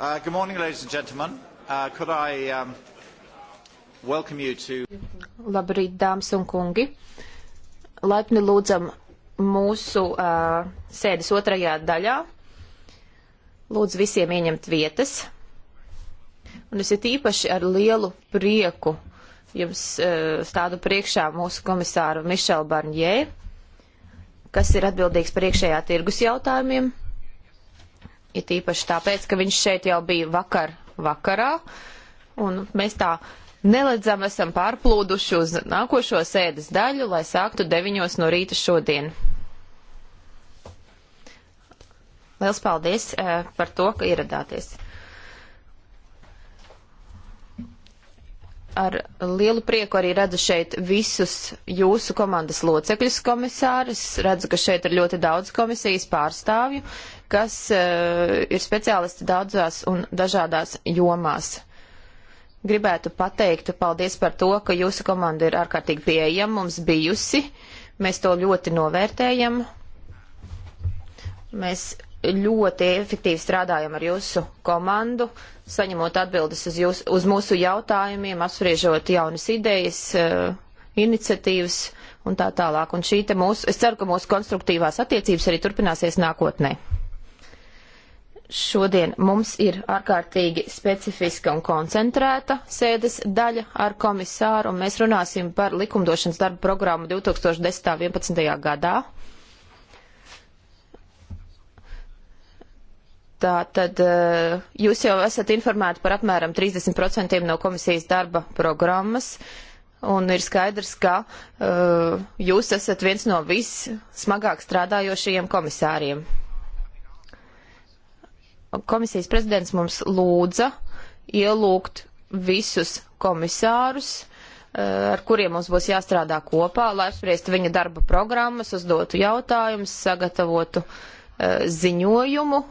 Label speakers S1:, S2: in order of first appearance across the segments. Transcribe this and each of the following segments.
S1: Uh, good morning, ladies and gentlemen. Uh, could I um, welcome you to...
S2: Labrīt, dāmas un kungi. Laipni lūdzam mūsu uh, sēdes otrajā daļā. Lūdzu visiem ieņemt vietas. Un es ir īpaši ar lielu prieku jums uh, stādu priekšā mūsu komisāru Mišelu Barņē, kas ir atbildīgs par iekšējā tirgus jautājumiem Ir tīpaši tāpēc, ka viņš šeit jau bija vakar vakarā, un mēs tā neledzam esam pārplūduši uz nākošo sēdes daļu, lai sāktu deviņos no rīta šodien. Liels paldies eh, par to, ka ieradāties! ar lielu prieku arī redzu šeit visus jūsu komandas locekļus komisārus. Redzu, ka šeit ir ļoti daudz komisijas pārstāvju, kas uh, ir speciālisti daudzās un dažādās jomās. Gribētu pateikt paldies par to, ka jūsu komanda ir ārkārtīgi pieejama mums bijusi. Mēs to ļoti novērtējam. Mēs ļoti efektīvi strādājam ar jūsu komandu, saņemot atbildes uz, jūs, uz mūsu jautājumiem, apspriežot jaunas idejas, eh, iniciatīvas un tā tālāk. Un šī te mūsu, es ceru, ka mūsu konstruktīvās attiecības arī turpināsies nākotnē. Šodien mums ir ārkārtīgi specifiska un koncentrēta sēdes daļa ar komisāru, un mēs runāsim par likumdošanas darbu programmu 2010. un 2011. gadā. Tā tad eh, jūs jau esat informēti par apmēram 30% no komisijas darba programmas. Un ir skaidrs, ka uh, jūs esat viens no vissmagāk strādājošajiem komisāriem. Komisijas prezidents mums lūdza ielūgt visus komisārus, uh, ar kuriem mums būs jāstrādā kopā, lai apspriestu viņa darba programmas, uzdotu jautājumus, sagatavotu uh, ziņojumu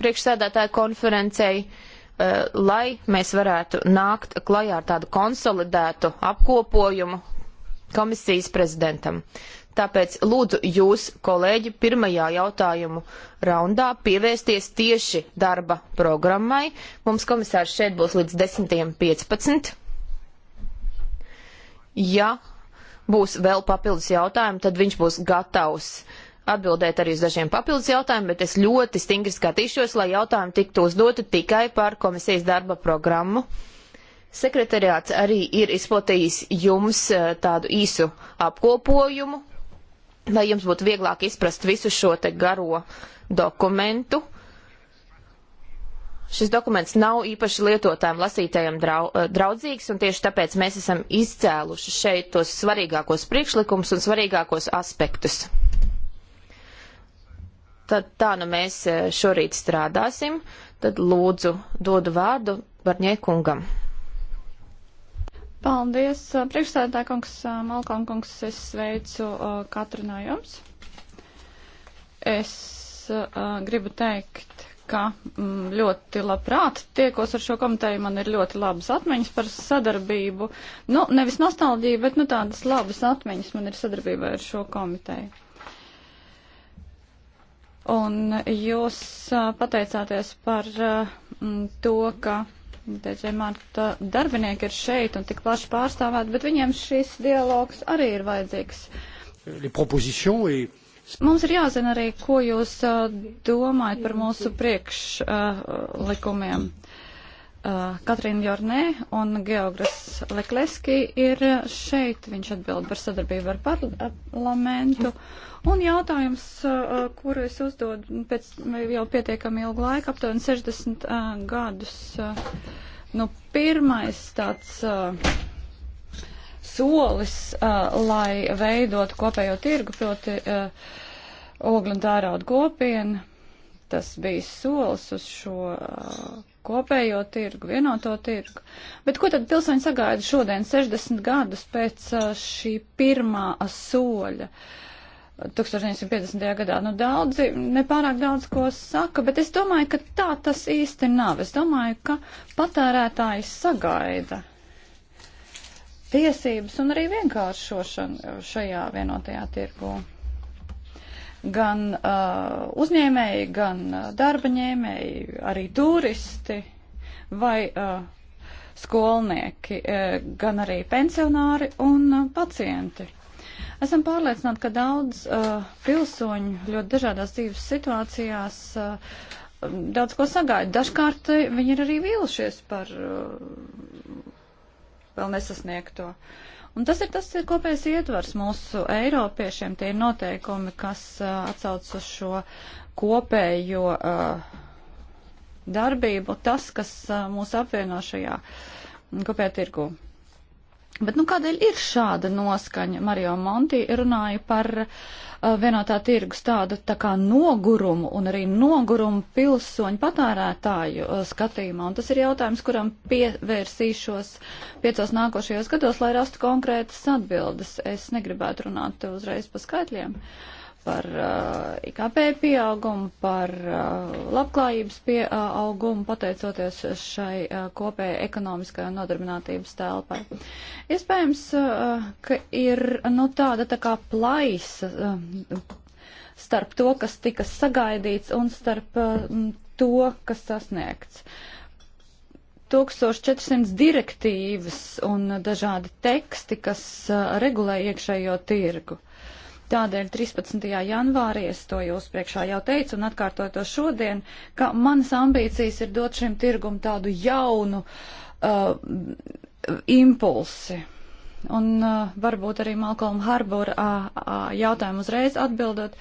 S2: priekšsēdētāju konferencei, eh, lai mēs varētu nākt klajā ar tādu konsolidētu apkopojumu komisijas prezidentam. Tāpēc lūdzu jūs, kolēģi, pirmajā jautājumu raundā pievērsties tieši darba programmai. Mums komisārs šeit būs līdz 10.15. Ja būs vēl papildus jautājumi, tad viņš būs gatavs uh, atbildēt arī uz dažiem papildus jautājumiem, bet es ļoti stingri skatīšos, lai jautājumi tiktu uzdoti tikai par komisijas darba programmu. Sekretariāts arī ir izplatījis jums eh, tādu īsu apkopojumu, lai jums būtu vieglāk izprast visu šo te garo dokumentu. Šis dokuments nav īpaši lietotājiem lasītājiem drau, eh, draudzīgs, un tieši tāpēc mēs esam izcēluši šeit tos svarīgākos priekšlikumus un svarīgākos aspektus. Tad tā nu mēs e, šorīt strādāsim, tad lūdzu dodu vārdu Barņiekungam. Paldies,
S3: e, priekšstādā kungs, e, Malkon kungs, es sveicu katru no jums. Es gribu teikt, ka mm, ļoti labprāt tiekos ar šo komiteju. Man ir ļoti labas atmiņas par sadarbību. Nu, nevis nostalģija, bet nu, tādas labas atmiņas man ir sadarbībā ar šo komiteju. Un jūs pateicāties par to, ka Deģemārta darbinieki ir šeit un tik plaši pārstāvēti, bet viņiem šis dialogs arī ir vajadzīgs. Mums ir jāzina arī, ko jūs domājat par mūsu priekšlikumiem. Uh, Uh, Katrīna Jornē un Georgas Lekleski ir šeit. Viņš atbild par sadarbību ar parlamentu. Un jautājums, uh, kuru es uzdodu pēc jau pietiekami ilgu laiku, aptuveni 60 uh, gadus. Uh, nu, pirmais tāds uh, solis, uh, lai veidot kopējo tirgu, proti ogļu un tērauda kopienu, tas bija solis uz šo kopējo tirgu, vienoto tirgu. Bet ko tad pilsoņi sagaida šodien, 60 gadus pēc šī pirmā soļa? 1950. gadā. Nu, daudzi, nepārāk daudz ko saka, bet es domāju, ka tā tas īsti nav. Es domāju, ka patērētāji sagaida tiesības un arī vienkāršošanu šajā vienotajā tirgū gan uh, uzņēmēji, gan uh, darba ņēmēji, arī turisti vai uh, skolnieki, uh, gan arī pensionāri un uh, pacienti. Esam pārliecināti, ka daudz uh, pilsoņu ļoti dažādās dzīves situācijās uh, um, daudz ko sagaida. Dažkārt uh, viņi ir arī vīlušies par uh, vēl nesasniegto. Uh, Un tas ir tas kopējs ietvars mūsu eiropiešiem, tie ir noteikumi, kas uh, atsauc uz šo kopējo uh, darbību, tas, kas uh, mūs apvieno šajā kopējā tirgu. Bet nu, kādēļ ir šāda noskaņa? Mario Monti runāja par uh, vienotā tirgus tādu tā kā nogurumu un arī nogurumu pilsoņu patērētāju uh, skatījumā. Un tas ir jautājums, kuram pievērsīšos piecos nākošajos gados, lai rastu konkrētas atbildes. Es negribētu runāt uzreiz pa skaitļiem. Uh, par uh, eh, IKP pieaugumu, par uh, labklājības pieaugumu, pateicoties šai uh, kopējai ekonomiskajai un nodarbinātības telpai. Iespējams, uh, ka ir nu, tāda tā kā plaisa uh, starp to, kas tika sagaidīts, un starp uh, to, kas sasniegts. 1400 direktīvas un dažādi teksti, kas uh, regulē iekšējo tirgu. Uh, Tādēļ 13. janvārī es to jūs priekšā jau teicu un atkārtoju to šodien, ka manas ambīcijas ir dot šim tirgum tādu jaunu uh, impulsi. Un uh, varbūt arī Malcolm Harbour uh, uh, jautājumu uzreiz atbildot,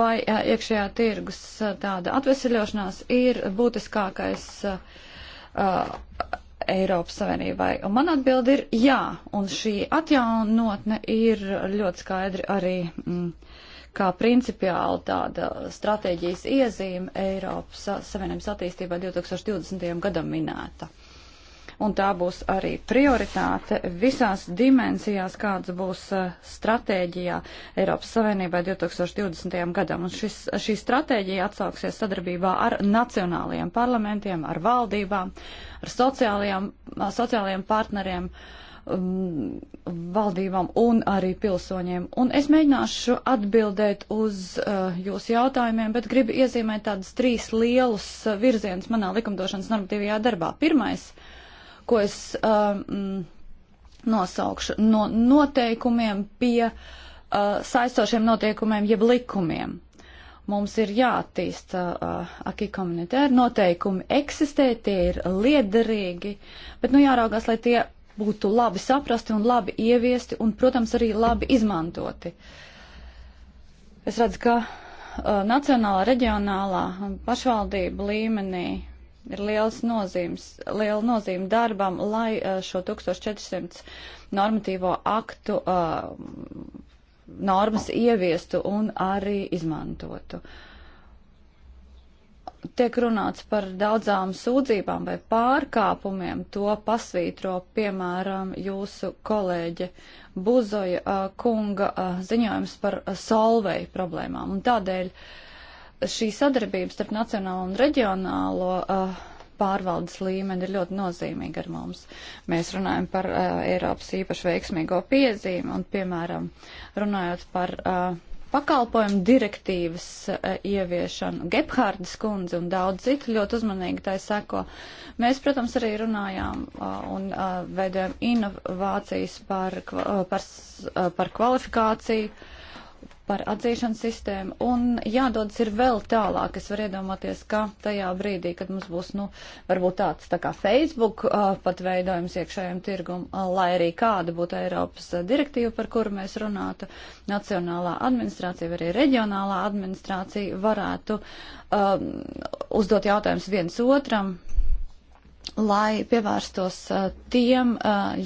S3: vai uh, iekšējā tirgus uh, tāda atveseļošanās ir būtiskākais. Uh, uh, Eiropas Savienībai? Un man atbild ir jā, un šī atjaunotne ir ļoti skaidri arī mm, kā principiāli tāda stratēģijas iezīme Eiropas Savienības attīstībā 2020. gadam minēta un tā būs arī prioritāte visās dimensijās, kādas būs eh, stratēģijā Eiropas Savienībai 2020. gadam. Un šis, šī stratēģija atsauksies sadarbībā ar nacionālajiem parlamentiem, ar valdībām, ar sociālajiem, sociālajiem partneriem um, valdībām un arī pilsoņiem. Un es mēģināšu atbildēt uz uh, jūsu jautājumiem, bet gribu iezīmēt tādus trīs lielus eh, virzienus manā likumdošanas normatīvajā darbā. Pirmais ko es um, nosaukšu no noteikumiem pie uh, saistošiem noteikumiem jeb likumiem. Mums ir jāattīsta uh, akī komunitēra, noteikumi eksistē, tie ir liederīgi, bet nu jāraugās, lai tie būtu labi saprasti un labi ieviesti un, protams, arī labi izmantoti. Es redzu, ka uh, nacionālā, reģionālā, pašvaldība līmenī ir liels nozīmes, liela nozīme darbam, lai uh, šo 1400 normatīvo aktu uh, normas ieviestu un arī izmantotu. Tiek runāts par daudzām sūdzībām vai pārkāpumiem, to pasvītro, piemēram, jūsu kolēģe Buzoja uh, kunga uh, ziņojums par uh, solveju problēmām. Un tādēļ uh, šī sadarbība starp nacionālo un reģionālo uh, pārvaldes līmeni ir ļoti nozīmīga ar mums. Mēs runājam par uh, Eiropas īpaši veiksmīgo piezīmi un, piemēram, runājot par uh, pakalpojumu direktīvas uh, ieviešanu, Gebhārdas kundze un daudz citu ļoti uzmanīgi tai seko. Mēs, protams, arī runājām uh, un uh, veidojam inovācijas par, uh, par, uh, par kvalifikāciju. Uh, par atzīšanas sistēmu, un jādodas ir vēl tālāk. Es varu iedomāties, ka tajā brīdī, kad mums būs, nu, varbūt tāds tā kā Facebook uh, pat veidojums iekšējiem tirgum, uh, lai arī kāda būtu Eiropas uh, direktīva, par kuru mēs runātu, nacionālā administrācija vai arī reģionālā administrācija varētu uh, uzdot jautājumus viens otram, lai pievērstos tiem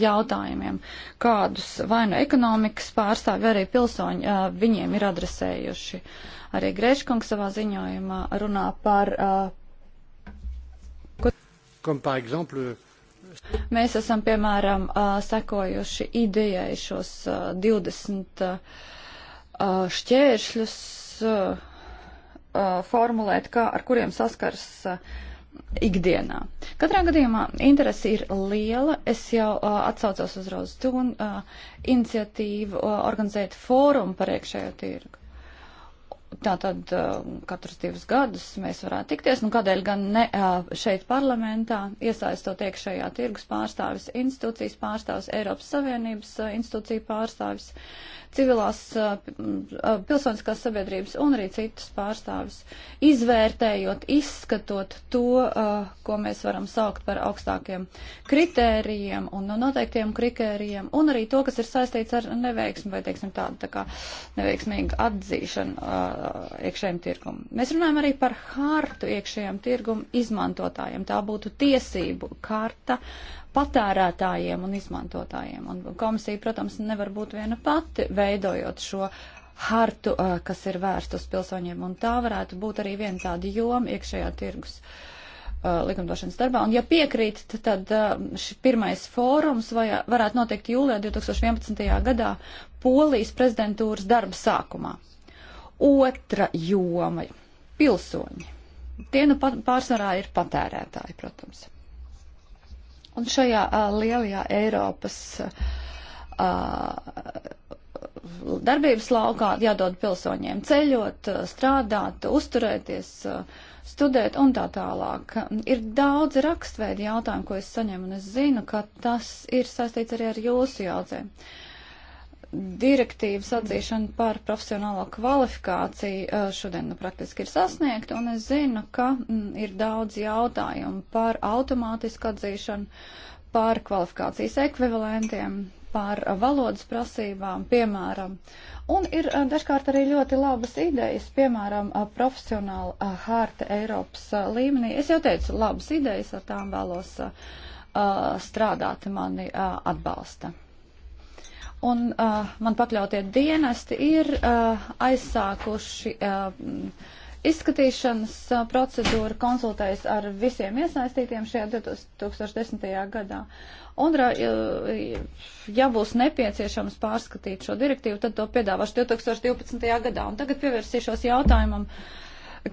S3: jautājumiem, kādus vai nu no ekonomikas pārstāvi, arī pilsoņi viņiem ir adresējuši. Arī Grēškungs savā ziņojumā runā par.
S4: Comme par exemple
S3: Mēs esam, piemēram, sekojuši idejai šos 20 šķēršļus formulēt, kā, ar kuriem saskars ikdienā. Katrā gadījumā interese ir liela. Es jau uh, atsaucos uz Rozu Tūnu uh, iniciatīvu uh, organizēt fórumu par iekšējo tirgu. Tātad uh, katrs divus gadus mēs varētu tikties, nu kādēļ gan ne uh, šeit parlamentā, iesaistot iekšējā tirgus pārstāvis, institūcijas pārstāvis, Eiropas Savienības uh, institūciju pārstāvis. Uh, civilās eh, pilsoniskās sabiedrības un arī citus pārstāvis, izvērtējot, izskatot to, eh, ko mēs varam saukt par augstākiem kritērijiem un no noteiktiem kritērijiem, un arī to, kas ir saistīts ar neveiksmi vai, teiksim, tādu tā kā neveiksmīgu atzīšanu eh, iekšējiem tirgumam. Mēs runājam arī par hartu iekšējiem tirgumu izmantotājiem. Tā būtu tiesību karta patērētājiem un izmantotājiem. Un komisija, protams, nevar būt viena pati veidojot šo hartu, eh, kas ir vērsta uz pilsoņiem, un tā varētu būt arī viena tāda joma iekšējā tirgus eh, likumdošanas darbā. Un, ja piekrīt, tad eh, šis pirmais fórums varētu notikt jūlijā 2011. gadā Polijas prezidentūras darba sākumā. Otra joma - pilsoņi. Tie nu pārsvarā ir patērētāji, protams. Un šajā uh, lielajā Eiropas uh, darbības laukā jādod pilsoņiem ceļot, strādāt, uzturēties, studēt un tā tālāk. Ir daudz rakstveidi jautājumu, ko es saņemu, un es zinu, ka tas ir saistīts arī ar jūsu jautājumu direktīvas atzīšana par profesionālo kvalifikāciju uh, šodien nu, praktiski ir sasniegta, un es zinu, ka m, mm, ir daudz jautājumu par automātisku atzīšanu, par kvalifikācijas ekvivalentiem, par valodas prasībām, piemēram. Un ir uh, dažkārt arī ļoti labas idejas, piemēram, uh, profesionāla harta Eiropas līmenī. Es jau teicu, labas idejas, ar tām vēlos a, strādāt, mani a, atbalsta. Un uh, man pakļautie dienesti ir uh, aizsākuši uh, izskatīšanas uh, procedūru, konsultējas ar visiem iesaistītiem šajā 2010. gadā. Un, uh, ja būs nepieciešams pārskatīt šo direktīvu, tad to piedāvāšu 2012. gadā. Un tagad pievērsīšos jautājumam,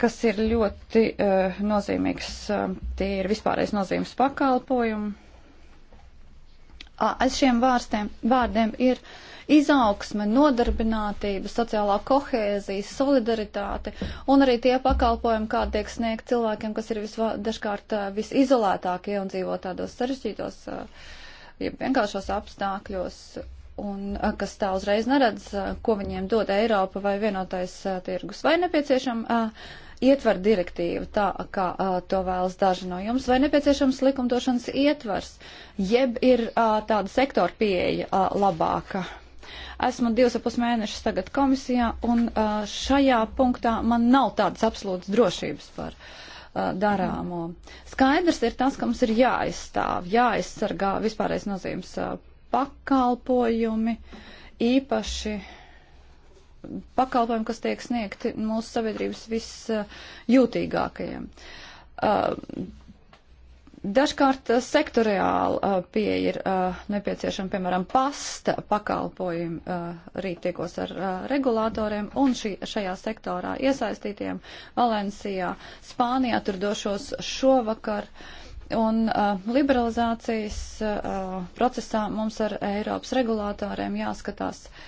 S3: kas ir ļoti uh, nozīmīgs. Uh, tie ir vispārējais nozīmes pakalpojumi aiz šiem vārstiem, vārdiem ir izaugsme, nodarbinātība, sociālā kohēzija, solidaritāte un arī tie pakalpojumi, kā tiek sniegt cilvēkiem, kas ir visvā, dažkārt visizolētākie un dzīvo tādos sarežģītos, ja vienkāršos apstākļos un kas tā uzreiz neredz, ko viņiem dod Eiropa vai vienotais tirgus vai nepieciešama ietver direktīva tā, kā uh, to vēlas daži no jums, vai nepieciešams likumdošanas ietvars, jeb ir uh, tāda sektora pieeja uh, labāka? Esmu divus apus mēnešus tagad komisijā, un uh, šajā punktā man nav tādas absolūtas drošības par uh, darāmo. Skaidrs ir tas, ka mums ir jāizstāv, jāaizsargā vispārreiz nozīmes uh, pakalpojumi, īpaši uh, pakalpojumi, kas tiek sniegti mūsu sabiedrības visjūtīgākajiem. Dažkārt sektoriāla pieeja ir nepieciešama, piemēram, pasta pakalpojumi rītīkos ar regulātoriem un šī, šajā sektorā iesaistītiem Valencijā, Spānijā tur došos šovakar. Un uh, liberalizācijas uh, procesā mums ar Eiropas regulātoriem jāskatās uh,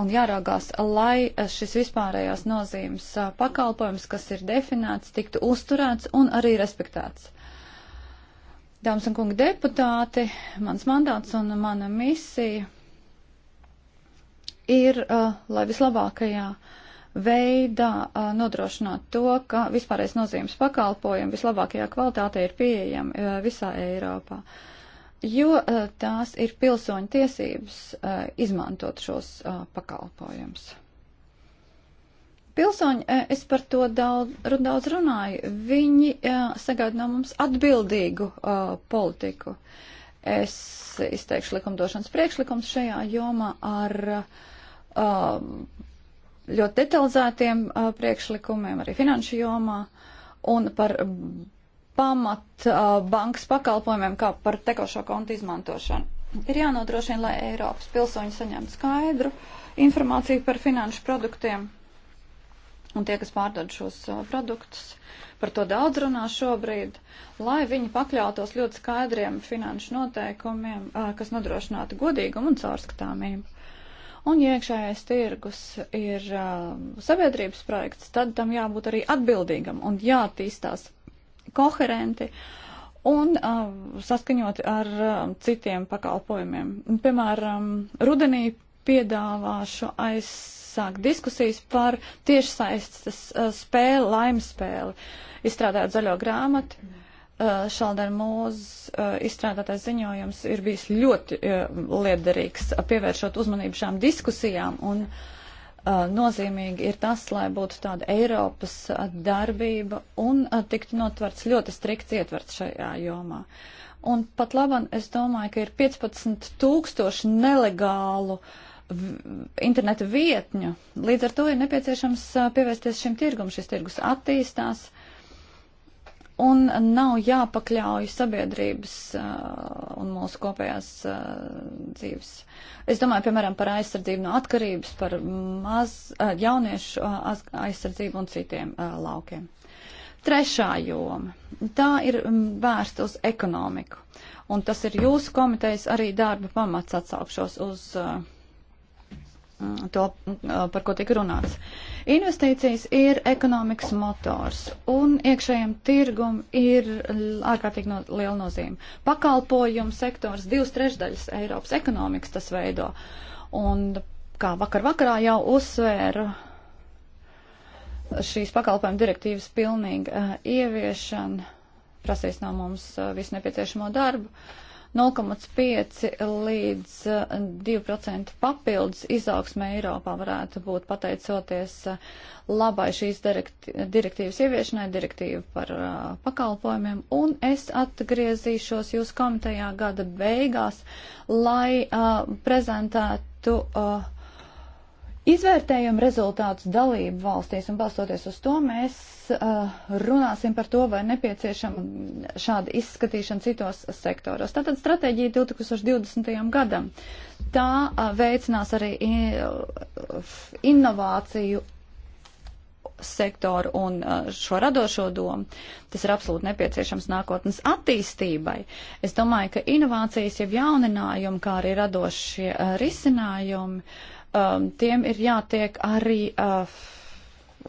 S3: un jāraugās, lai eh, šis vispārējās nozīmes eh, pakalpojums, kas ir definēts, tiktu uzturēts un arī respektēts. Dāmas un kungi deputāti, mans mandāts un mana misija ir, eh, lai vislabākajā veidā nodrošināt to, ka vispārējais nozīmes pakalpojumi vislabākajā kvalitātē ir pieejami visā Eiropā. Uh, jo eh, tās ir pilsoņu tiesības eh, izmantot šos eh, pakalpojumus. Pilsoņi, es par to daudz, daudz runāju, viņi sagaida no mums atbildīgu politiku. Es izteikšu likumdošanas priekšlikums šajā jomā ar ļoti detalizētiem priekšlikumiem, arī finanšu jomā, un par pamat uh, bankas pakalpojumiem, kā par tekošo kontu izmantošanu. Ir jānodrošina, lai Eiropas pilsoņi saņemtu skaidru informāciju par finanšu produktiem. Un tie, kas pārdod šos uh, produktus, par to daudz runā šobrīd, lai viņi pakļautos ļoti skaidriem finanšu noteikumiem, uh, kas nodrošinātu godīgumu un caurskatāmību un ja iekšējais tirgus ir uh, sabiedrības projekts, tad tam jābūt arī atbildīgam un jātīstās koherenti un uh, saskaņoti ar uh, citiem pakalpojumiem. Piemēram, rudenī piedāvāšu aizsākt diskusijas par tiešsaistes uh, spēli, laimspēli, izstrādājot zaļo grāmatu. Mm. Uh, Šaldēna Mūza uh, izstrādātais ziņojums ir bijis ļoti uh, liederīgs, pievēršot uzmanību šām diskusijām un uh, Uh, nozīmīgi ir tas, lai būtu tāda Eiropas uh, darbība un uh, tiktu notverts ļoti strikts ietverts šajā jomā. Un pat labam es domāju, ka ir 15 tūkstoši nelegālu interneta vietņu. Līdz ar to ir nepieciešams pievērsties šim tirgum. Šis tirgus attīstās. Uh, un nav jāpakļauj sabiedrības uh, un mūsu kopējās uh, dzīves. Es domāju, piemēram, par aizsardzību no atkarības, par maz, uh, jauniešu uh, aizsardzību un citiem uh, laukiem. Trešā joma. Tā ir um, vērsta uz ekonomiku. Un tas ir jūsu komitejas arī darba pamats atsaukšos uz. Uh, Mm, to, mm, par ko tika runāts. Investīcijas ir ekonomikas motors, un iekšējiem tirgum ir ārkārtīgi no, liela nozīme. Pakalpojumu sektors divas trešdaļas Eiropas ekonomikas tas veido. Un kā vakar vakarā jau uzsvēru, šīs pakalpojumu direktīvas pilnīga ieviešana prasīs no mums visu nepieciešamo darbu. Uh, 0,5 līdz 2% eh, papildus izaugsme Eiropā varētu būt pateicoties eh, labai šīs direktīvas ieviešanai, direktīvu par eh, pakalpojumiem. Un es atgriezīšos jūs komitejā gada beigās, lai uh, prezentētu. Uh, Izvērtējam rezultātus dalību valstīs un balstoties uz to mēs uh, runāsim par to, vai nepieciešama šāda izskatīšana citos sektoros. Tātad stratēģija 2020. gadam. Tā uh, veicinās arī uh, inovāciju sektoru un uh, šo radošo domu. Tas ir absolūti nepieciešams nākotnes attīstībai. Es domāju, ka inovācijas, jeb jauninājumi, kā arī radošie uh, risinājumi, uh, um, tiem ir jātiek arī uh,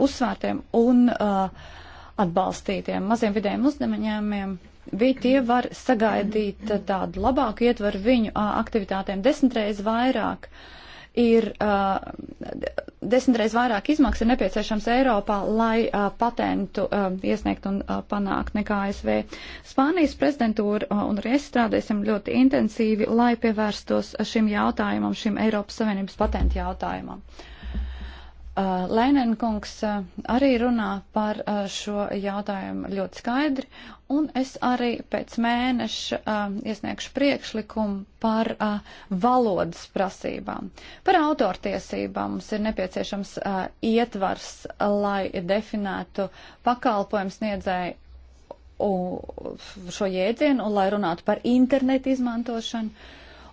S3: uzsvērtiem un uh, atbalstītiem maziem vidējiem uzņēmējiem. Viņi tie var sagaidīt tādu labāku ietvaru viņu uh, aktivitātēm desmitreiz vairāk. Uh, ir uh, desmitreiz vairāk izmaksas ir nepieciešams Eiropā, lai uh, patentu uh, iesniegt un uh, panākt nekā ASV. Spānijas prezidentūra uh, un arī es strādēsim ļoti intensīvi, lai pievērstos šim jautājumam, šim Eiropas Savienības patentu jautājumam. Uh, Uh, Lēnenkungs uh, arī runā par uh, šo jautājumu ļoti skaidri, un es arī pēc mēneša iesniegšu priekšlikumu par valodas prasībām. Par autortiesībām mums ir nepieciešams ietvars, lai definētu pakalpojums sniedzēju šo jēdzienu un lai runātu par internetu izmantošanu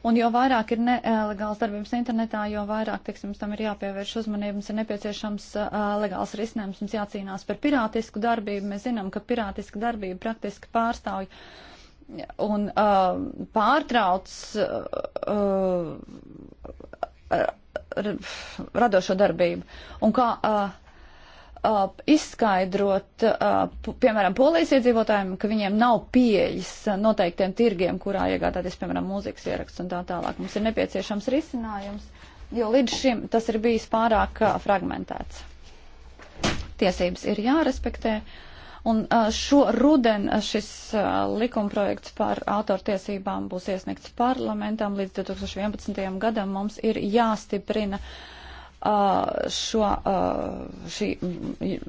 S3: Un jo vairāk ir nelegāls darbības internetā, jo vairāk, teiksim, tam ir jāpievērš uzmanība, mums ir nepieciešams uh, legāls risinājums, mums jācīnās par pirātisku darbību. Mēs zinām, ka pirātiska darbība praktiski pārstāvja un uh, pārtrauc. Uh, uh, radošo darbību. Un kā uh, uh, izskaidrot, uh, piemēram, polijas iedzīvotājiem, ka viņiem nav pieejas noteiktiem tirgiem, kurā iegādāties, piemēram, mūzikas ieraksts un tā tālāk. Mums ir nepieciešams risinājums, jo līdz šim tas ir bijis pārāk uh, fragmentēts. Tiesības ir jārespektē. Un uh, šo ruden šis uh, likumprojekts par autortiesībām būs iesniegts parlamentam. Līdz 2011. gadam mums ir jāstiprina uh, Uh, šo, uh, šī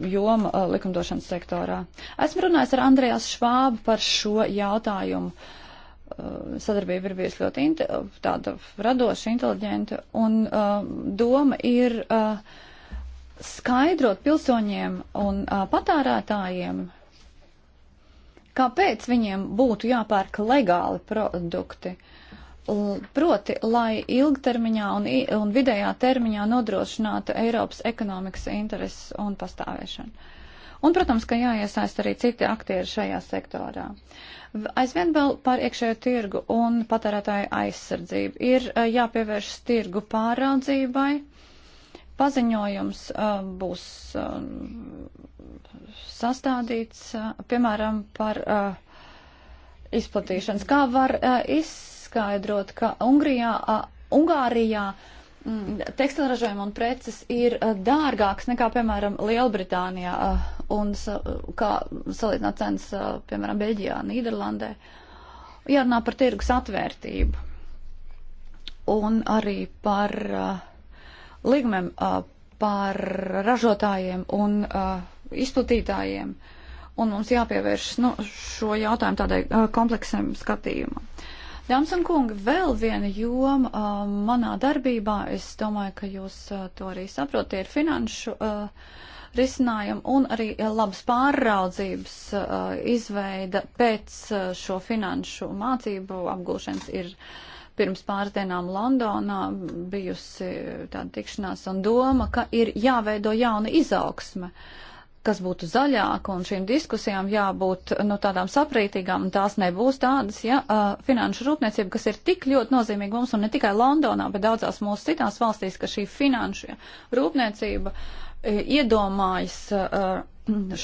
S3: joma uh, likumdošanas sektorā. Esmu runājis ar Andrejās Švābu par šo jautājumu. Sadarbība ir bijusi ļoti tāda radoša, inteliģenta, un doma ir skaidrot pilsoņiem un patērētājiem, kāpēc viņiem būtu jāpērk legāli produkti. Uh, proti, lai ilgtermiņā un, un vidējā termiņā nodrošinātu Eiropas ekonomikas intereses un pastāvēšanu. Un, protams, ka jāiesaist arī citi aktieri šajā sektorā. Aizvien vēl par iekšējo tirgu un patērētāju aizsardzību. Ir e, jāpievēršas tirgu pāraudzībai. Paziņojums e, būs e, sastādīts, piemēram, par izplatīšanas. Kā var iz paskaidrot, ka Ungrijā, Ungārijā mm, tekstilražojumi un preces ir dārgāks nekā, piemēram, Lielbritānijā un kā salīdzināt cenas, piemēram, Beļģijā, Nīderlandē. Jārunā par tirgus atvērtību un arī par līgumiem par ražotājiem un izplatītājiem. Un mums jāpievērš nu, šo jautājumu tādai kompleksam skatījumam. Dāmas un kungi, vēl viena joma uh, manā darbībā, es domāju, ka jūs uh, to arī saprotat, ir finanšu uh, risinājumi un arī uh, labas pārraudzības uh, izveida pēc uh, šo finanšu mācību apgūšanas ir pirms pāris dienām Londonā bijusi uh, tāda tikšanās un doma, ka ir jāveido jauna izaugsme. Uh, kas būtu zaļāka, un šīm diskusijām jābūt nu, tādām saprātīgām, un tās nebūs tādas, ja uh, finanšu rūpniecība, kas ir tik ļoti nozīmīga mums, un ne tikai Londonā, bet daudzās mūsu citās valstīs, ka šī finanšu ja, rūpniecība uh, iedomājas uh,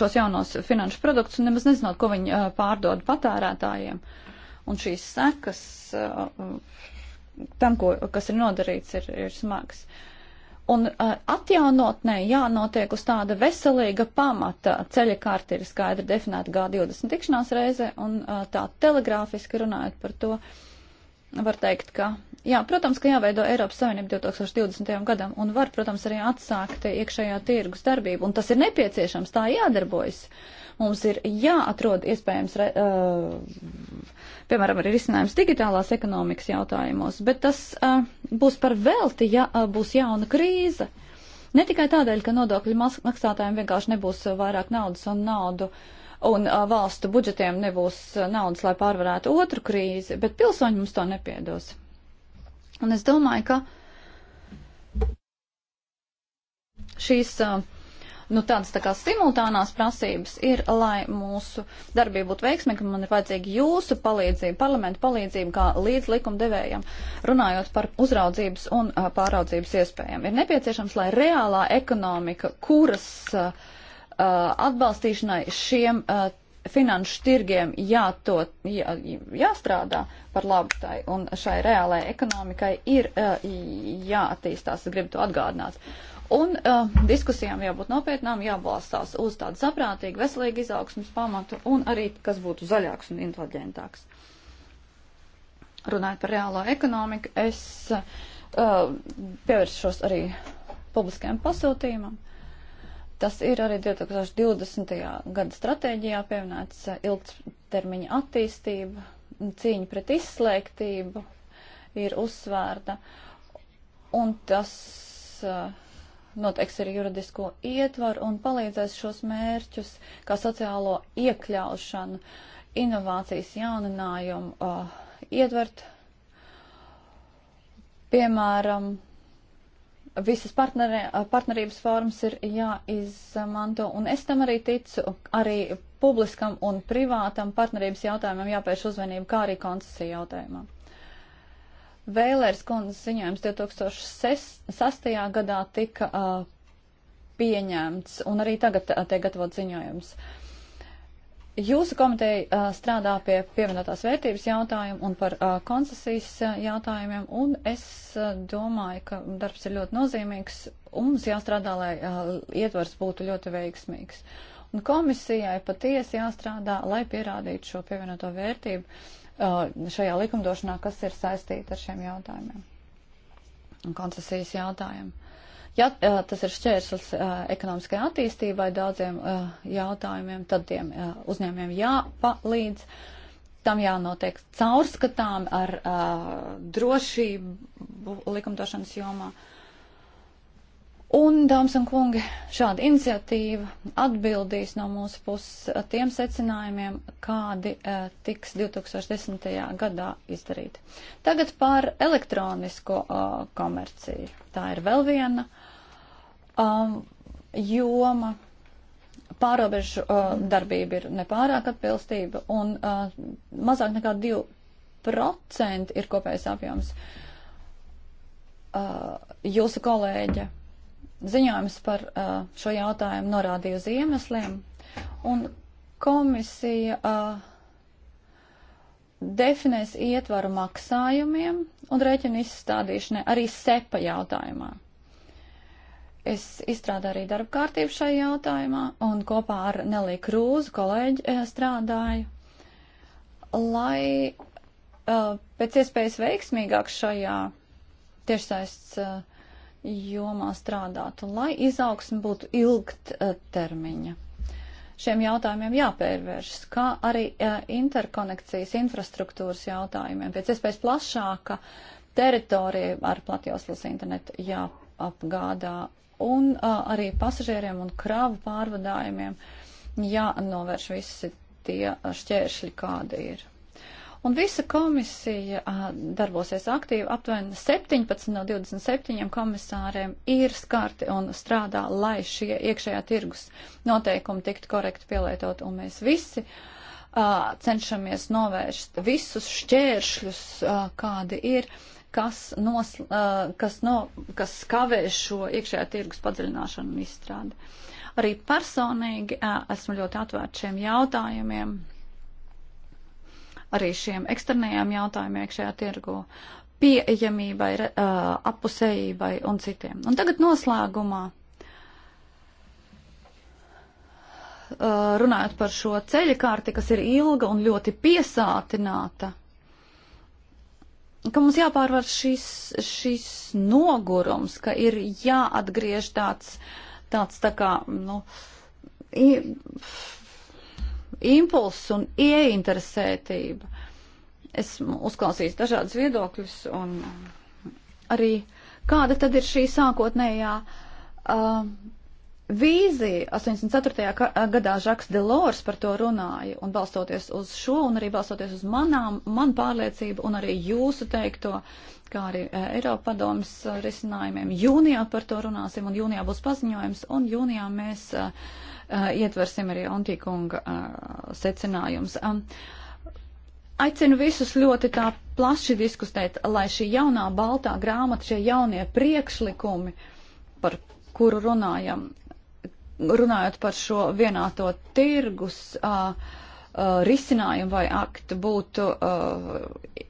S3: šos jaunos finanšu produktus un nemaz nezinot, ko viņi uh, pārdod patērētājiem. Un šīs sekas uh, tam, ko, kas ir nodarīts, ir, ir smags. Uh, Un uh, atjaunotnē jānotiek uz tāda veselīga pamata. Ceļa kārta ir skaidri definēta G20 tikšanās reize, un uh, tā telegrāfiski runājot par to, var teikt, ka, jā, protams, ka jāveido Eiropas Savienība 2020. gadam, un var, protams, arī atsākt iekšējā tirgus darbību, un tas ir nepieciešams, tā jādarbojas. Uh, Mums ir jāatrod iespējams, re, uh, piemēram, arī risinājums digitālās ekonomikas jautājumos, bet tas uh, būs par velti, ja uh, būs jauna krīze. Ne tikai tādēļ, ka nodokļu maksātājiem vienkārši nebūs uh, vairāk naudas un naudu un uh, valstu budžetiem nebūs uh, naudas, lai pārvarētu otru krīzi, bet pilsoņi mums to nepiedos. Un es domāju, ka šīs uh, nu, tādas tā kā simultānās prasības ir, lai mūsu darbība būtu veiksmīga, man ir vajadzīga jūsu palīdzība, parlamentu palīdzība, kā līdz likumdevējam, runājot par uzraudzības un uh, pāraudzības iespējām. Ir nepieciešams, lai reālā ekonomika, kuras uh, atbalstīšanai šiem uh, finanšu tirgiem jāto, jā, jāstrādā par labu tai un šai reālajai ekonomikai ir uh, jāattīstās, es gribu to atgādināt. Uh, Un uh, diskusijām jābūt nopietnām, jābalstās uz tādu saprātīgu, veselīgu izaugsmas pamatu un arī, kas būtu zaļāks un inteliģentāks. Runājot par reālo ekonomiku, es uh, pievēršos arī publiskajam pasūtījumam. Tas ir arī 2020. gada stratēģijā pieminēts uh, ilgtermiņa attīstība, cīņa pret izslēgtību ir uzsvērta, un tas uh, noteiks arī juridisko ietvaru un palīdzēs šos mērķus, kā sociālo iekļaušanu, inovācijas jauninājumu uh, ietvert. Piemēram, visas partneri, uh, partnerības formas ir jāizmanto, un es tam arī ticu, arī publiskam un privātam partnerības jautājumam jāpērš uzmanību, kā arī koncesija jautājumam. Vēlērs kundzes ziņojums 2006. gadā tika uh, pieņemts, un arī tagad uh, tiek gatavot ziņojums. Jūsu komiteja uh, strādā pie pievienotās vērtības jautājumu un par uh, koncesijas uh, jautājumiem, un es uh, domāju, ka darbs ir ļoti nozīmīgs, un mums jāstrādā, lai uh, ietvars būtu ļoti veiksmīgs. Un komisijai patiesi jāstrādā, lai pierādītu šo pievienoto vērtību. Uh, Uh, šajā likumdošanā, kas ir saistīta ar šiem jautājumiem un koncesijas jautājumu. Ja uh, tas ir šķērslis uh, ekonomiskai attīstībai daudziem jautājumiem, tad tiem uzņēmiem jāpalīdz. Tam jānotiek caurskatām ar drošību likumdošanas jomā. Uh, Un, dāmas un kungi, šāda iniciatīva atbildīs no mūsu puses tiem secinājumiem, kādi uh, tiks 2010. gadā izdarīti. Tagad par elektronisko uh, komerciju. Tā ir vēl viena um, joma. Pārobežu uh, darbība ir nepārāk atbilstība un uh, mazāk nekā 2% ir kopējais apjoms. Uh, jūsu kolēģe Ziņojums par uh, šo jautājumu norādīja uz iemesliem, un komisija uh, definēs ietvaru maksājumiem un rēķinu izstādīšanai arī sepa jautājumā. Es izstrādāju arī darba kārtību šajā jautājumā un kopā ar Nelī Krūzu kolēģi strādāju, lai uh, pēc iespējas veiksmīgāk šajā tiešsaists uh, jomā strādātu, lai izaugsme būtu ilgtermiņa. Šiem jautājumiem jāpērvēršas, kā arī e, interkonekcijas infrastruktūras jautājumiem. Pēc iespējas plašāka teritorija ar platjoslas internetu jāapgādā un e, arī pasažieriem un kravu pārvadājumiem jānovērš visi tie šķēršļi, kādi ir. Un visa komisija a, darbosies aktīvi. Aptuveni 17 no 27 komisāriem ir skarti un strādā, lai šie iekšējā tirgus noteikumi tiktu korekti pielietot. Un mēs visi a, cenšamies novērst visus šķēršļus, a, kādi ir, kas, nos, a, kas, no, kas kavē šo iekšējā tirgus padziļināšanu un izstrādi. Arī personīgi a, esmu ļoti atvērta šiem jautājumiem arī šiem eksternajiem jautājumiem iekšējā tirgu, pieejamībai, apusējībai un citiem. Un tagad noslēgumā. Runājot par šo ceļa kārti, kas ir ilga un ļoti piesātināta, ka mums jāpārvar šis, šis nogurums, ka ir jāatgriež tāds, tāds tā kā, nu, i, impulss un ieinteresētība. Esmu uzklausījis dažādas viedokļus un um, arī kāda tad ir šī sākotnējā um, uh, vīzija. 84. gadā Žaks Delors par to runāja un balstoties uz šo un arī balstoties uz manām, man pārliecību un arī jūsu teikto, kā arī uh, Eiropa padomas uh, risinājumiem. Jūnijā par to runāsim un jūnijā būs paziņojums un jūnijā mēs. Uh, Eh, ietversim arī Antīkunga eh, secinājums. Aicinu visus ļoti tā plaši diskutēt, lai šī jaunā baltā grāmata, šie jaunie priekšlikumi, par kuru runājam, runājot par šo vienāto tirgus uh, uh, risinājumu vai aktu, būtu uh,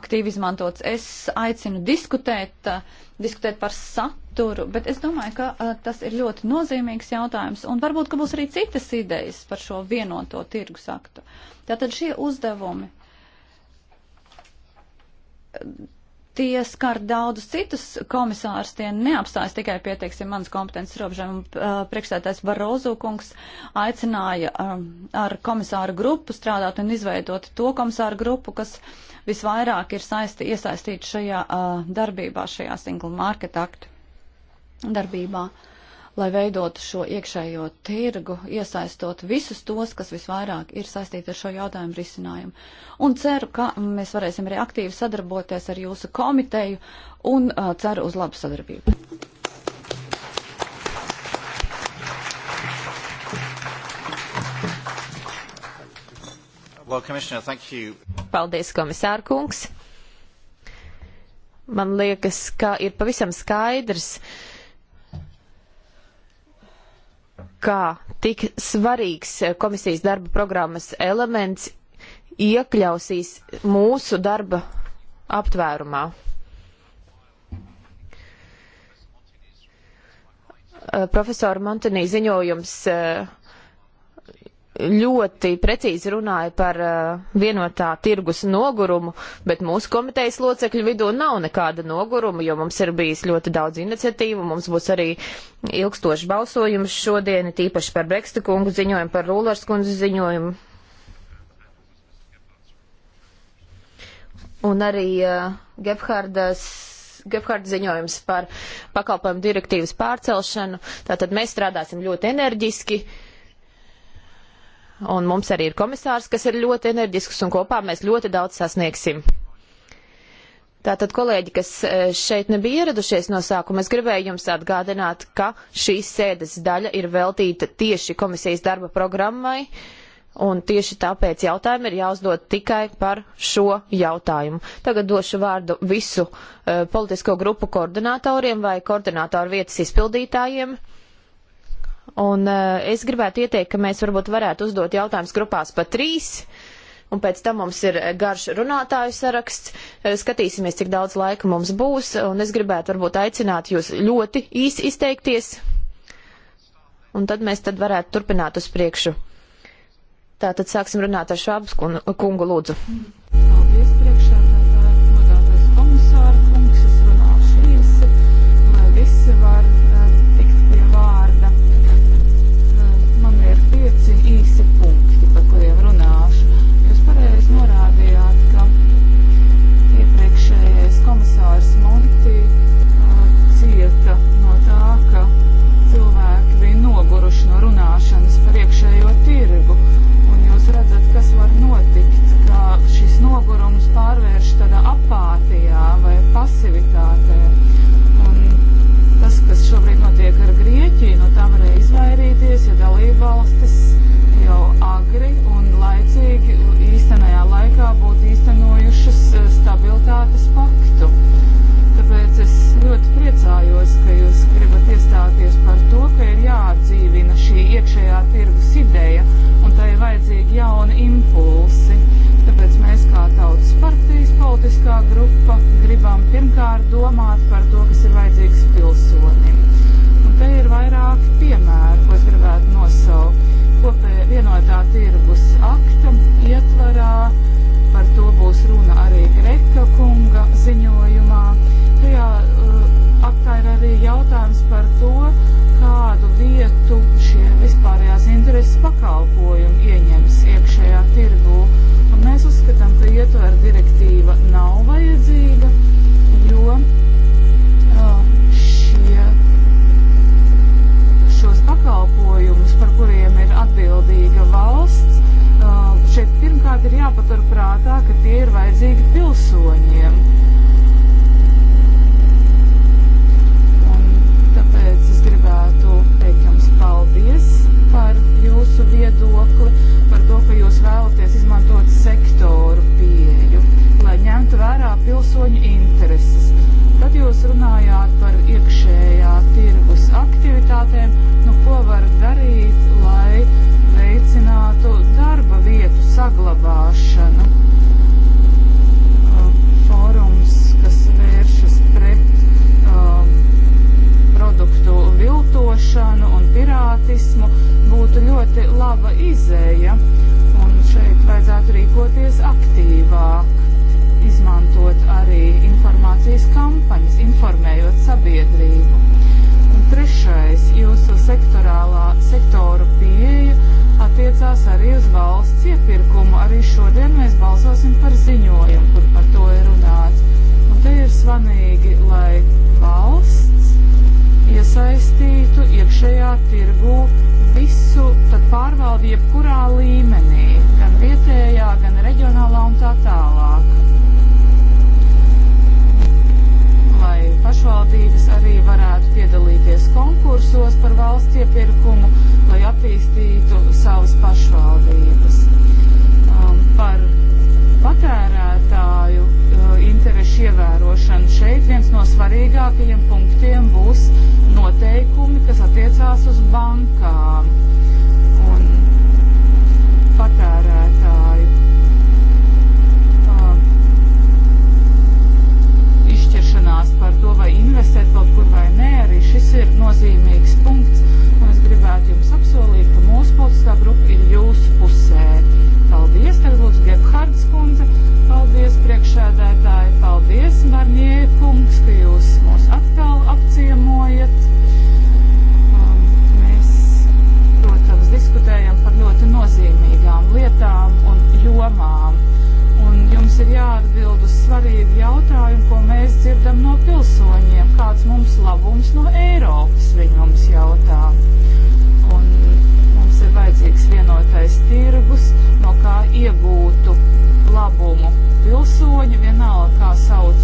S3: aktīvi izmantots. Es aicinu diskutēt, uh, diskutēt par saturu saturu, bet es domāju, ka uh, tas ir ļoti nozīmīgs jautājums, un varbūt, ka būs arī citas idejas par šo vienoto tirgus aktu. Tātad šie uzdevumi, tie skar daudzus citus komisārus, tie neapstājas tikai pie, teiksim, manas kompetences robežām. Uh, Priekšstētais Barozu kungs aicināja uh, ar komisāru grupu strādāt un izveidot to komisāru grupu, kas visvairāk ir saisti, iesaistīti šajā uh, darbībā, šajā Single Market Act darbībā, lai veidotu šo iekšējo tirgu, iesaistot visus tos, kas visvairāk ir saistīti ar šo jautājumu risinājumu. Un ceru, ka mēs varēsim arī aktīvi sadarboties ar jūsu komiteju un uh, ceru uz labu sadarbību.
S1: Well,
S2: Paldies, komisārkungs! Man liekas, ka ir pavisam skaidrs, uh, kā tik svarīgs komisijas darba programmas elements iekļausīs mūsu darba aptvērumā. Profesora Montenī ziņojums uh, ļoti precīzi runāja par uh, vienotā tirgus nogurumu, bet mūsu komitejas locekļu vidū nav nekāda noguruma, jo mums ir bijis ļoti daudz iniciatīvu, mums būs arī ilgstoši balsojums šodien, tīpaši par Breksta kungu ziņojumu, par Rūlars kungu ziņojumu. Un arī uh, Gebhardas Gephardt ziņojums par pakalpojumu direktīvas pārcelšanu. Tātad mēs strādāsim ļoti enerģiski. Uh, un mums arī ir komisārs, kas ir ļoti enerģisks, un kopā mēs ļoti daudz sasniegsim. Tātad, kolēģi, kas e, šeit nebija ieradušies no sākuma, es gribēju jums atgādināt, ka šī sēdes daļa ir veltīta tieši komisijas darba programmai, un tieši tāpēc jautājumi ir jāuzdod tikai par šo jautājumu. Tagad došu vārdu visu uh, politisko grupu koordinatoriem vai koordinatoru vietas izpildītājiem. Uh, Un uh, es gribētu ieteikt, ka mēs varbūt varētu uzdot jautājumus grupās pa trīs, un pēc tam mums ir garš runātāju saraksts. Eh, skatīsimies, cik daudz laika mums būs, un es gribētu varbūt aicināt jūs ļoti īsi izteikties, un tad mēs tad varētu turpināt uz priekšu. Tātad sāksim runāt ar Šābas kungu, kungu lūdzu.
S5: Paldies, priekšā. impulsi. Tāpēc mēs kā tautas partijas politiskā grupa gribam pirmkārt domāt par to, kas ir vajadzīgs pilsonim. Un te ir vairāki piemēri, ko es gribētu nosaukt. Kopējā vienotā tirgus akta ietvarā par to būs runa arī Greka kunga ziņojumā. Tajā uh, aktā ir arī jautājums par to, kādu vietu šie vispārējās intereses pakalpoja tādi ir jāpatur prātā, ka tie ir vajadzīgi pilsoņiem. Un tāpēc es gribētu teikt jums paldies par jūsu viedokli, par to, ka jūs vēlaties izmantot sektoru pieeju, lai ņemtu vērā pilsoņu intereses. Tad jūs runājāt par iekšējā tirgus aktivitātēm saglabāšanu. Fórums, kas vēršas pret um, produktu viltošanu un pirātismu, būtu ļoti laba izēja. Un šeit vajadzētu rīkoties aktīvāk, izmantot arī informācijas kampaņas, informējot sabiedrību. Un trešais, jūsu sektorālā sektoru pieeja attiecās arī uz valsts iepirkumu. Arī šodien mēs balsosim par ziņojumu, kur par to ir runāts. Un te ir svanīgi, lai valsts iesaistītu iekšējā tirgū visu, tad pārvaldi jebkurā līmenī, gan vietējā, gan reģionālā un tā tālāk. pašvaldības arī varētu piedalīties konkursos par valsts iepirkumu, lai attīstītu savas pašvaldības. Um, par patērētāju uh, interešu ievērošanu šeit viens no svarīgākajiem punktiem būs noteikumi, kas attiecās uz bankām un patērētājiem to, vai investēt kaut kur vai nē, arī šis ir nozīmīgs punkts. Un es gribētu jums apsolīt, ka mūsu politiskā grupa ir jūsu pusē. Paldies, tagad lūdzu Gebhards kundze, paldies priekšēdētāji, paldies Barņie kungs, ka jūs mūs atkal apciemojat. Um, mēs, protams, diskutējam par ļoti nozīmīgām lietām un jomām mums ir jāatbild uz svarīgu jautājumu, ko mēs dzirdam no pilsoņiem. Kāds mums labums no Eiropas viņi mums jautā? Un mums ir vajadzīgs vienotais tirgus, no kā iegūtu labumu pilsoņi, vienalga kā sauc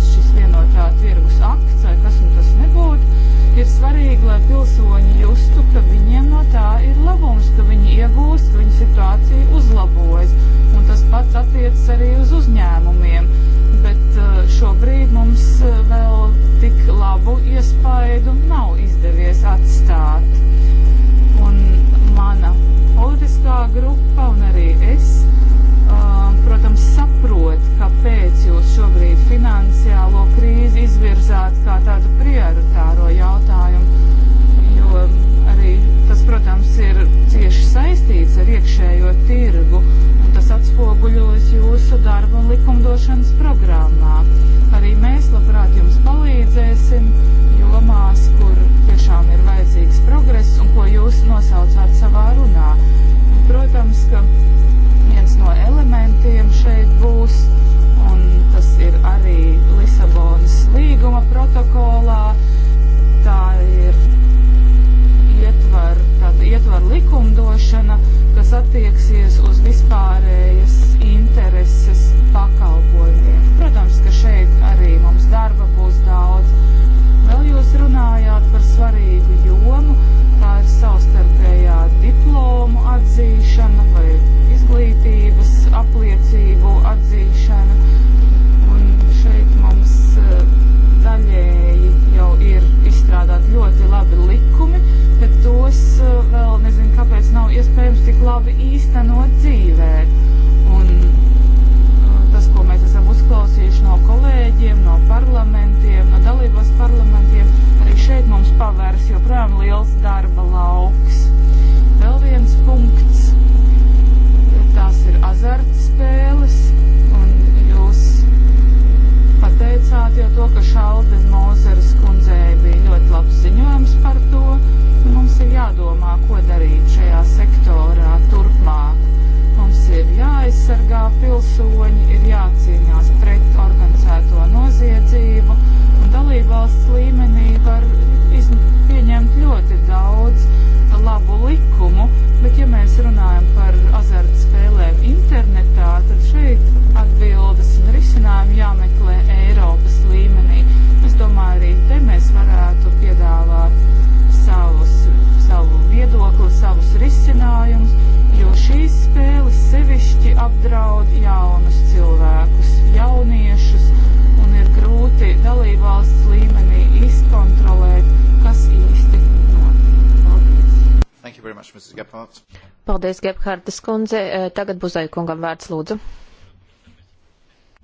S1: vārds.
S2: Paldies, Gebhardas kundze. E, tagad Buzai kungam vārds lūdzu.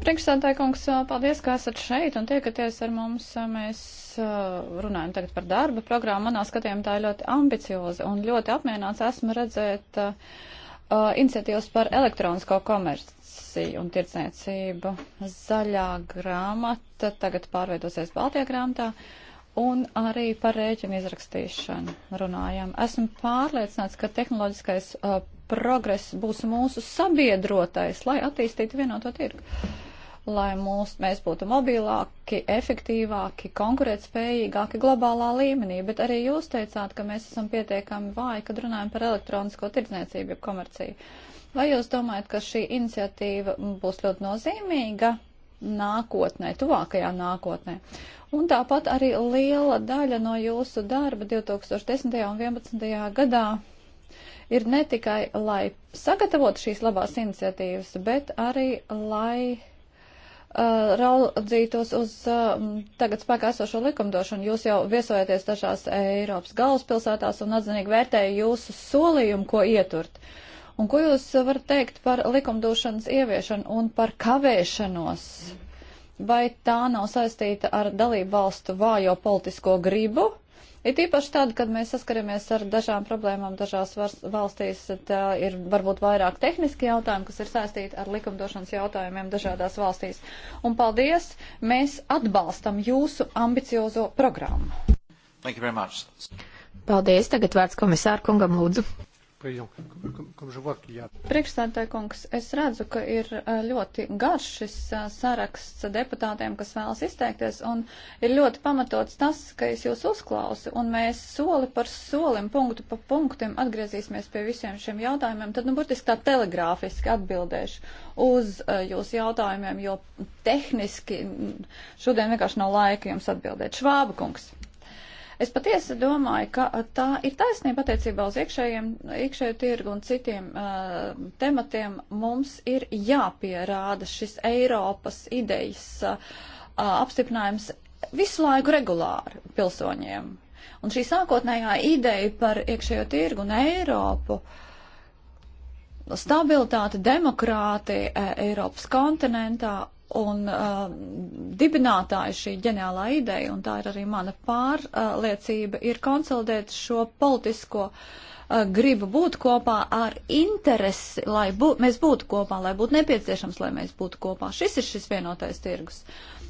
S3: Priekšstādāja kungs, e, paldies, ka esat šeit un tiekaties ar mums. E, mēs runājam tagad par darba programmu. Manā skatījumā tā ir ļoti ambicioza un ļoti apmierināts esmu redzēt uh, iniciatīvas par elektronisko komerciju un tirdzniecību. Zaļā grāmata tagad pārveidosies Baltijā grāmatā. Uh, un arī par rēķinu izrakstīšanu runājam. Esmu pārliecināts, ka tehnoloģiskais uh, progress būs mūsu sabiedrotais, lai attīstītu vienoto tirgu. Lai mūs, mēs būtu mobilāki, efektīvāki, konkurētspējīgāki globālā līmenī, bet arī jūs teicāt, ka mēs esam pietiekami vāji, kad runājam par elektronisko tirdzniecību, jeb komerciju. Vai jūs domājat, ka šī iniciatīva būs ļoti nozīmīga nākotnē, tuvākajā nākotnē? Un tāpat arī liela daļa no jūsu darba 2010. un 2011. gadā ir ne tikai, lai sagatavotu šīs labās iniciatīvas, bet arī, lai uh, raudzītos uz uh, tagad spēkā esošo likumdošanu. Jūs jau viesojaties dažās Eiropas galvaspilsētās un atzinīgi vērtēju jūsu solījumu, ko ieturt. Un ko jūs varat teikt par likumdošanas ieviešanu un par kavēšanos? Mm vai tā nav saistīta ar dalību valstu vājo politisko gribu? Ir tīpaši tad, kad mēs saskaramies ar dažām problēmām dažās valstīs, tā ir varbūt vairāk tehniski jautājumi, kas ir saistīti ar likumdošanas jautājumiem dažādās valstīs. Un paldies, mēs atbalstam jūsu ambiciozo programmu.
S2: Paldies, tagad vārds komisāru kungam lūdzu.
S1: Priekšstādātāja
S2: kungs, es redzu, ka ir ļoti garš
S3: šis saraksts deputātiem, kas vēlas izteikties, un ir ļoti pamatots tas, ka es jūs uzklausu, un mēs soli par solim, punktu pa punktam atgriezīsimies pie visiem šiem jautājumiem. Tad, nu, burtiski tā telegrāfiski atbildēšu uz jūsu jautājumiem, jo tehniski šodien vienkārši nav laika jums atbildēt. Švāba kungs. Es patiesi domāju, ka uh, tā ir taisnība attiecībā uz iekšējiem, iekšēju tirgu un citiem uh, tematiem. Mums ir jāpierāda šis Eiropas idejas uh, uh, apstiprinājums visu laiku regulāri pilsoņiem. Un šī sākotnējā ideja par iekšējo tirgu un Eiropu uh, stabilitāti, demokrāti e, Eiropas kontinentā. Un uh, e, dibinātāja šī ģeniālā ideja, un tā ir arī mana pārliecība, ir konsolidēt šo politisko uh, gribu būt kopā ar interesi, lai bū, mēs būtu kopā, lai būtu nepieciešams, lai mēs būtu kopā. Šis ir šis vienotais tirgus.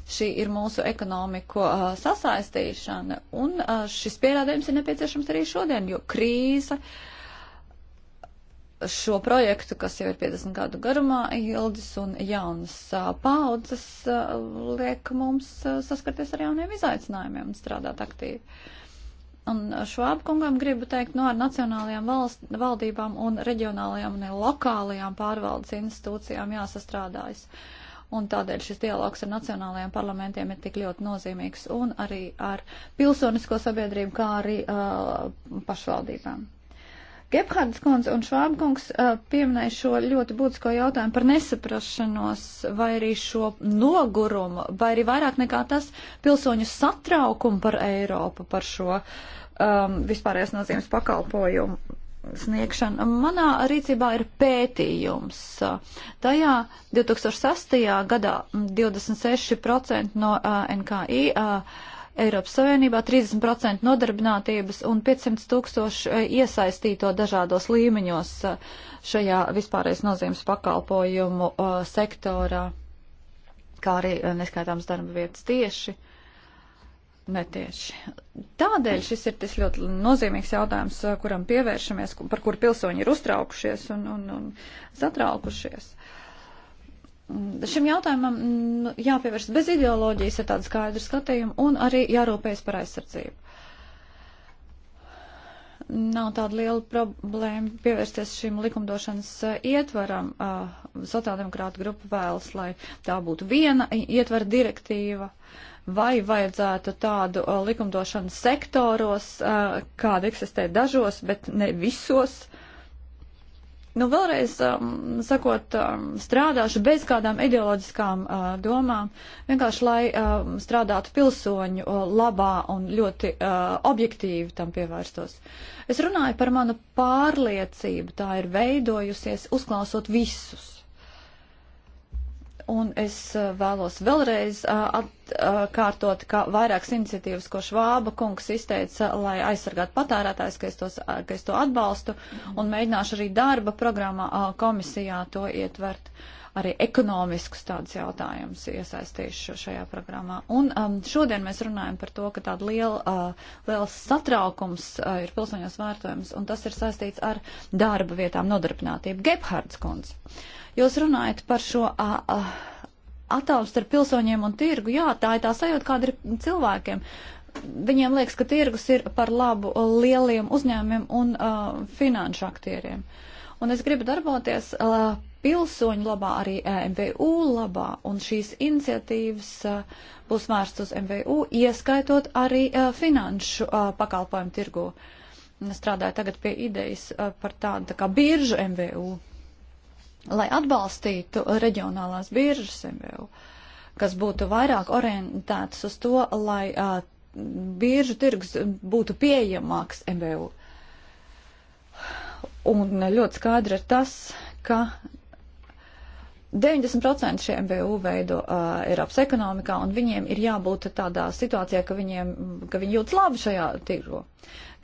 S3: Šī ir mūsu ekonomiku uh, sasaistīšana, un uh, šis pierādījums ir nepieciešams arī šodien, jo krīze. Uh, šo projektu, kas jau ir 50 gadu garumā ilgs un jaunas paudzes, liek mums saskarties ar jauniem izaicinājumiem un strādāt aktīvi. Un šo apkungam gribu teikt, no nu, ar nacionālajām valst, valdībām un reģionālajām un lokālajām pārvaldes institūcijām jāsastrādājas. Un tādēļ šis dialogs ar nacionālajiem parlamentiem ir tik ļoti nozīmīgs un arī ar pilsonisko sabiedrību, kā arī uh, pašvaldībām. Gebhards kundze un Švābkungs pieminēja šo ļoti būtisko jautājumu par nesaprašanos vai arī šo nogurumu, vai arī vairāk nekā tas pilsoņu satraukumu par Eiropu, par šo um, vispārējais nozīmes pakalpojumu sniegšanu. Manā rīcībā ir pētījums. Tajā 2006. gadā 26% no uh, NKI. Uh, Eiropas Savienībā 30% nodarbinātības un 500 tūkstoši eh, iesaistīto dažādos līmeņos eh, šajā vispārreiz nozīmes pakalpojumu eh, sektorā, kā arī neskaitāms darba vietas tieši. Netieši. Tādēļ šis ir tas ļoti nozīmīgs jautājums, kuram pievēršamies, par kuru pilsoņi ir uztraukušies un, un, un satraukušies. Uh, Mm, šim jautājumam mm, nu, jāpievērst bez ideoloģijas, ir tāda skaidra skatījuma un arī jārūpējas par aizsardzību. Nav tāda liela problēma pievērsties šim likumdošanas eh, ietvaram. Eh, sociāldemokrāta grupa vēlas, lai tā būtu viena ietvara direktīva, vai vajadzētu tādu eh, likumdošanu sektoros, kāda eksistē dažos, bet ne visos Nu, vēlreiz um, sakot, um, strādāšu bez kādām ideoloģiskām uh, domām, vienkārši lai um, strādātu pilsoņu uh, labā un ļoti uh, objektīvi tam pievērstos. Es runāju par manu pārliecību, tā ir veidojusies, uzklausot visus. Un es eh, vēlos vēlreiz eh, eh, atkārtot, ka vairākas iniciatīvas, ko Švāba kungs izteica, lai aizsargātu patērētājs, ka es, tos, ka es to atbalstu, un mēģināšu arī darba programmā komisijā to ietvert. Arī ekonomiskus tādus jautājumus iesaistīšu šajā programmā. Un um, šodien mēs runājam par to, ka tāda liela, uh, liels satraukums uh, ir pilsoņos vērtojums, un tas ir saistīts ar darba vietām nodarbinātību. Gebhards kundze. Uh, Jūs runājat par šo atālu starp pilsoņiem un tirgu. Jā, tā ir tā sajūta, kāda ir cilvēkiem. Viņiem liekas, ka tirgus ir par labu lieliem uzņēmumiem un uh, finanšu aktieriem. Un es gribu darboties uh, pilsoņu labā, arī MVU labā, un šīs iniciatīvas uh, būs vērsts uz MVU, ieskaitot arī uh, finanšu uh, pakalpojumu tirgu. Strādāju tagad pie idejas uh, par tādu tā kā biržu MVU lai atbalstītu reģionālās biržas MVU, eh, kas būtu vairāk orientētas uz to, lai uh, biržu tirgus būtu pieejamāks MVU. Un ļoti skaidri ir tas, ka 90% šie MBU veido uh, Eiropas ekonomikā, un viņiem ir jābūt tādā situācijā, ka, viņiem, ka viņi jūtas labi šajā tirgo.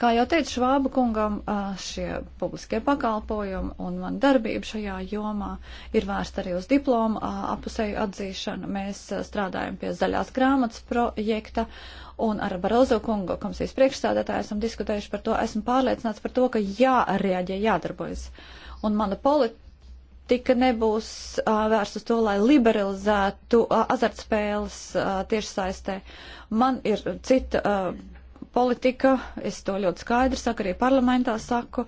S3: Kā jau teicu Švāba kungam, šie publiskie pakalpojumi un man darbība šajā jomā ir vērsta arī uz diplomu apusēju atzīšanu. Mēs strādājam pie zaļās grāmatas projekta un ar Barozo kungu, komisijas priekšstādātāju, esam diskutējuši par to. Esmu pārliecināts par to, ka jārēģē, jādarbojas. Un mana politika tika nebūs uh, vērsts uz to, lai liberalizētu uh, azartspēles uh, tiešsaistē. Man ir cita uh, politika, es to ļoti skaidri saku, arī parlamentā saku,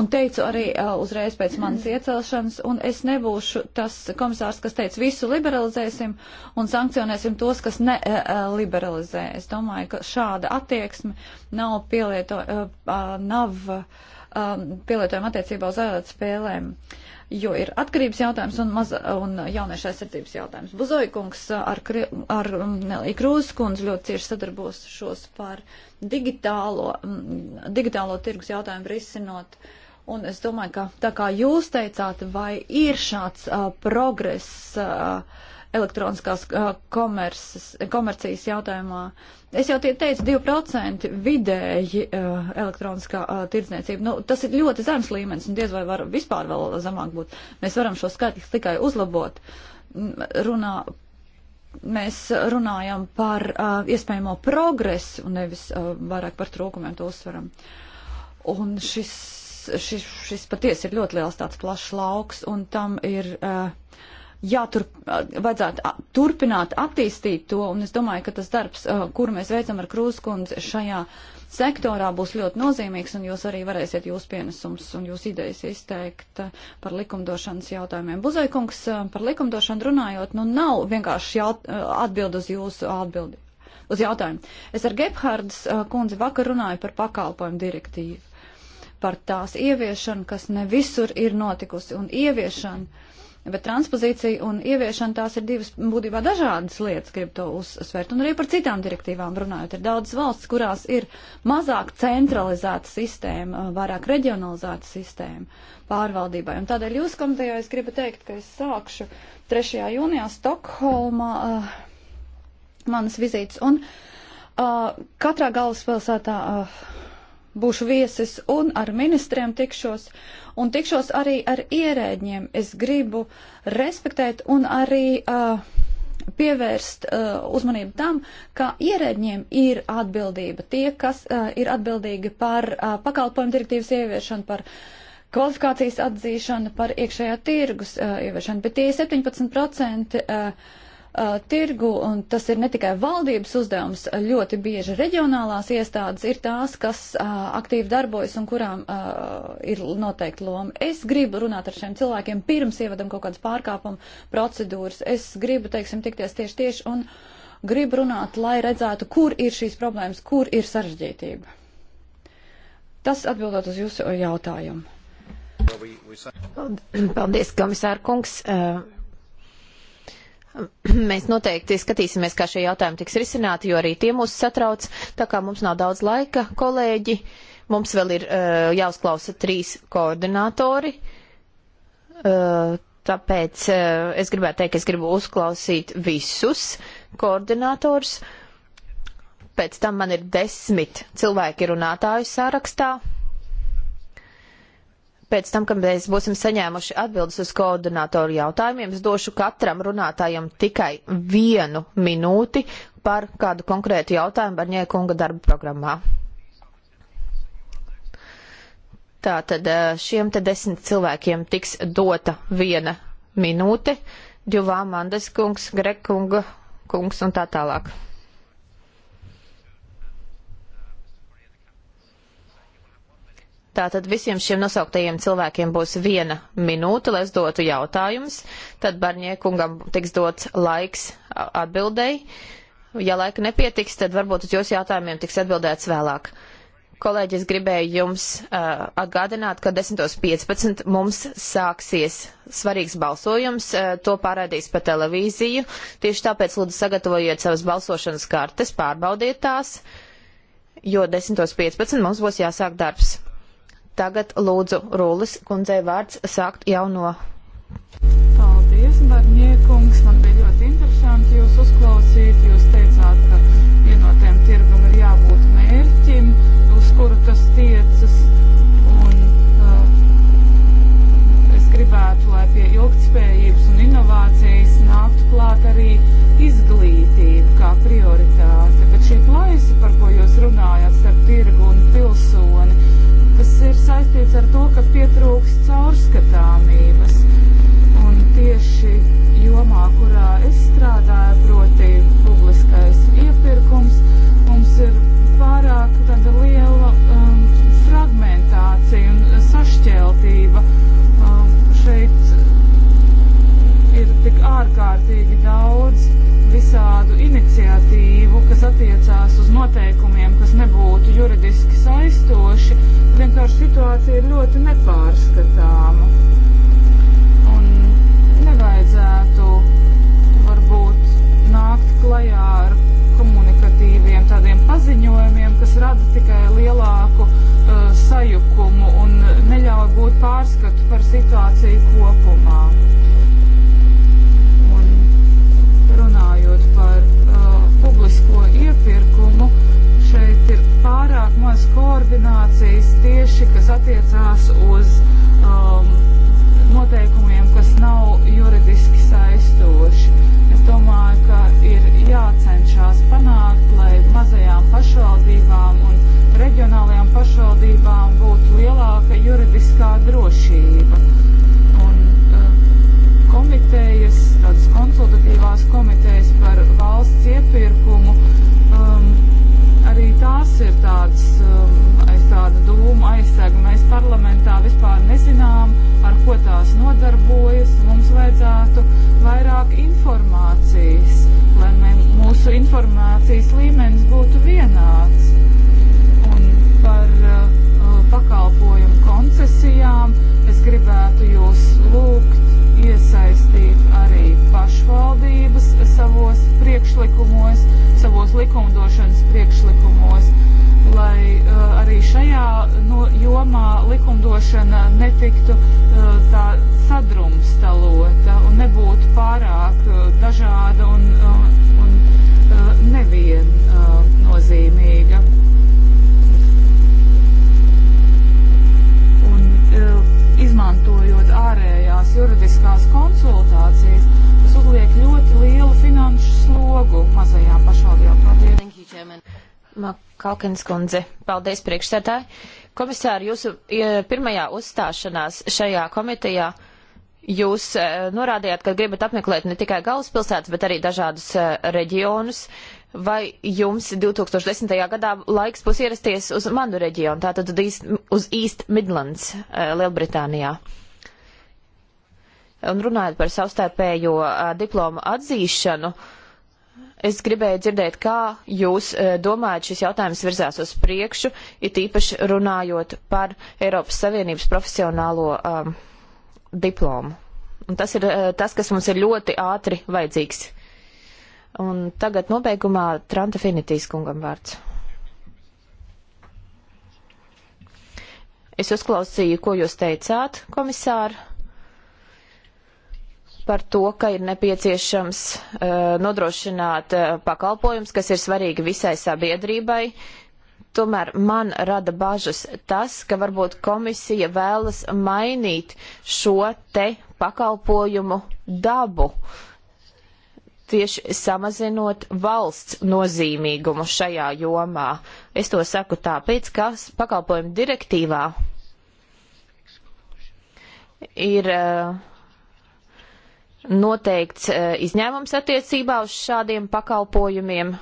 S3: un teicu arī uh, uzreiz pēc manas iecelšanas, un es nebūšu tas komisārs, kas teica, visu liberalizēsim un sankcionēsim tos, kas neliberalizē. Uh, es domāju, ka šāda attieksme nav, pielieto, uh, nav uh, pielietojama attiecībā uz ārādas spēlēm. Uh, jo ir atkarības jautājums un, maz, un jauniešu aizsardzības jautājums. Buzoikungs ar, ar mm, Nelī Krūzes kundzi ļoti cieši sadarbošos par digitālo, mm, digitālo tirgus jautājumu risinot. Un es domāju, ka tā kā jūs teicāt, vai ir šāds uh, progress. Uh, elektroniskās komerces, komercijas jautājumā. Es jau teicu, 2% vidēji elektroniskā tirdzniecība. Nu, tas ir ļoti zems līmenis un diez vai var vispār vēl zemāk būt. Mēs varam šo skaitļus tikai uzlabot. Runā, mēs runājam par iespējamo progresu un nevis vairāk par trūkumiem to uzsveram. Un šis šis, šis patiesi ir ļoti liels tāds plašs lauks, un tam ir uh, jātur, vajadzētu turpināt attīstīt to, un es domāju, ka tas darbs, kuru mēs veicam ar Krūskundzi šajā sektorā, būs ļoti nozīmīgs, un jūs arī varēsiet jūs pienesums un jūs idejas izteikt par likumdošanas jautājumiem. Buzaikungs, par likumdošanu runājot, nu nav vienkārši jaut, atbild uz jūsu atbildi. Uz jautājumu. Es ar Gebhardas kundzi vakar runāju par pakalpojumu direktīvu, par tās ieviešanu, kas ne visur ir notikusi, un ieviešanu Bet transpozīcija un ieviešana tās ir divas būtībā dažādas lietas, grib to uzsvērt. Un arī par citām direktīvām runājot. Ir daudz valsts, kurās ir mazāk centralizēta sistēma, vairāk reģionalizēta sistēma pārvaldībai. Un tādēļ jūs komitejā es gribu teikt, ka es sākšu 3. jūnijā Stokholmā uh, manas vizītes. Un uh, katrā galvaspilsētā. Uh, būšu viesis un ar ministriem tikšos, un tikšos arī ar ierēģiem. Es gribu respektēt un arī uh, pievērst uh, uzmanību tam, ka ierēģiem ir atbildība. Tie, kas uh, ir atbildīgi par uh, pakalpojumu direktīvas ieviešanu, par kvalifikācijas atzīšanu, par iekšējā tirgus uh, ieviešanu, bet tie 17% uh, uh, tirgu, un tas ir ne tikai valdības uzdevums, ļoti bieži reģionālās iestādes ir tās, kas uh, aktīvi darbojas un kurām uh, ir noteikti loma. Es gribu runāt ar šiem cilvēkiem pirms ievadam kaut kādas pārkāpuma procedūras. Es gribu, teiksim, tikties tieši tieši un gribu runāt, lai redzētu, kur ir šīs problēmas, kur ir sarežģītība. Tas atbildot uz jūsu jautājumu.
S2: Paldies, komisāra kungs. Uh Mēs noteikti skatīsimies, kā šie jautājumi tiks risināti, jo arī tie mūs satrauc. Tā kā mums nav daudz laika, kolēģi, mums vēl ir uh, jāuzklausa trīs koordinātori. Uh, eh, tāpēc uh, es gribētu teikt, ka es gribu uzklausīt visus koordinātors. Pēc tam man ir desmit cilvēki runātāju sārakstā, Pēc tam, kad mēs būsim saņēmuši atbildes uz koordinātoru jautājumiem, es došu katram runātājam tikai vienu minūti par kādu konkrētu jautājumu Barņē kunga darba programmā. Tātad eh, šiem te desmit cilvēkiem tiks dota viena minūte, divām Mandes kungs, Greg kunga kungs un tā tālāk. Tātad visiem šiem nosauktajiem cilvēkiem būs viena minūte, lai es dotu jautājumus. Tad Barņiekungam tiks dots laiks atbildēji. Ja laika nepietiks, tad varbūt uz jūsu jautājumiem tiks atbildēts vēlāk. Kolēģi, es gribēju jums uh, atgādināt, ka 10.15 mums sāksies svarīgs balsojums, uh, to pārādīs pa televīziju. Tieši tāpēc lūdzu sagatavojiet savas balsošanas kartes, pārbaudiet tās, jo 10.15 mums būs jāsāk darbs. Tagad lūdzu Rūlis kundzei vārds sākt jauno.
S5: Paldies, Barņiekungs. Man bija ļoti interesanti jūs uzklausīt. Jūs teicāt, ka vienotiem tirgum ir jābūt mērķim, uz kuru tas tiecas. Un uh, es gribētu, lai pie ilgtspējības un inovācijas nāktu klāt arī izglītība kā prioritāte. Bet šī plaisa, par ko jūs runājāt starp tirgu un pilsoni, grūtības ir saistīts ar to, ka pietrūkst caurskatāmības. Un tieši jomā, kurā es strādāju, proti publiskais iepirkums, mums ir pārāk tāda liela um, fragmentācija un sašķeltība. Um, šeit ir tik ārkārtīgi daudz visādu iniciatīvu, kas attiecās uz noteikumiem, kas nebūtu juridiski saistoši, vienkārši situācija ir ļoti nepārskatāma. Un nevajadzētu varbūt nākt klajā ar komunikatīviem tādiem paziņojumiem, kas rada tikai lielāku uh, sajukumu un neļauj būt pārskatu par situāciju kopumā. par uh, publisko iepirkumu, šeit ir pārāk maz koordinācijas tieši, kas attiecās uz um, noteikumiem, kas nav juridiski saistoši. Es domāju, ka ir jācenšas panākt, lai mazajām pašvaldībām un reģionālajām pašvaldībām būtu lielāka juridiskā drošība komitejas, tādas konsultatīvās komitejas par valsts iepirkumu, um, arī tās ir tādas, um, aiz tāda dūma aizsega. Mēs parlamentā vispār nezinām, ar ko tās nodarbojas. Mums vajadzētu vairāk informācijas, lai mē, mūsu informācijas līmenis būtu vienāds. Un par uh, pakalpojumu koncesijām es gribētu jūs lūgt iesaistīt arī pašvaldības savos priekšlikumos, savos likumdošanas priekšlikumos, lai uh, arī šajā no, nu, jomā likumdošana netiktu uh, tā sadrumstalota un nebūtu pārāk uh, dažāda un, uh, un uh, nevien uh, nozīmīga. izmantojot ārējās juridiskās konsultācijas, tas uzliek ļoti lielu finanšu slogu mazajām pašvaldībām. Paldies!
S2: Makalkins kundze, paldies priekšsētāji. Komisāri, jūsu pirmajā uzstāšanās šajā komitejā jūs e, norādījāt, ka gribat apmeklēt ne tikai galvaspilsētas, bet arī dažādus e, reģionus. Uh, vai jums 2010. gadā laiks būs ierasties uz manu reģionu, tātad uz East Midlands, eh, Lielbritānijā. Un runājot par savstarpējo eh, diplomu atzīšanu, es gribēju dzirdēt, kā jūs eh, domājat šis jautājums virzās uz priekšu, it īpaši runājot par Eiropas Savienības profesionālo um, diplomu. Un tas ir tas, kas mums ir ļoti ātri vajadzīgs. Un tagad nobeigumā Tranta Finitīs kungam vārds. Es uzklausīju, ko jūs teicāt, komisāri, par to, ka ir nepieciešams uh, nodrošināt uh, pakalpojums, kas ir svarīgi visai sabiedrībai. Tomēr man rada bažas tas, ka varbūt komisija vēlas mainīt šo te pakalpojumu dabu. Uh, tieši samazinot valsts nozīmīgumu šajā jomā. Es to saku tāpēc, ka pakalpojumu direktīvā ir eh, noteikts eh, izņēmums attiecībā uz šādiem pakalpojumiem.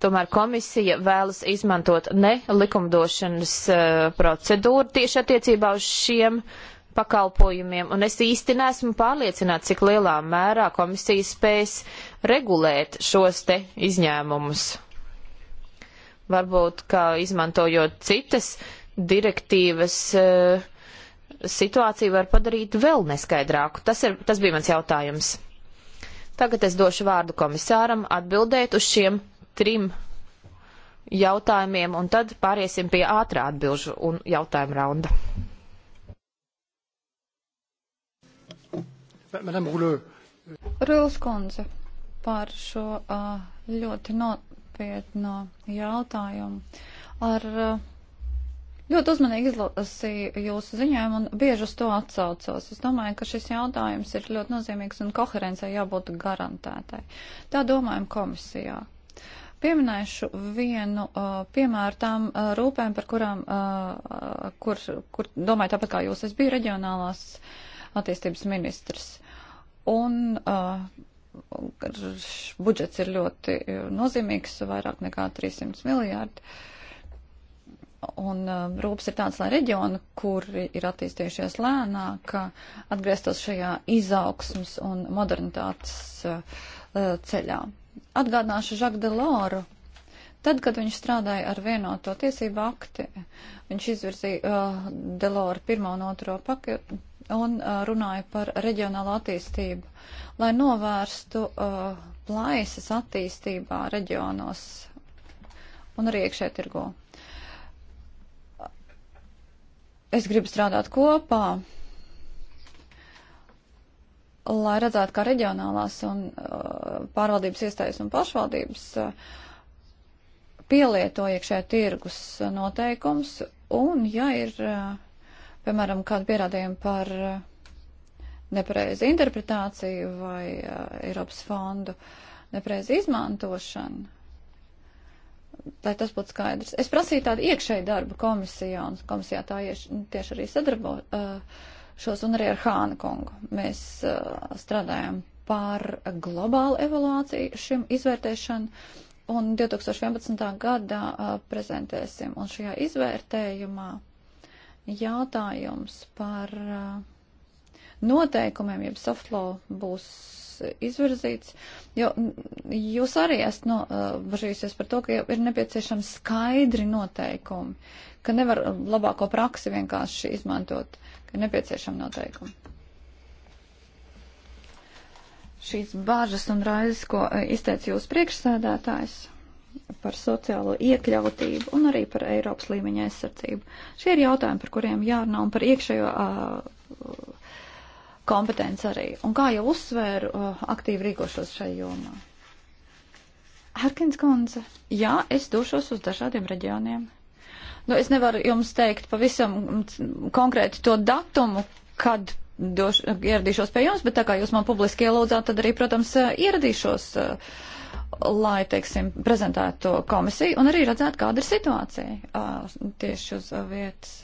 S2: Tomēr komisija vēlas izmantot ne likumdošanas eh, procedūru tieši attiecībā uz šiem pakalpojumiem pakalpojumiem, un es īsti neesmu pārliecināta, cik lielā mērā komisija spēs regulēt šos te izņēmumus. Varbūt, ka izmantojot citas direktīvas, eh, situāciju var padarīt vēl neskaidrāku. Tas, ir, tas bija mans jautājums. Tagad es došu vārdu komisāram atbildēt uz šiem trim jautājumiem, un tad pāriesim pie ātrā atbilžu un jautājumu raunda. Madame Rulē.
S3: Rūls kundze par šo ļoti nopietno jautājumu. Ar ļoti uzmanīgi izlasīju jūsu ziņojumu un bieži uz to atsaucos. Es domāju, ka šis jautājums ir ļoti nozīmīgs un koherencei jābūt garantētai. Tā domājam komisijā. Pieminēšu vienu uh, piemēru tām uh, rūpēm, par kurām, uh, kur, kur domāju tāpat kā jūs, es biju reģionālās uh, attīstības ministrs. Un uh, budžets ir ļoti uh, nozīmīgs, vairāk nekā 300 miljārdi. Un uh, rūpes ir tāds, lai reģioni, kuri ir attīstījušies lēnāk, atgrieztos šajā izaugsmas un modernitātes uh, ceļā. Atgādināšu Žak Deloru. Tad, kad viņš strādāja ar vienoto tiesību akti, viņš izvirzīja uh, Deloru pirmo un otro paketi un uh, runāja par reģionālo attīstību. Lai novērstu uh, plaisas attīstībā reģionos un arī iekšē tirgo. Es gribu strādāt kopā, lai redzētu, kā reģionālās un uh, pārvaldības iestājas un pašvaldības uh, pielieto iekšē tirgus noteikums un, ja ir uh, piemēram, kādu pierādījumu par eh, nepareizu interpretāciju vai uh, Eiropas fondu nepareizu izmantošanu, lai tas būtu skaidrs. Es prasīju tādu iekšēju darbu komisijā, un komisijā tā ieš, nu, tieši arī sadarbo uh, šos un arī ar Hāna kungu. Mēs uh, strādājam par globālu evaluāciju šim izvērtēšanu, un 2011. gadā uh, prezentēsim, un šajā izvērtējumā jautājums par uh, noteikumiem, jeb softlaw būs izvirzīts, jo jūs arī esat nobažījusies uh, par to, ka ir nepieciešami skaidri noteikumi, ka nevar uh, labāko praksi vienkārši izmantot, ka ir nepieciešami noteikumi. Šīs bāžas un raizes, ko izteica jūs priekšsēdētājs par sociālo iekļautību un arī par Eiropas līmeņa aizsardzību. Šie ir jautājumi, par kuriem jārunā un par iekšējo uh, kompetenci arī. Un kā jau uzsvēru, uh, aktīvi rīkošos šai jomā. Harkins kundze, jā, es došos uz dažādiem reģioniem. Nu, es nevaru jums teikt pavisam konkrēti to datumu, kad doš, ieradīšos pie jums, bet tā kā jūs man publiski ielūdzāt, tad arī, protams, ieradīšos. Uh, lai, teiksim, prezentētu to komisiju un arī redzētu, kāda ir situācija tieši uz vietas.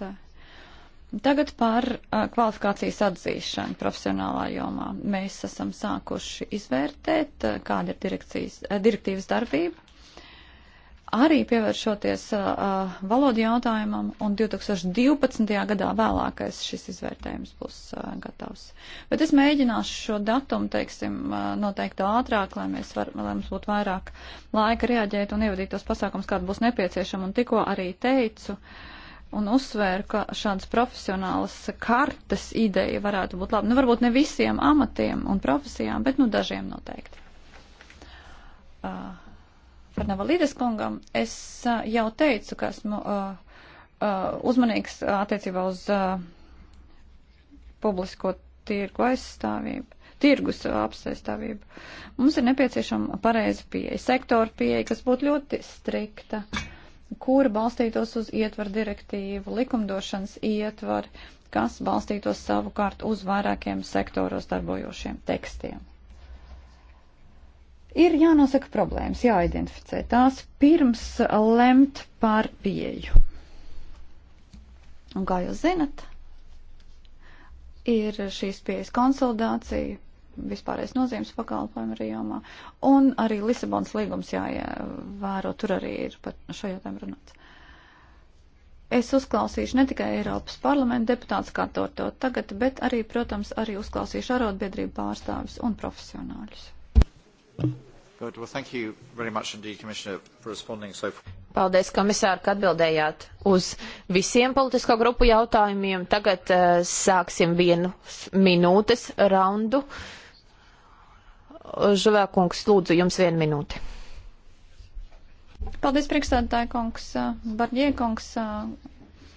S3: Tagad par kvalifikācijas atzīšanu profesionālā jomā. Mēs esam sākuši izvērtēt, kāda ir direktīvas darbība arī pievēršoties uh, valodu jautājumam, un 2012. gadā vēlākais šis izvērtējums būs uh, gatavs. Bet es mēģināšu šo datumu, teiksim, uh, noteikti ātrāk, lai, mēs var, lai mums būtu vairāk laika reaģēt un ievadīt tos pasākums, kāda būs nepieciešama, un tikko arī teicu. Un uzsvēru, ka šādas profesionālas kartes ideja varētu būt laba. Nu, varbūt ne visiem amatiem un profesijām, bet, nu, dažiem noteikti. Uh Par Navalides kungam es jau teicu, ka esmu uh, uh, uzmanīgs attiecībā uz uh, publisko tirgu aizstāvību tirgus apsaistāvību. Mums ir nepieciešama pareiza pieeja, sektora pieeja, kas būtu ļoti strikta, kura balstītos uz ietvaru direktīvu, likumdošanas ietvaru, kas balstītos savukārt uz vairākiem sektoros darbojošiem tekstiem. Ir jānosaka problēmas, jāidentificē tās pirms lemt par pieju. Un kā jūs zinat, ir šīs pieejas konsolidācija, vispārējais nozīmes pakalpojumu arī jomā, un arī Lisabons līgums jāievēro, tur arī ir par šo jautājumu runāts. Es uzklausīšu ne tikai Eiropas parlamenta deputāts, kā to to tagad, bet arī, protams, arī uzklausīšu arotbiedrību pārstāvis
S2: un profesionāļus.
S1: Thank you. Good. Well, thank you very much indeed, Commissioner, for responding so far.
S2: Paldies, komisāri, ka atbildējāt uz visiem politisko grupu jautājumiem. Tagad uh, sāksim vienu minūtes raundu. Žuvēkungs, lūdzu, jums vienu minūti.
S3: Paldies, priekšstādātāja kungs, eh, Barģie kungs. Eh,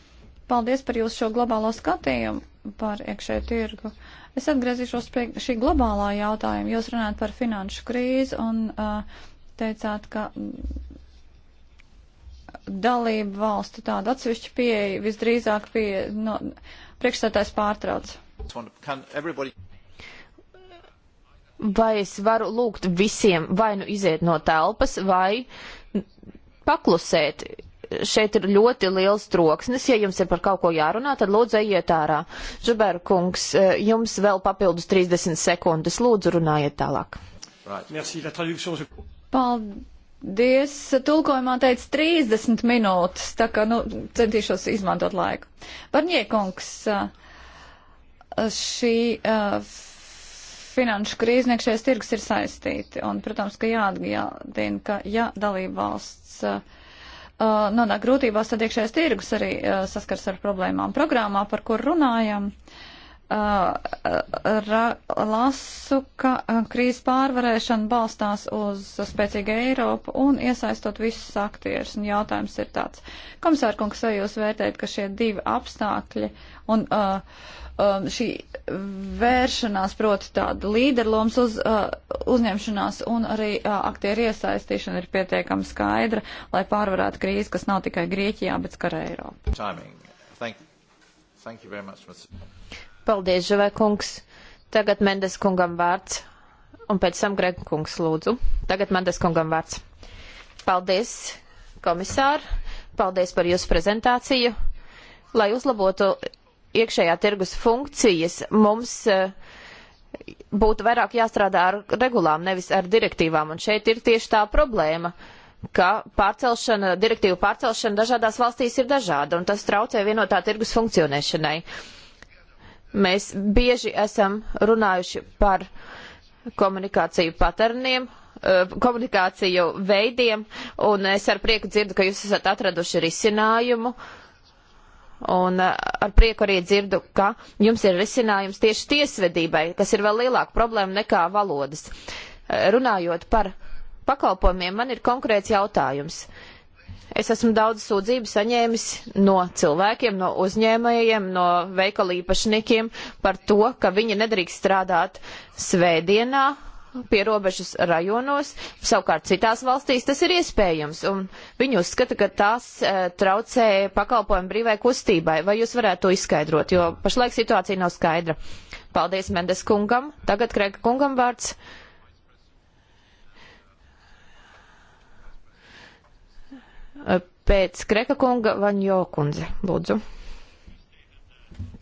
S3: paldies par jūsu šo globālo skatījumu par iekšēju tirgu. Es atgriezīšos pie šī globālā jautājuma. Jūs runājat par finanšu krīzi un uh, teicāt, ka mm, dalību valstu tāda atsevišķa pieeja visdrīzāk pie
S2: no, priekšstādājs pārtrauc. Vai es varu lūgt visiem vai nu iziet no telpas, vai paklusēt? šeit ir ļoti liels troksnis. Ja jums ir par kaut ko jārunā, tad lūdzu ejiet ārā. Žuberu kungs, e, jums vēl papildus 30 sekundes. Lūdzu, runājiet tālāk. Paldies.
S3: Tulkojumā teica 30 minūtes, tā kā nu, centīšos izmantot laiku. Barņiekungs, e, šī uh, finanšu krīze un iekšējais tirgus ir saistīti. Un, protams, ka jāatgādina, ka ja dalība valsts. Uh, uh, nonāk grūtībās, tad iekšējais tirgus arī uh, saskars ar problēmām. Programmā, par kur runājam, uh, ra, lasu, ka uh, krīzes pārvarēšana balstās uz spēcīgu Eiropu un iesaistot visus aktierus. Un jautājums ir tāds, komisārkungs, vai jūs vērtējat, ka šie divi apstākļi un uh, um, šī vēršanās, proti tāda līderloms uz, uh, uzņemšanās un arī uh, aktieru iesaistīšana ir pietiekami skaidra, lai pārvarētu krīzi, kas nav tikai Grieķijā, bet skar Eiropu.
S1: Thank, thank much,
S2: Paldies, Žavē kungs. Tagad Mendes kungam vārds, un pēc tam Greg kungs lūdzu. Tagad Mendes kungam vārds. Paldies, komisār, paldies par jūsu prezentāciju. Lai uzlabotu iekšējā tirgus funkcijas mums e, būtu vairāk jāstrādā ar regulām, nevis ar direktīvām. Un šeit ir tieši tā problēma, ka pārcelšana, direktīvu pārcelšana dažādās valstīs ir dažāda, un tas traucē vienotā tirgus funkcionēšanai. Mēs bieži esam runājuši par komunikāciju paterniem, e, komunikāciju veidiem, un es ar prieku dzirdu, ka jūs esat atraduši risinājumu. Uh, Un eh, ar prieku arī dzirdu, ka jums ir risinājums tieši tiesvedībai, kas ir vēl lielāka problēma nekā valodas. Eh, runājot par pakalpojumiem, man ir konkrēts jautājums. Es esmu daudz sūdzību saņēmis no cilvēkiem, no uzņēmējiem, no veikala īpašniekiem par to, ka viņi nedrīkst strādāt svētdienā pie robežas rajonos, savukārt citās valstīs tas ir iespējams, un viņi uzskata, ka tās e, traucē pakalpojumu brīvai kustībai. Vai jūs varētu to izskaidrot, jo pašlaik situācija nav skaidra? Paldies Mendes kungam. Tagad Krēka kungam vārds. E, pēc Krēka kunga Vaņo kundze, lūdzu.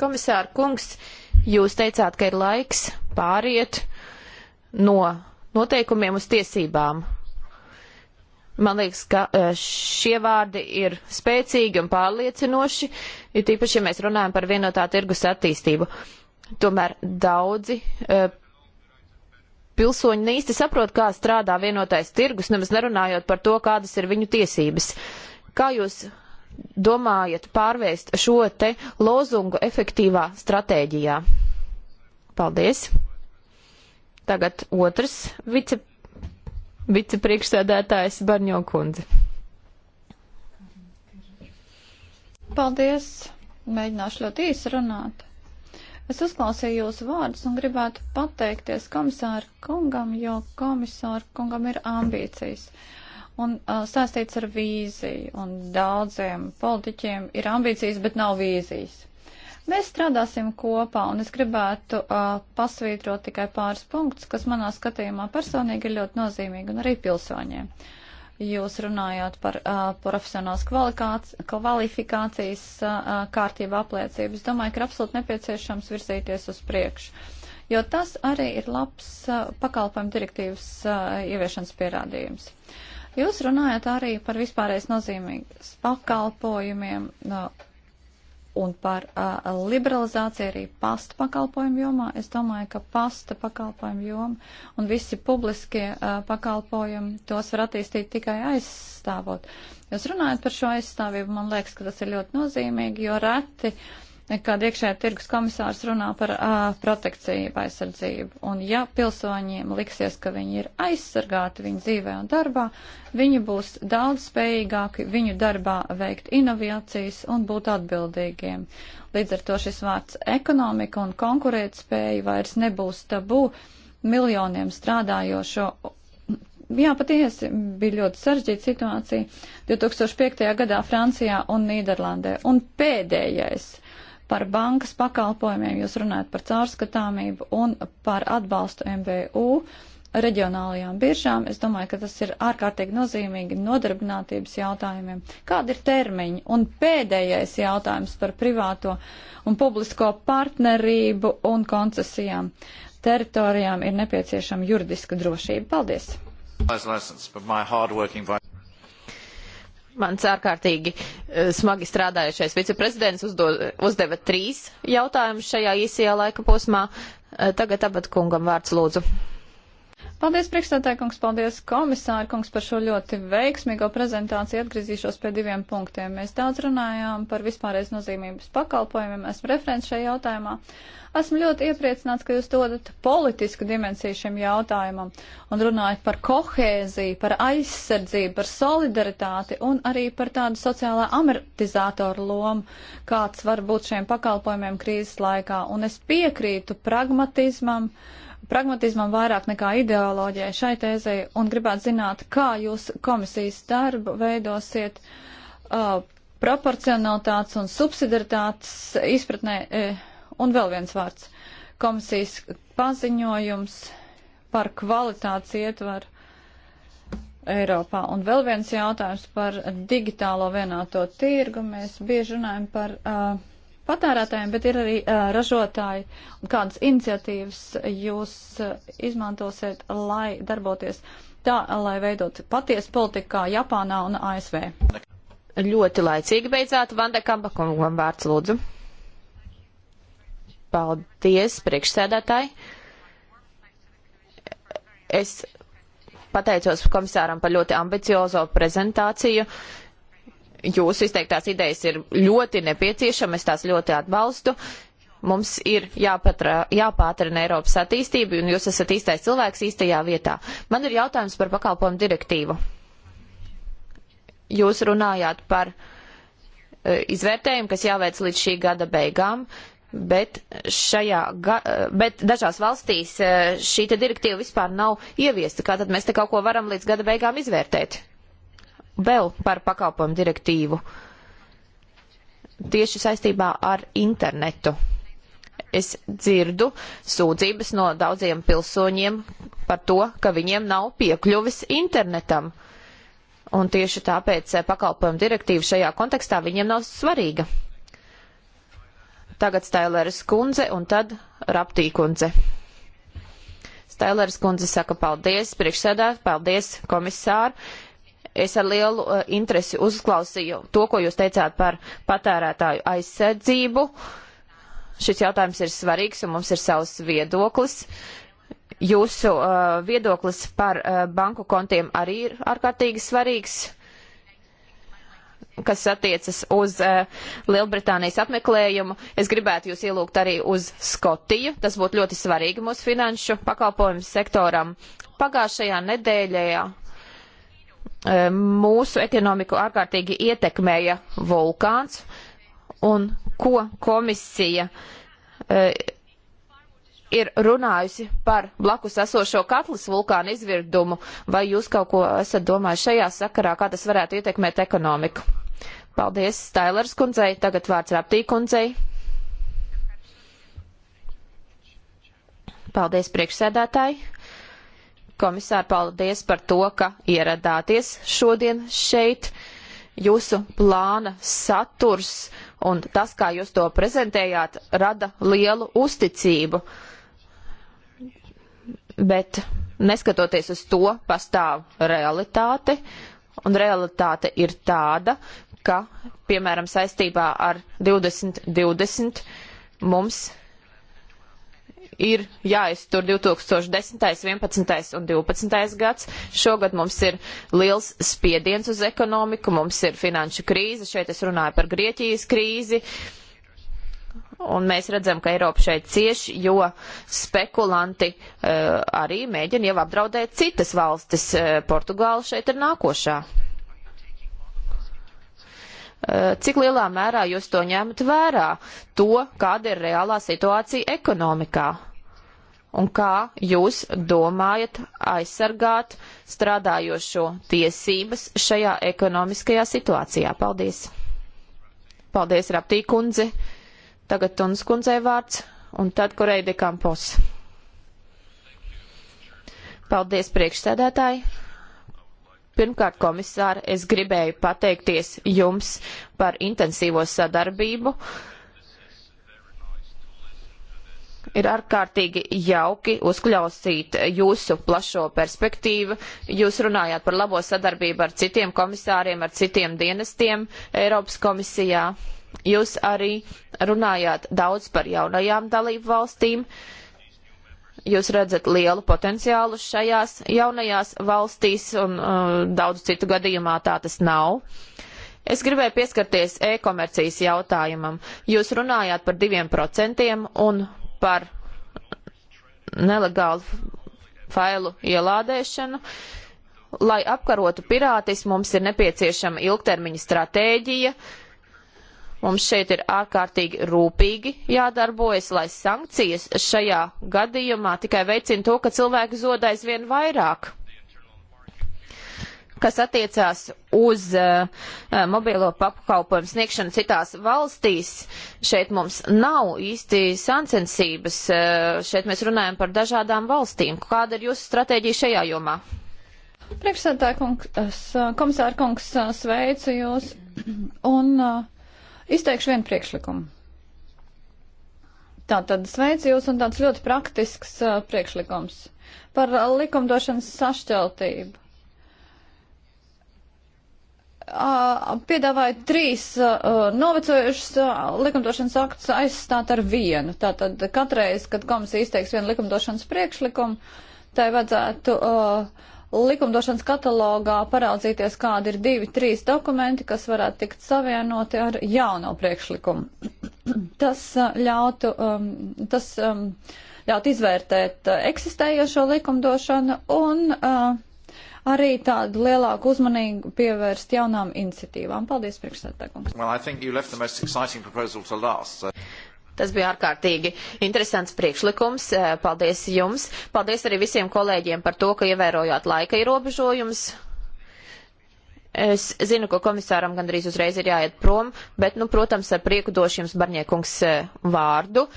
S2: Komisāra kungs, jūs teicāt, ka ir laiks pāriet no noteikumiem uz tiesībām. Man liekas, ka e, šie vārdi ir spēcīgi un pārliecinoši, ir tīpaši, ja mēs runājam par vienotā tirgus attīstību. Tomēr daudzi e, pilsoņi neīsti saprot, kā strādā vienotais tirgus, nemaz nerunājot par to, kādas ir viņu tiesības. Kā jūs domājat pārvērst šo te lozungu efektīvā stratēģijā? Paldies! Tagad otrs vice, vicepriekšsēdētājs Barņokundze.
S3: Paldies! Mēģināšu ļoti īsi runāt. Es uzklausīju jūsu vārdus un gribētu pateikties komisāru kungam, jo komisāru kungam ir ambīcijas. Un uh, sāstīts ar vīziju, un daudziem politiķiem ir ambīcijas, bet nav vīzijas. Mēs strādāsim kopā, un es gribētu uh, pasvītrot tikai pāris punktus, kas manā skatījumā personīgi ir ļoti nozīmīgi, un arī pilsoņiem. Jūs runājāt par uh, profesionālas kvalifikācijas uh, kārtību apliecības. Domāju, ka ir absolūti nepieciešams virzīties uz priekšu, jo tas arī ir labs uh, pakalpojumu direktīvas uh, ieviešanas pierādījums. Jūs runājat arī par vispārreiz nozīmīgas pakalpojumiem. Uh, Un par uh, liberalizāciju arī pasta pakalpojumu jomā. Es domāju, ka pasta pakalpojumu joma un visi publiskie uh, pakalpojumi tos var attīstīt tikai aizstāvot. Jūs runājat par šo aizstāvību, man liekas, ka tas ir ļoti nozīmīgi, jo reti uh, kad iekšējā tirgus komisārs runā par uh, protekciju, aizsardzību. Un ja pilsoņiem liksies, ka viņi ir aizsargāti viņu dzīvē un darbā, viņi būs daudz spējīgāki viņu darbā veikt inovācijas un būt atbildīgiem. Līdz ar to šis vārds ekonomika un konkurētspēja vairs nebūs tabū miljoniem strādājošo jā, patiesi bija ļoti sarežģīta situācija 2005. gadā Francijā un Nīderlandē. Un pēdējais Par bankas pakalpojumiem jūs runājat par caurskatāmību un par atbalstu MBU reģionālajām biržām. Es domāju, ka tas ir ārkārtīgi nozīmīgi nodarbinātības jautājumiem. Kāda ir termiņa? Un pēdējais jautājums par privāto un publisko partnerību un koncesijām. Teritorijām ir
S2: nepieciešama juridiska drošība. Paldies! mans ārkārtīgi e, smagi strādājušais viceprezidents uzdo, uzdeva trīs jautājumus šajā īsajā laika posmā. E, tagad abatkungam vārds lūdzu. Paldies, priekšstādāja kungs, paldies, komisāra kungs, par šo ļoti veiksmīgo
S3: prezentāciju. Atgriezīšos pie diviem punktiem. Mēs daudz runājām par vispārreiz nozīmības pakalpojumiem. Esmu referents šajā jautājumā. Esmu ļoti iepriecināts, ka jūs dodat politisku dimensiju šim jautājumam un runājat par kohēziju, par aizsardzību, par solidaritāti un arī par tādu sociālā amortizātoru lomu, kāds var būt šiem pakalpojumiem krīzes laikā. Un es piekrītu pragmatizmam. Uh, pragmatismam vairāk nekā ideoloģijai šai tēzei un gribētu zināt, kā jūs komisijas darbu veidosiet uh, proporcionalitātes un subsidaritātes izpratnē. Uh, un vēl viens vārds - komisijas paziņojums par kvalitātes ietvaru Eiropā. Un vēl viens jautājums par digitālo vienāto tirgu. Mēs bieži runājam par. Uh, patērētājiem, bet ir arī uh, ražotāji. Un kādas iniciatīvas jūs uh, izmantosiet, lai darboties tā, lai veidot patiesu politiku kā Japānā un
S2: ASV? Ļoti laicīgi beidzāt Vanda Kampakungam vārds lūdzu. Paldies, priekšsēdētāji. Es pateicos komisāram par ļoti ambiciozo prezentāciju. Uh, jūsu izteiktās idejas ir ļoti nepieciešamas, tās ļoti atbalstu. Mums ir jāpatra, jāpātrina Eiropas attīstība, un jūs esat īstais cilvēks īstajā vietā. Man ir jautājums par pakalpojumu direktīvu. Jūs runājāt par e, izvērtējumu, kas jāveic līdz šī gada beigām, bet, šajā, ga, e, bet dažās valstīs e, šī direktīva vispār nav ieviesta. Kā tad mēs te kaut ko varam līdz gada beigām izvērtēt? vēl par pakalpojumu direktīvu tieši saistībā ar internetu. Es dzirdu sūdzības no daudziem pilsoņiem par to, ka viņiem nav piekļuvis internetam. Un tieši tāpēc eh, pakalpojumu direktīva šajā kontekstā viņiem nav svarīga. Tagad Staileres kundze un tad Raptī kundze. Staileres kundze saka paldies priekšsēdāt, paldies komisāru. Es ar lielu uh, interesi uzklausīju to, ko jūs teicāt par patērētāju aizsardzību. Šis jautājums ir svarīgs un mums ir savs viedoklis. Jūsu uh, viedoklis par uh, banku kontiem arī ir ārkārtīgi svarīgs kas attiecas uz uh, Lielbritānijas apmeklējumu. Es gribētu jūs ielūgt arī uz Skotiju. Tas būtu ļoti svarīgi mūsu finanšu pakalpojumu sektoram. Pagājušajā nedēļā mūsu ekonomiku ārkārtīgi ietekmēja vulkāns un ko komisija e, ir runājusi par blakus esošo katlas vulkānu izvirdumu, vai jūs kaut ko esat domājuši šajā sakarā, kā tas varētu ietekmēt ekonomiku? Paldies Stailers kundzei, tagad vārds Raptī kundzei. Paldies priekšsēdētāji. Komisāri, paldies par to, ka ieradāties šodien šeit. Jūsu plāna saturs un tas, kā jūs to prezentējāt, rada lielu uzticību. Bet neskatoties uz to, pastāv realitāte, un realitāte ir tāda, ka, piemēram, saistībā ar 2020 mums ir jāiztur 2010., 11. un 12. gads. Šogad mums ir liels spiediens uz ekonomiku, mums ir finanšu krīze, šeit es runāju par Grieķijas krīzi. Un mēs redzam, ka Eiropa šeit cieš, jo spekulanti uh, arī mēģina jau apdraudēt citas valstis. Uh, Portugāla šeit ir nākošā. Eh, cik lielā mērā jūs to ņemat vērā, to, kāda ir reālā situācija ekonomikā? un kā jūs domājat aizsargāt strādājošo tiesības šajā ekonomiskajā situācijā? Paldies! Paldies, Raptī kundze! Tagad Tunas kundzei vārds, un tad Koreide Kampos. Paldies, priekšsēdētāji! Pirmkārt, komisāri, es gribēju pateikties jums par intensīvo sadarbību. Uh, Ir ārkārtīgi jauki uzklausīt jūsu plašo perspektīvu. Jūs runājāt par labo sadarbību ar citiem komisāriem, ar citiem dienestiem Eiropas komisijā. Jūs arī runājāt daudz par jaunajām dalību valstīm. Jūs redzat lielu potenciālu šajās jaunajās valstīs, un uh, daudz citu gadījumā tā tas nav. Es gribēju pieskarties e-komercijas jautājumam. Jūs runājāt par diviem procentiem un par nelegālu failu ielādēšanu. Lai apkarotu pirātismu, mums ir nepieciešama ilgtermiņa stratēģija. Mums šeit ir ārkārtīgi rūpīgi jādarbojas, lai sankcijas šajā gadījumā tikai veicina to, ka cilvēki zod aizvien vairāk kas attiecās uz uh, eh, mobīlo pakalpojumu sniegšanu citās valstīs. Šeit mums nav īsti sancensības. Uh, eh, šeit mēs runājam par dažādām valstīm. Kāda ir jūsu stratēģija šajā jomā?
S3: Priekšsēdētāj kungs, eh, komisāra kungs, sveicu jūs un uh, izteikšu vienu priekšlikumu. Tātad sveicu jūs un tāds ļoti praktisks uh, priekšlikums par likumdošanas sašķeltību piedāvāja trīs uh, novecojušas uh, likumdošanas aktus aizstāt ar vienu. Tātad katreiz, kad komisija izteiks vienu likumdošanas priekšlikumu, tai vajadzētu uh, likumdošanas katalogā paraudzīties, kādi ir divi, trīs dokumenti, kas varētu tikt savienoti ar jauno priekšlikumu. tas ļautu, um, tas um, ļaut izvērtēt eksistējošo likumdošanu un uh, arī tādu lielāku uzmanību pievērst jaunām
S2: iniciatīvām. Paldies, priekšsēdētājums.
S1: Well, last, so...
S2: Tas bija ārkārtīgi interesants priekšlikums. Eh, paldies jums. Paldies arī visiem kolēģiem par to, ka ievērojāt laika ierobežojumus. Es zinu, ka komisāram gandrīz uzreiz ir jāiet prom, bet, nu, protams, ar prieku došu jums Barņiekungs eh, vārdu, eh,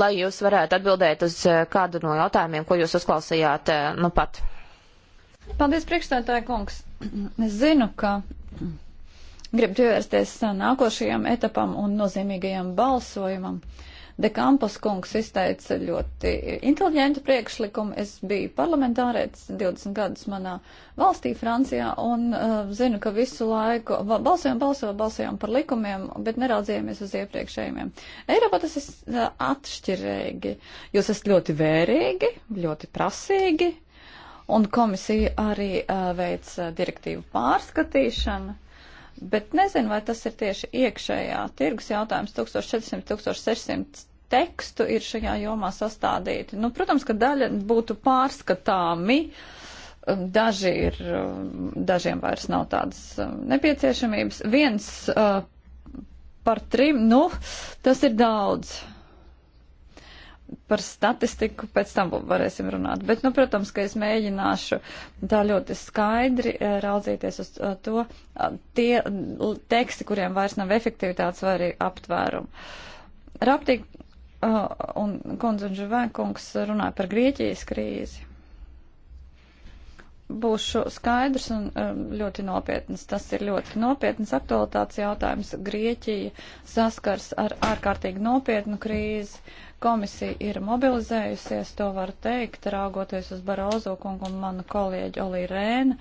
S2: lai jūs varētu atbildēt uz kādu no jautājumiem, ko jūs uzklausījāt nu pat.
S3: Paldies, priekšstādāja kungs. Es zinu, ka grib pievērsties nākošajam etapam un nozīmīgajam balsojumam. De Kampos kungs izteica ļoti inteliģentu priekšlikumu. Es biju parlamentārēts 20 gadus manā valstī, Francijā, un uh, zinu, ka visu laiku balsojām, balsojām, balsojām par likumiem, bet neraudzījāmies uz iepriekšējiem. Eiropā tas ir uh, atšķirīgi. Jūs esat ļoti vērīgi, ļoti prasīgi. Uh, un komisija arī uh, veic uh, direktīvu pārskatīšanu. Bet nezinu, vai tas ir tieši iekšējā tirgus jautājums. 1400, 1600 tekstu ir šajā jomā sastādīti. Nu, protams, ka daļa būtu pārskatāmi. Daži ir, dažiem vairs nav tādas nepieciešamības. Viens uh, par trim, nu, tas ir daudz. Uh, par statistiku pēc tam varēsim runāt. Bet, nu, protams, ka es mēģināšu tā ļoti skaidri eh, raudzīties uz eh, to, tie teksti, kuriem vairs nav efektivitātes vai arī aptvērumu. Raptīgi un kundze un žuvēkungs runāja par Grieķijas krīzi. Būšu skaidrs un ļoti nopietns. Tas ir ļoti nopietns aktualitātes jautājums. Grieķija saskars ar ārkārtīgi nopietnu krīzi. Uh, Komisija ir mobilizējusies, to var teikt, raugoties uz Barozo kungu un manu kolēģi Olī Rēnu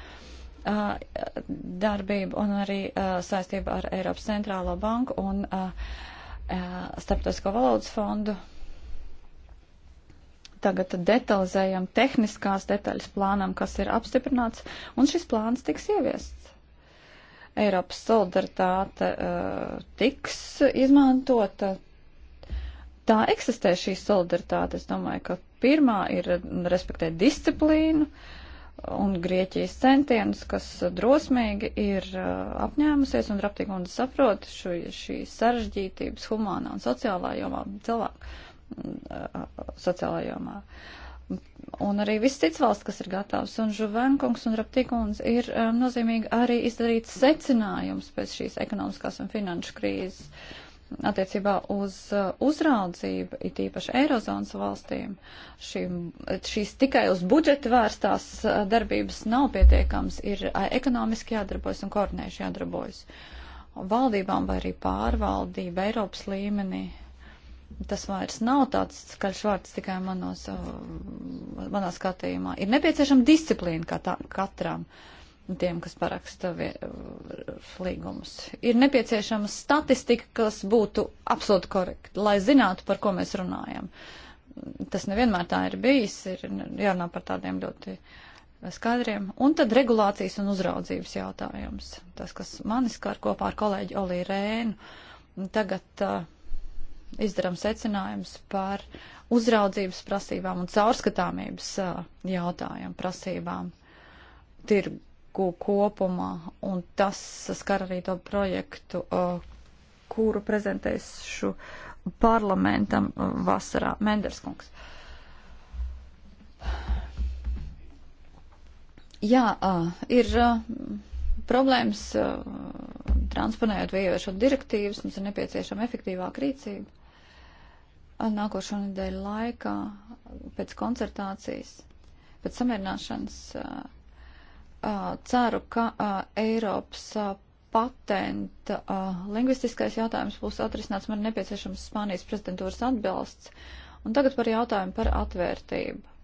S3: darbību un arī saistību ar Eiropas centrālo banku un starptautisko valodas fondu. Tagad detalizējam tehniskās detaļas plānam, kas ir apstiprināts, un šis plāns tiks ieviests. Eiropas solidaritāte uh, tiks izmantota, tā eksistē šī solidaritāte. Es domāju, ka pirmā ir respektēt disciplīnu un Grieķijas centienus, kas drosmīgi ir uh, apņēmusies un raptīgi un saprot šo, šī sarežģītības humānā un sociālā jomā cilvēku mm, uh, sociālā jomā. Un arī viss cits valsts, kas ir gatavs, un Žuvenkungs un Raptikons ir um, nozīmīgi arī izdarīt secinājums pēc šīs ekonomiskās un finanšu krīzes. Uh, attiecībā uz uh, uzraudzību, it īpaši Eirozonas valstīm, šīm, šīs tikai uz budžetu vērstās uh, darbības nav pietiekams, ir uh, ekonomiski jādarbojas un koordinējuši jādarbojas. Valdībām vai arī pārvaldība Eiropas līmenī. Tas vairs nav tāds skaļš vārds tikai manos, manā skatījumā. Ir nepieciešama disciplīna kā tā, katram. Uh, tiem, kas paraksta līgumus. Ir nepieciešama statistika, kas būtu absolūti korekta, lai zinātu, par ko mēs runājam. Tas nevienmēr tā ir bijis, ir jārunā par tādiem ļoti skaidriem. Un tad regulācijas un uzraudzības jautājums. Tas, kas manis skar kopā ar kolēģi Olī Rēnu, tagad uh, izdaram secinājums par uzraudzības prasībām un caurskatāmības uh, jautājumu prasībām tirgu tirgu kopumā, un tas skar arī to projektu, kuru prezentēšu parlamentam vasarā. Menderskungs. Jā, ir problēmas transponējot vai ieviešot direktīvas, mums ir nepieciešama efektīvāka rīcība. Nākošo nedēļu laikā pēc koncertācijas, pēc samierināšanas ceru, ka Eiropas patenta lingvistiskais jautājums būs atrisināts. Man ir nepieciešams Spānijas prezidentūras atbalsts. Un tagad par jautājumu par atvērtību.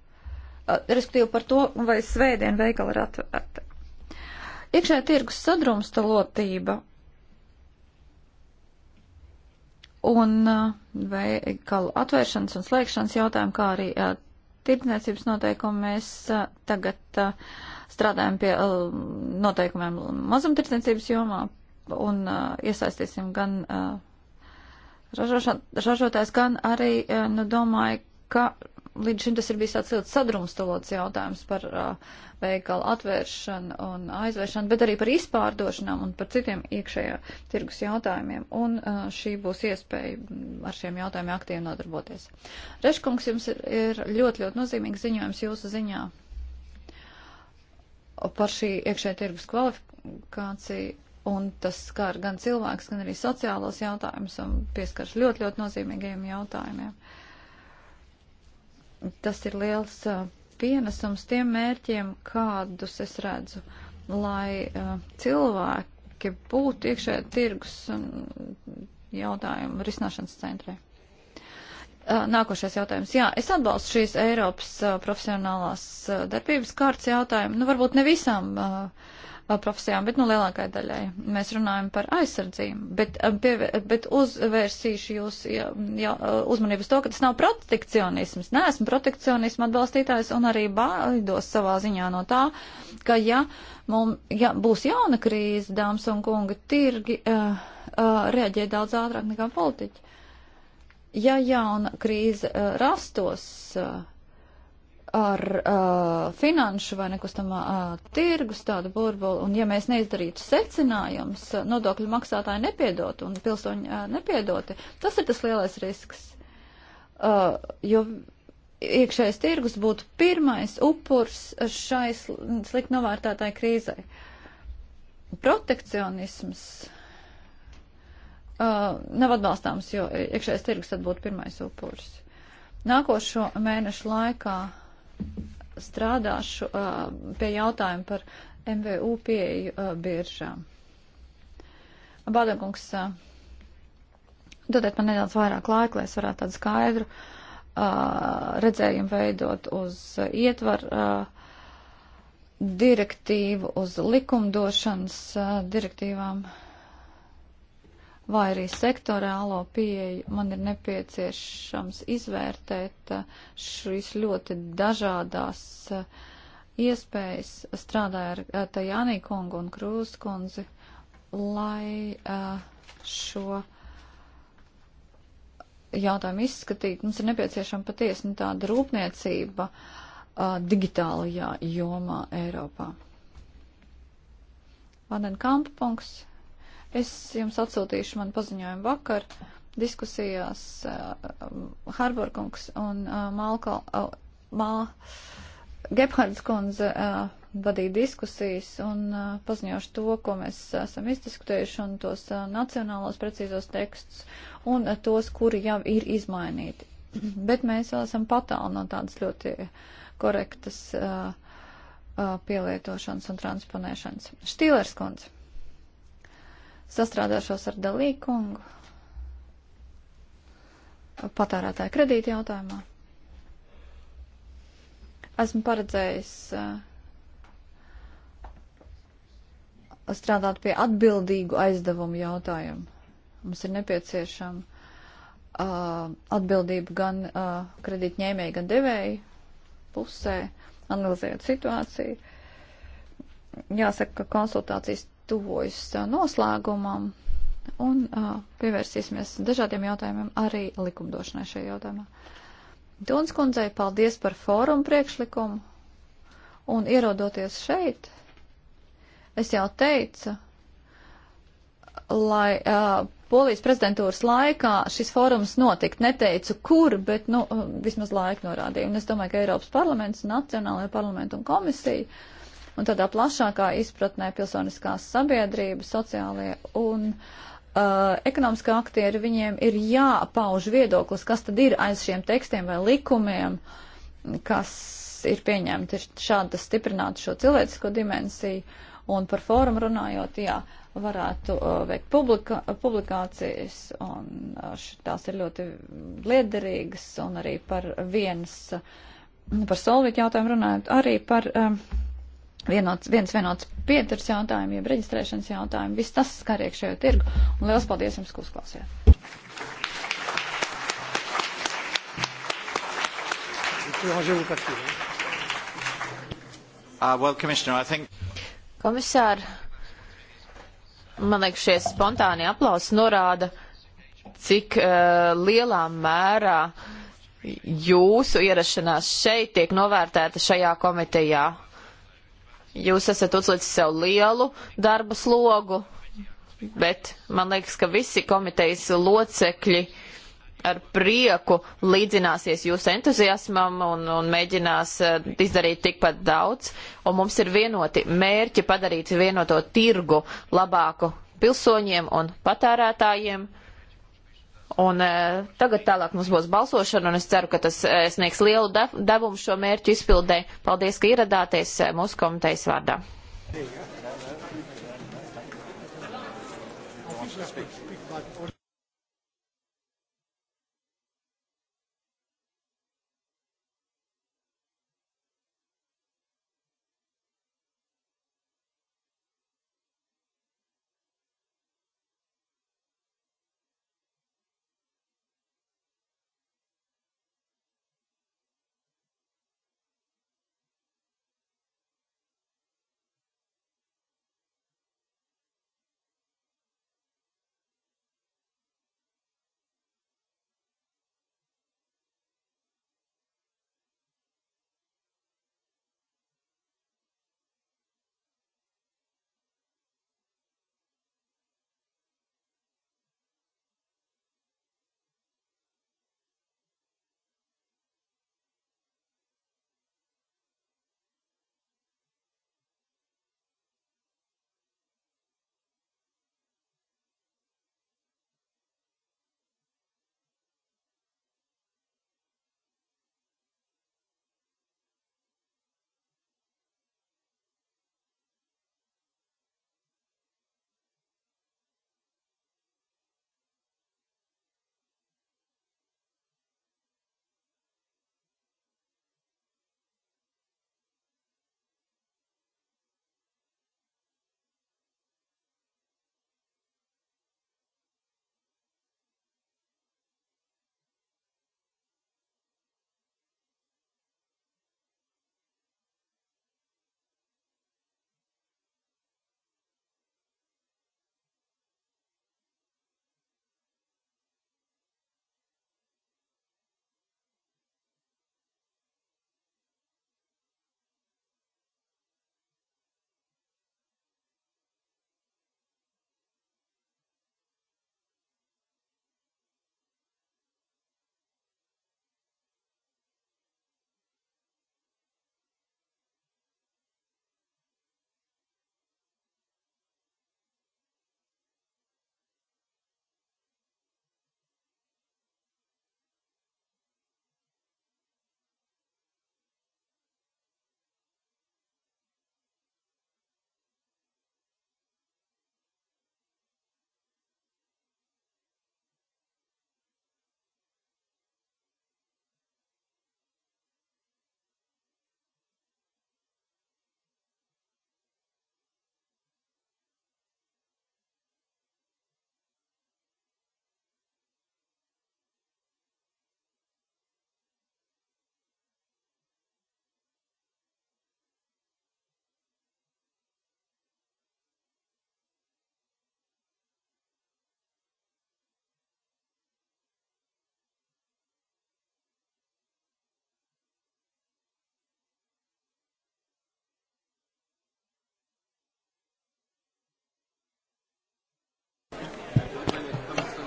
S3: Respektīvi par to, vai svētdien veikali ir atvērti. Iekšē tirgus sadrumstalotība un veikalu atvēršanas un slēgšanas jautājumu, kā arī tirdzniecības noteikumu mēs tagad. Uh, strādājam pie uh, noteikumiem mazumtirdzniecības jomā un uh, iesaistīsim gan uh, eh, ražošā, ražotājs, gan arī, uh, nu, domāju, ka līdz šim tas ir bijis tāds ļoti sadrumstalots jautājums par uh, veikalu atvēršanu un aizvēršanu, bet arī par izpārdošanām un par citiem iekšējā tirgus jautājumiem. Un uh, šī būs iespēja mm, ar šiem jautājumiem aktīvi nodarboties. Reškungs jums ir, ir ļoti, ļoti nozīmīgs ziņojums jūsu ziņā par šī iekšē tirgus kvalifikāciju, un tas skar gan cilvēks, gan arī sociālos jautājumus, un pieskars ļoti, ļoti nozīmīgiem jautājumiem. Tas ir liels uh, pienesums tiem mērķiem, kādus es redzu, lai uh, cilvēki būtu iekšē tirgus un jautājumu risināšanas centrē. Nākošais jautājums. Jā, es atbalstu šīs Eiropas profesionālās darbības kārtas jautājumu. Nu, varbūt ne visām uh, profesijām, bet nu lielākai daļai. Mēs runājam par aizsardzību, bet, pie, bet uzvērsīšu jūs ja, ja, uzmanības to, ka tas nav protekcionisms. Nē, esmu protekcionismu atbalstītājs un arī baidos savā ziņā no tā, ka ja, mum, ja būs jauna krīze, dāmas un kunga, tirgi uh, uh, reaģē daudz ātrāk nekā politiķi. Ja jauna krīze eh, rastos eh, ar eh, finanšu vai nekustamā tirgus tādu burbuli, un ja mēs neizdarītu secinājumus, nodokļu maksātāji nepiedot un pilsoņi nepiedoti, tas ir tas lielais risks. Jo iekšējais tirgus būtu pirmais upurs šai slikt novērtētāji krīzai. Protekcionisms uh, nav atbalstāms, jo iekšējais tirgus tad būtu pirmais upuris. Nākošo mēnešu laikā strādāšu uh, pie jautājuma par MVU pieeju uh, biržām. Bādagungs, uh, dodiet man nedaudz vairāk laika, lai es varētu tādu skaidru uh, redzējumu veidot uz uh, ietvaru. Uh, direktīvu uz likumdošanas uh, direktīvām vai arī sektorālo pieeju, man ir nepieciešams izvērtēt eh, šīs ļoti dažādās eh, iespējas, strādāju ar eh, Tajānī kungu un Krūz kundzi, lai šo jautājumu izskatīt. Mums ir nepieciešama patiesi nu, tāda rūpniecība digitālajā jomā Eiropā. Vandenkampa punkts. Es jums atsūtīšu man paziņojumu vakar diskusijās uh, eh, Harborkungs un uh, eh, Malka, uh, eh, Mal, Gebhards kundze uh, vadīja diskusijas un uh, paziņošu to, ko mēs esam izdiskutējuši un tos uh, nacionālos precīzos tekstus un uh, tos, kuri jau ir izmainīti. Bet mēs vēl esam patāli no tādas ļoti korektas uh, uh, pielietošanas un transponēšanas. Štīlers kundze sastrādāšos ar Dalīkungu patērētāju kredīti jautājumā. Esmu paredzējis eh, strādāt pie atbildīgu aizdevumu jautājumu. Mums ir nepieciešama uh, atbildība gan uh, kredītņēmēji, gan devēji pusē, analizējot situāciju. Jāsaka, ka konsultācijas tuvojas noslēgumam un pievērsīsimies dažādiem jautājumiem arī likumdošanai šajā jautājumā. Tuns kundzei paldies par fórumu priekšlikumu un ierodoties šeit, es jau teicu, lai uh, polijas prezidentūras laikā šis fórums notikt. Neteicu, kur, bet nu, vismaz laika norādīju. Un es domāju, ka Eiropas parlaments, Nacionālajā parlamenta un komisija un tādā plašākā izpratnē pilsoniskās sabiedrības, sociālie un uh, ekonomiskā aktieri, viņiem ir jāpauž viedoklis, kas tad ir aiz šiem tekstiem vai likumiem, kas ir pieņemti, ir šāda stiprināta šo cilvēcisko dimensiju, un par fórumu runājot, jā, varētu uh, veikt publika, publikācijas, un uh, tās ir ļoti liederīgas, un arī par vienas, par solvītu jautājumu runājot, arī par um, uh, vienots, viens vienots pieturas jautājumu, jeb reģistrēšanas jautājumu. Viss tas skar iekšējo tirgu. Un liels paldies jums, ka uzklausījāt.
S2: Uh,
S1: well, think...
S2: Komisār, man liekas, šie spontāni aplausi norāda, cik uh, lielā mērā jūsu ierašanās šeit tiek novērtēta šajā komitejā Jūs esat uzlicis sev lielu darba slogu, bet man liekas, ka visi komitejas locekļi ar prieku līdzināsies jūsu entuziasmam un, un mēģinās eh, izdarīt tikpat daudz. Un mums ir vienoti mērķi padarīt vienoto tirgu labāku pilsoņiem un patērētājiem. Un e, tagad tālāk mums būs balsošana, un es ceru, ka tas e, sniegs lielu devumu šo mērķu izpildē. Paldies, ka ieradāties e, mūsu komitejas vārdā.
S4: Speak, speak,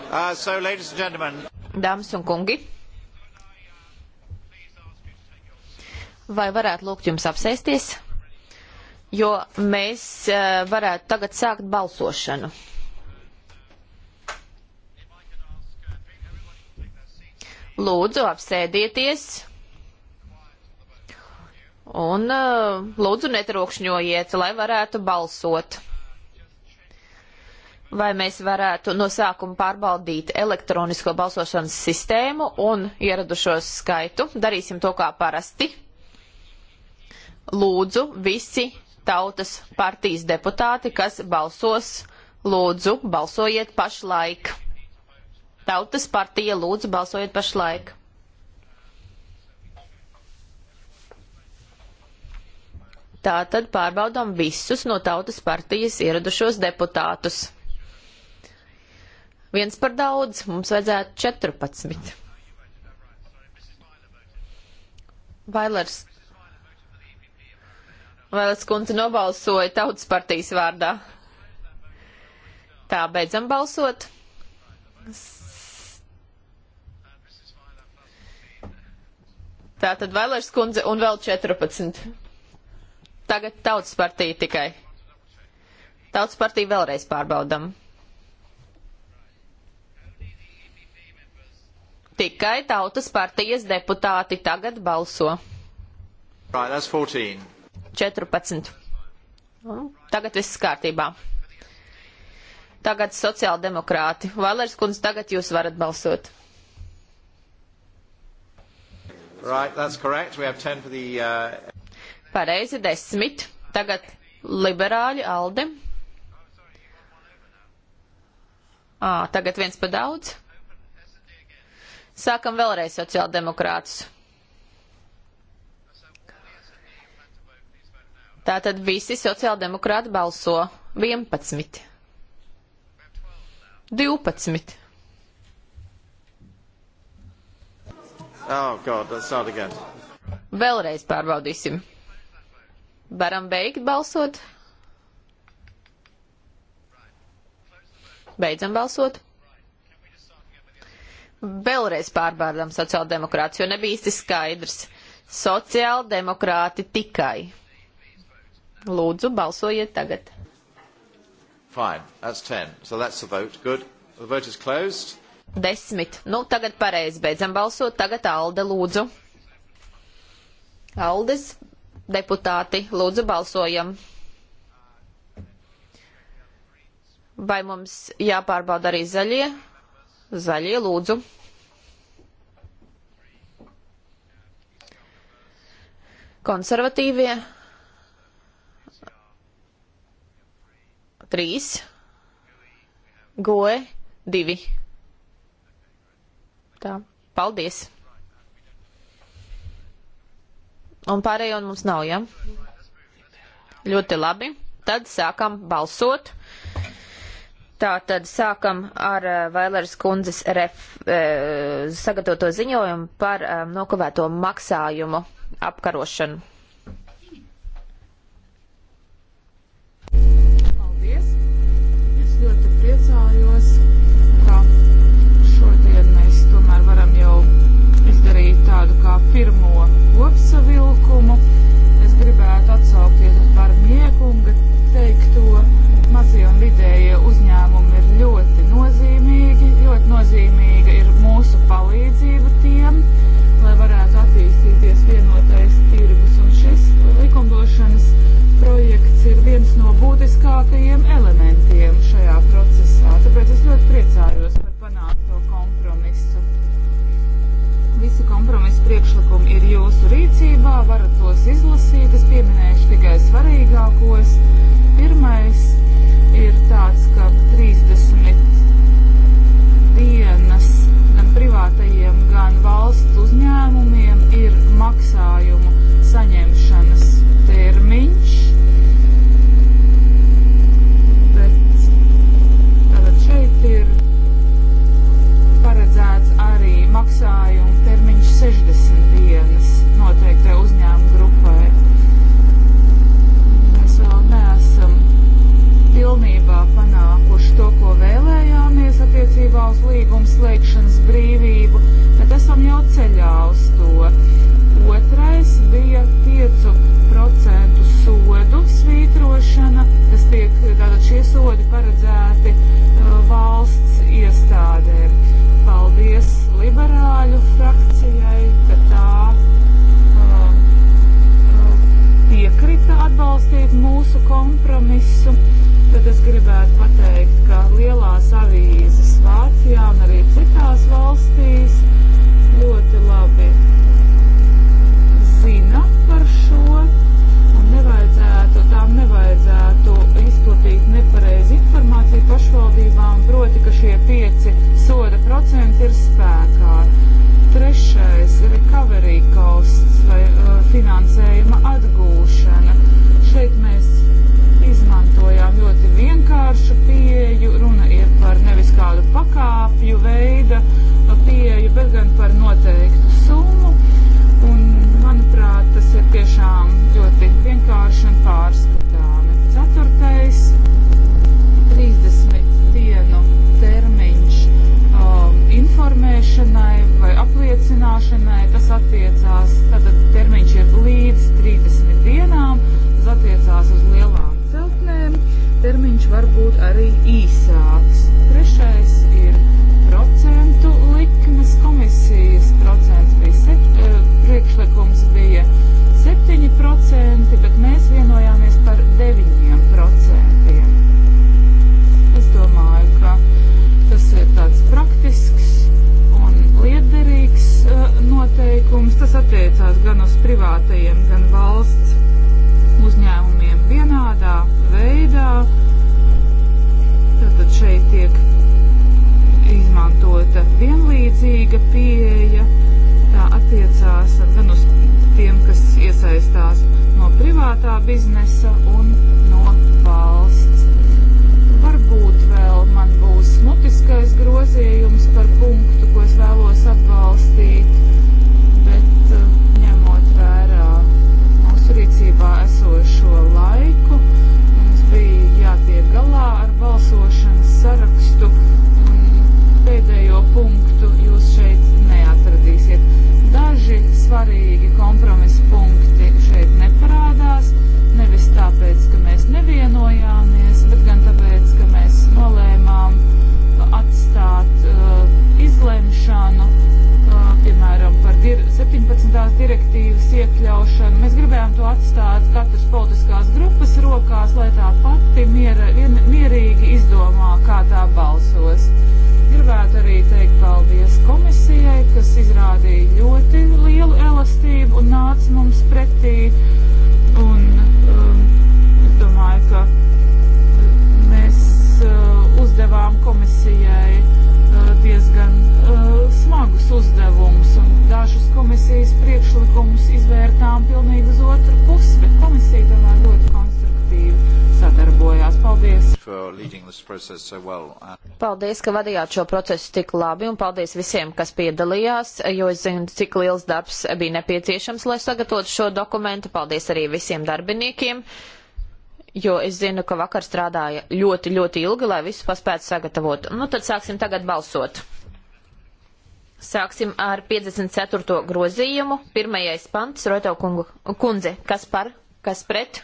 S1: Uh, so,
S2: Dāmas un kungi, vai varētu lūgt jums apsēsties, jo mēs uh, varētu tagad sākt balsošanu. Lūdzu, apsēdieties un uh, lūdzu netrokšņojiet, lai varētu balsot vai mēs varētu no sākuma pārbaudīt elektronisko balsošanas sistēmu un ieradušos skaitu. Darīsim to kā parasti. Lūdzu, visi tautas partijas deputāti, kas balsos, lūdzu, balsojiet pašlaik. Tautas partija, lūdzu, balsojiet pašlaik. Tātad pārbaudām visus no tautas partijas ieradušos deputātus viens par daudz, mums vajadzētu 14. Vailers. Vailers kundze nobalsoja tautas partijas vārdā. Tā, beidzam balsot. Tā tad Vailers kundze un vēl 14. Tagad tautas partija tikai. Tautas partija vēlreiz pārbaudam. Tikai tautas partijas deputāti tagad balso.
S1: Right, 14.
S2: 14. Nu, tagad viss kārtībā. Tagad sociāldemokrāti. Valers kundze, tagad jūs varat balsot.
S1: Right, that's correct. We have 10 for the... Uh...
S2: Pareizi, desmit. Tagad liberāļi, Alde. Ā, tagad viens pa daudz. Sākam vēlreiz sociāldemokrātus. Tātad visi sociāldemokrāti balso 11. 12.
S1: Oh, God, that's not again.
S2: Vēlreiz pārbaudīsim. Varam beigt balsot. Beidzam balsot vēlreiz pārbaudām sociāldemokrātus, jo nebija īsti skaidrs. Sociāldemokrāti tikai. Lūdzu, balsojiet tagad.
S1: Fine, that's 10. So that's the vote. Good. The vote is closed.
S2: Desmit. Nu, tagad pareizi beidzam balsot. Tagad Alde lūdzu. Aldes deputāti, lūdzu balsojam. Vai mums jāpārbauda arī zaļie? Zaļie lūdzu. Konservatīvie. Trīs. Goe. Divi. Tā. Paldies. Un pārējo mums nav, ja? Ļoti labi. Tad sākam balsot. Tā tad sākam ar eh, Vaileras kundzes ref, eh, sagatavoto ziņojumu par eh, nokavēto maksājumu apkarošanu.
S5: Paldies! Es ļoti priecājos, ka šodien mēs tomēr varam jau izdarīt tādu kā pirmo kopsavilkumu. Es gribētu atsaukties uz Barmiekunga teikto mazie un vidējie uzņēmumi nozīmīga ir mūsu palīdzība tiem, lai varētu attīstīties vienotais tirgus. Un šis likumdošanas projekts ir viens no būtiskākajiem elementiem šajā procesā. Tāpēc es ļoti priecājos par panākto kompromisu. Visi kompromisa priekšlikumi ir jūsu rīcībā, varat tos izlasīt. Es pieminēšu tikai svarīgākos. Pirmais ir tāds, ka 30 privātajiem, gan valsts uzņēmumiem ir maksājumu saņemšana. izdarīšana, tas tiek, tātad šie sodi šie pieci soda procenti ir spēkā. Trešais - recovery costs vai uh, finansējuma atgūšana. Šeit mēs izmantojām ļoti vienkāršu pieeju. Runa ir par nevis kādu pakāpju veida uh, pieeju, bet gan par noteiktu
S1: So well.
S2: Paldies, ka vadījāt šo procesu tik labi, un paldies visiem, kas piedalījās, jo es zinu, cik liels darbs bija nepieciešams, lai sagatavotu šo dokumentu. Paldies arī visiem darbiniekiem, jo es zinu, ka vakar strādāja ļoti, ļoti ilgi, lai visu paspētu sagatavot. Nu, tad sāksim tagad balsot. Sāksim ar 54. grozījumu. Pirmajais pants, Roito kungu, kundze, kas par, kas pret,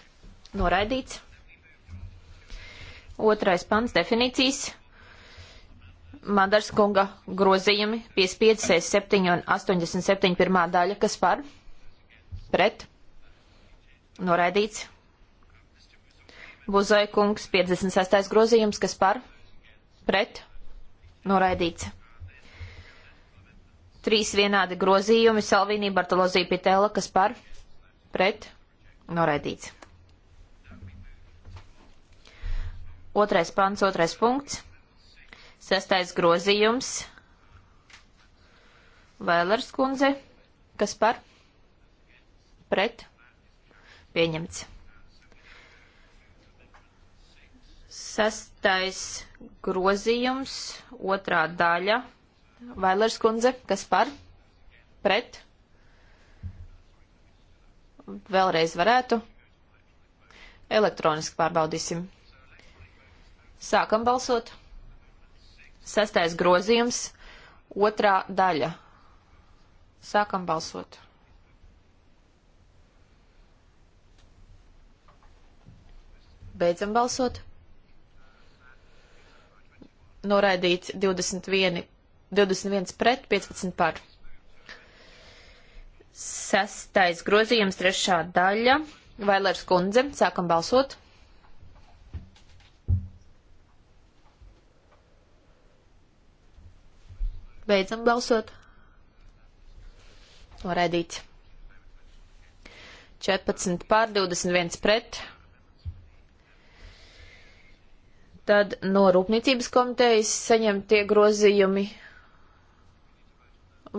S2: noraidīts. Otrais pants definīcijas. Mandars kunga grozījumi 55, 67 un 87 pirmā daļa, kas par? Pret? Noraidīts. Buzoja kungs 56. grozījums, kas par? Pret? Noraidīts. Trīs vienādi grozījumi Salvīnī Bartolozī Pitela, kas par? Pret? Noraidīts. Otrais pants, otrais punkts. Sestais grozījums. Vēlers kundze. Kas par? Pret. Pieņemts. Sestais grozījums, otrā daļa. Vailers kundze, kas par? Pret? Vēlreiz varētu. Elektroniski pārbaudīsim. Sākam balsot. Sestais grozījums, otrā daļa. Sākam balsot. Beidzam balsot. Noraidīts 21, 21 pret, 15 par. Sestais grozījums, trešā daļa. Vailers kundze, sākam balsot. Beidzam balsot. Noraidīts. 14 pār 21 pret. Tad no Rūpniecības komitejas saņemtie grozījumi.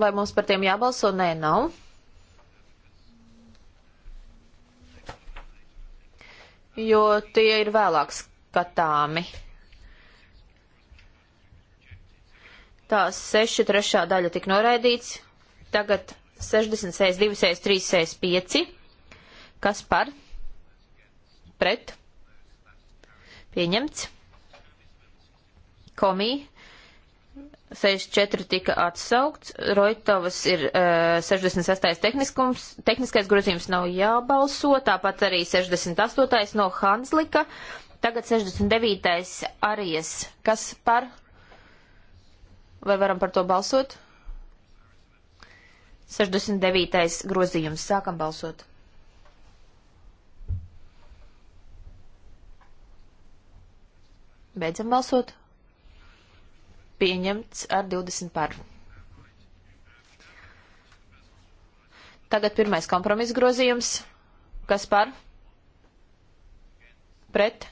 S2: Vai mums par tiem jābalso? Nē, nav. Jo tie ir vēlāk skatāmi. tās 6 trešā daļa tika noraidīts, tagad 66, 26, 35, kas par, pret, pieņemts, komī, 64 tika atsaukts, Roitovas ir uh, 68. tehniskums, tehniskais grozījums nav jābalso, tāpat arī 68. no Hanslika, tagad 69. arijas, kas par, pret, Vai varam par to balsot? 69. grozījums. Sākam balsot. Beidzam balsot. Pieņemts ar 20 par. Tagad pirmais kompromiss grozījums. Kas par? Pret?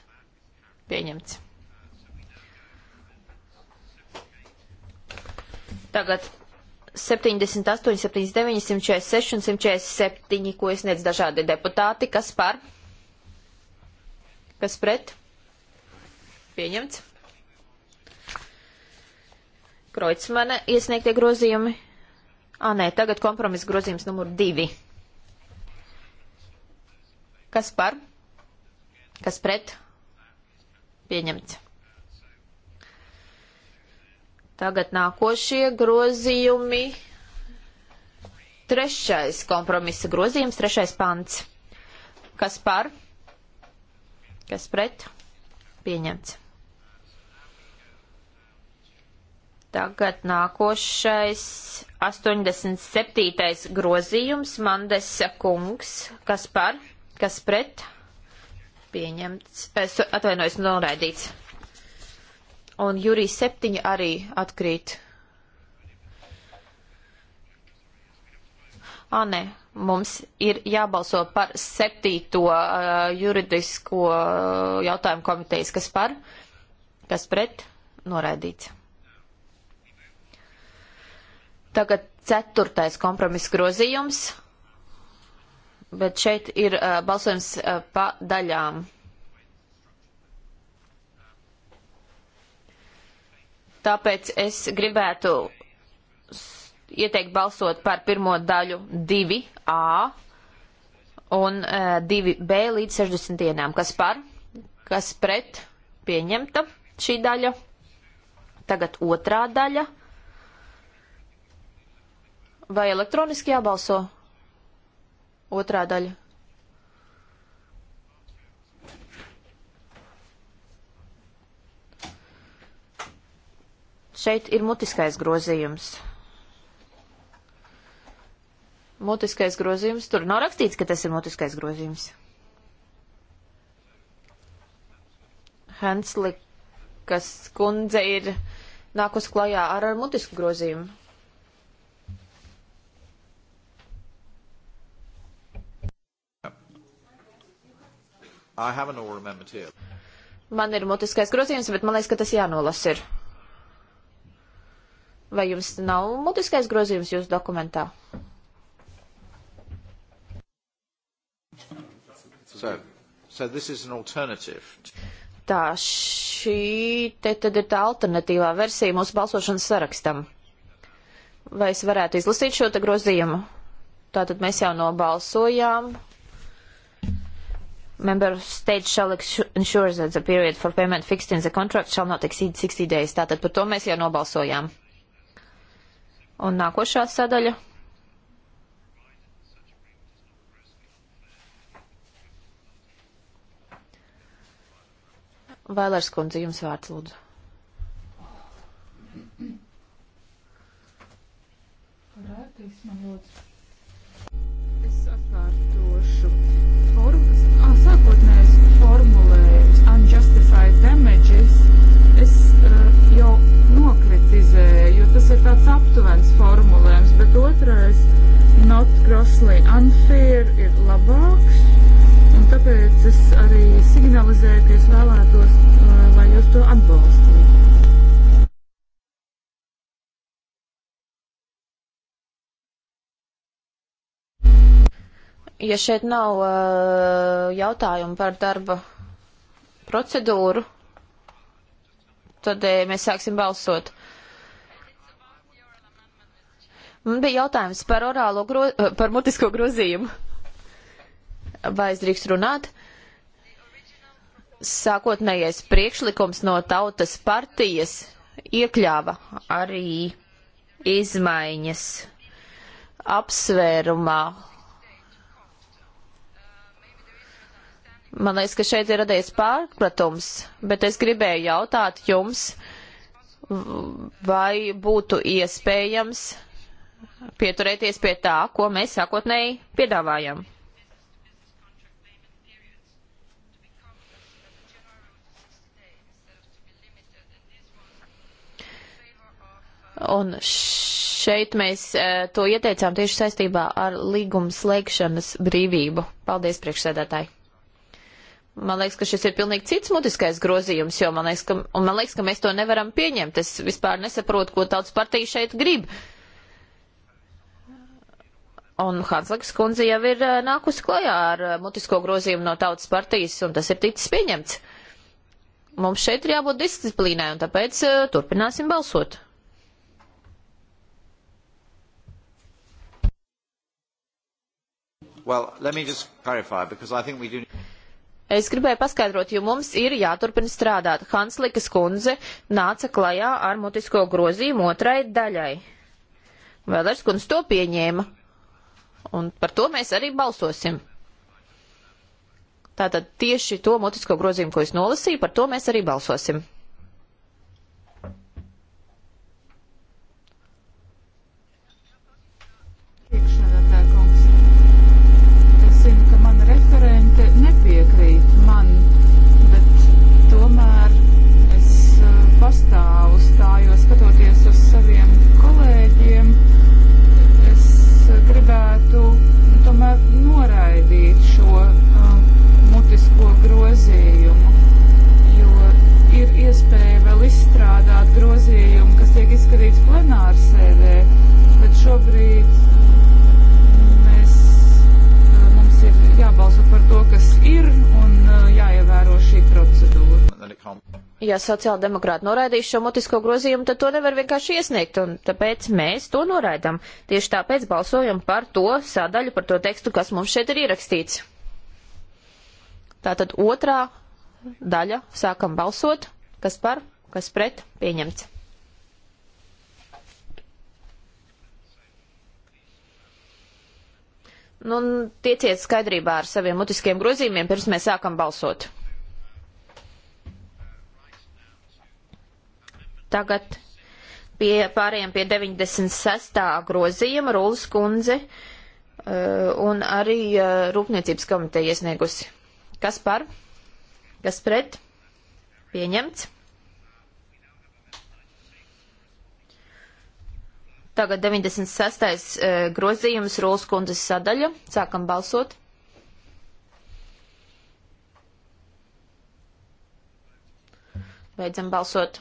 S2: Pieņemts. Tagad 78, 79, 146 un 147, ko iesniedz dažādi deputāti. Kas par? Kas pret? Pieņemts. Kreutzmane iesniegtie grozījumi. Ā, nē, tagad kompromisa grozījums numur 2. Kas par? Kas pret? Pieņemts. Tagad nākošie grozījumi. Trešais kompromisa grozījums, trešais pants. Kas par? Kas pret? Pieņemts. Tagad nākošais 87. grozījums Mandesa kungs. Kas par? Kas pret? Pieņemts. Es atvainojos, noraidīts un Jurija 7 arī atkrīt. Ā, nē, mums ir jābalso par septīto uh, juridisko uh, jautājumu komitejas, kas par, kas pret, noraidīts. Tagad ceturtais kompromiss grozījums, bet šeit ir uh, balsojums uh, pa daļām. Uh, Tāpēc es gribētu ieteikt balsot par pirmo daļu 2A un 2B e, līdz 60 dienām. Kas par? Kas pret? Pieņemta šī daļa. Tagad otrā daļa. Vai elektroniski jābalso? Otrā daļa. Šeit ir mutiskais grozījums. Mutiskais grozījums. Tur nav rakstīts, ka tas ir mutiskais grozījums. Hensli, kas kundze ir nākus klajā ar, ar mutisku grozījumu. Man ir mutiskais grozījums, bet man liekas, ka tas jānolas ir. Vai jums nav mutiskais grozījums jūsu dokumentā?
S1: So, so this is an alternative.
S2: Tā, šī te tad ir tā alternatīvā versija mūsu balsošanas sarakstam. Vai es varētu izlasīt šo te grozījumu? Tātad mēs jau nobalsojām. Member state shall ensure that the period for payment fixed in the contract shall not exceed 60 days. Tātad par to mēs jau nobalsojām. Un nākošā sadaļa. Vēlērs kundze, jums vārds lūdzu.
S5: Varētīs man lūdzu. Es atkārtošu. Form, ah, sākotnējais formulējums unjustified damage tas ir tāds aptuvens formulējums, bet otrais not grossly unfair ir labāks, un tāpēc es arī signalizēju, ka es vēlētos, lai jūs to atbalstītu.
S2: Ja šeit nav uh, jautājumu par darba procedūru, tad eh, mēs sāksim balsot. Man bija jautājums par, orālo, gro, eh, par mutisko grozījumu. Vai es drīkst runāt? Sākotnējais priekšlikums no tautas partijas iekļāva arī izmaiņas apsvērumā. Man liekas, ka šeit ir radies pārpratums, bet es gribēju jautāt jums, vai būtu iespējams pieturēties pie tā, ko mēs sākotnēji piedāvājam. Un šeit mēs eh, to ieteicām tieši saistībā ar līgumu slēgšanas brīvību. Paldies, priekšsēdētāji! Man liekas, ka šis ir pilnīgi cits mutiskais grozījums, jo man liekas, ka, man liekas, ka mēs to nevaram pieņemt. Es vispār nesaprotu, ko tautas partija šeit grib. Uh, Un Hanslakas kundze jau ir nākusi klajā ar mutisko grozījumu no tautas partijas, un tas ir ticis pieņemts. Mums šeit ir jābūt disciplīnai, un tāpēc turpināsim balsot.
S1: Well, clarify, do...
S2: Es gribēju paskaidrot, jo mums ir jāturpina strādāt. Hanslikas kundze nāca klajā ar mutisko grozījumu otrai daļai. Vēlers kundze to pieņēma. Un par to mēs arī balsosim. Tātad tieši to mutisko grozījumu, ko es nolasīju, par to mēs arī balsosim.
S5: iespēja vēl izstrādāt grozījumu, kas tiek izskatīts plenārsēdē, bet šobrīd mēs, eh, mums ir jābalso par to, kas ir un eh, jāievēro šī procedūra.
S2: Ja sociāldemokrāti noraidīs šo mutisko grozījumu, tad to nevar vienkārši iesniegt, un tāpēc mēs to noraidam. Tieši tāpēc balsojam par to sadaļu, par to tekstu, kas mums šeit ir ierakstīts. Tātad otrā daļa sākam balsot. Kas par, kas pret, pieņemts. Nu, tieciet skaidrībā ar saviem mutiskiem grozījumiem, pirms mēs sākam balsot. Tagad pie, pārējām pie 96. grozījuma Rūlas kundze uh, un arī uh, Rūpniecības komiteja iesniegusi. Kas par? Kas pret? Pieņemts. Tagad 96. E, grozījums Rūlas kundzes sadaļa. Sākam balsot. Beidzam balsot.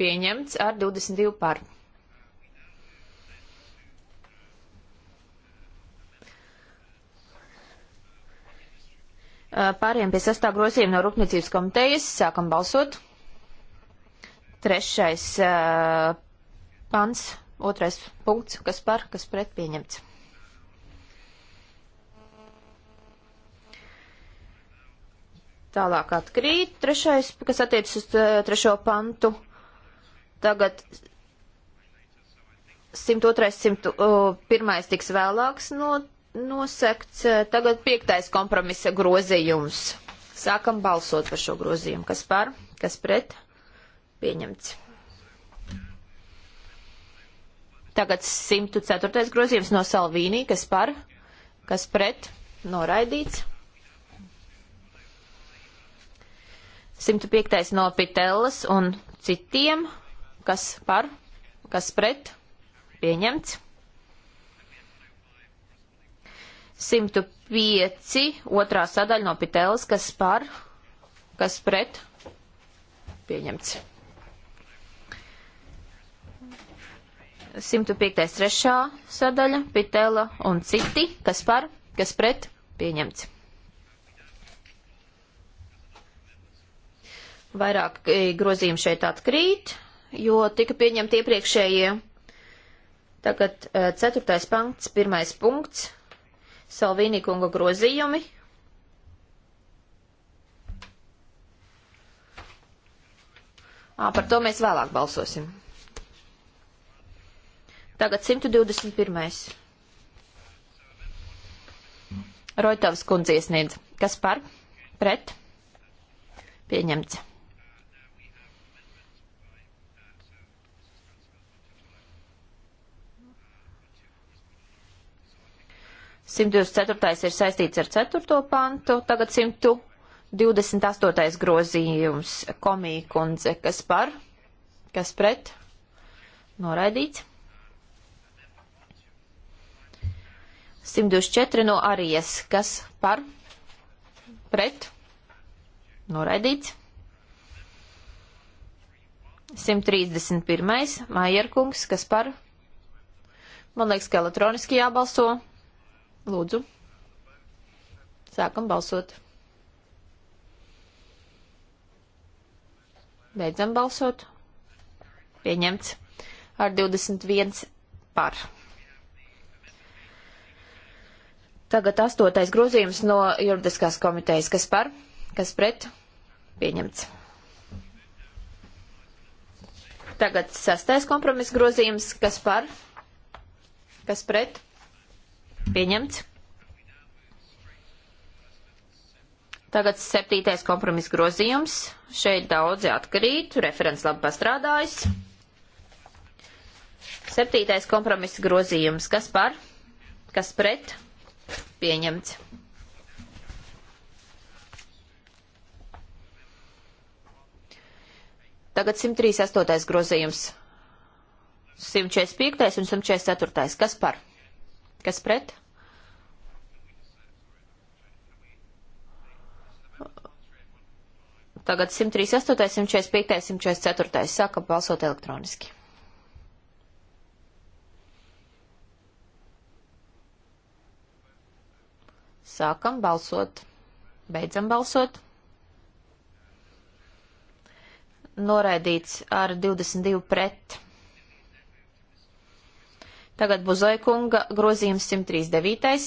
S2: Pieņemts ar 22 par. E, pāriem pie sastā grozījuma no Rūpniecības komitejas. Sākam balsot. Trešais uh, pants, otrais punkts, kas par, kas pret pieņemts. Tālāk atkrīt trešais, kas attiecas uz uh, trešo pantu. Tagad 102, 101 uh, tiks vēlāks no, nosekts. Uh, tagad piektais kompromisa grozījums. Sākam balsot par šo grozījumu. Kas par? Kas pret? Pieņemts. Tagad 104. grozījums no Salvīnī, kas par, kas pret, noraidīts. 105. no Pitellas un citiem, kas par, kas pret, pieņemts. 105. otrā sadaļa no Pitellas, kas par, kas pret, pieņemts. 105. trešā sadaļa, Pitela un citi, kas par, kas pret, pieņemts. Vairāk e, grozījumi šeit atkrīt, jo tika pieņemti iepriekšējie. Tagad e, ceturtais punkts, pirmais punkts, Salvīnī kunga grozījumi. À, par to mēs vēlāk balsosim. Tagad 121. Roitovs kundze iesniedz. Kas par? Pret? Pieņemts. Simtus ceturtais ir saistīts ar ceturto pantu, tagad simtu 28. grozījums komīkundze, kas par, kas pret, noraidīts. 124 no Arijas, kas par pret noraidīts. 131. Mājerkungs, kas par? Man liekas, ka elektroniski jābalso. Lūdzu. Sākam balsot. Beidzam balsot. Pieņemts ar 21 par. Tagad astotais grozījums no juridiskās komitejas. Kas par? Kas pret? Pieņemts. Tagad sastais kompromiss grozījums. Kas par? Kas pret? Pieņemts. Tagad septītais kompromiss grozījums. Šeit daudzi atkarīt. Referents labi pastrādājis. Septītais kompromiss grozījums. Kas par? Kas pret? Pieņemts. Tagad 138. grozījums. 145. un 144. Kas par? Kas pret? Tagad 138, 145, 144. Sākam balsot elektroniski. Sākam balsot. Beidzam balsot. Noraidīts ar 22 pret. Tagad Buzoikunga grozījums 139.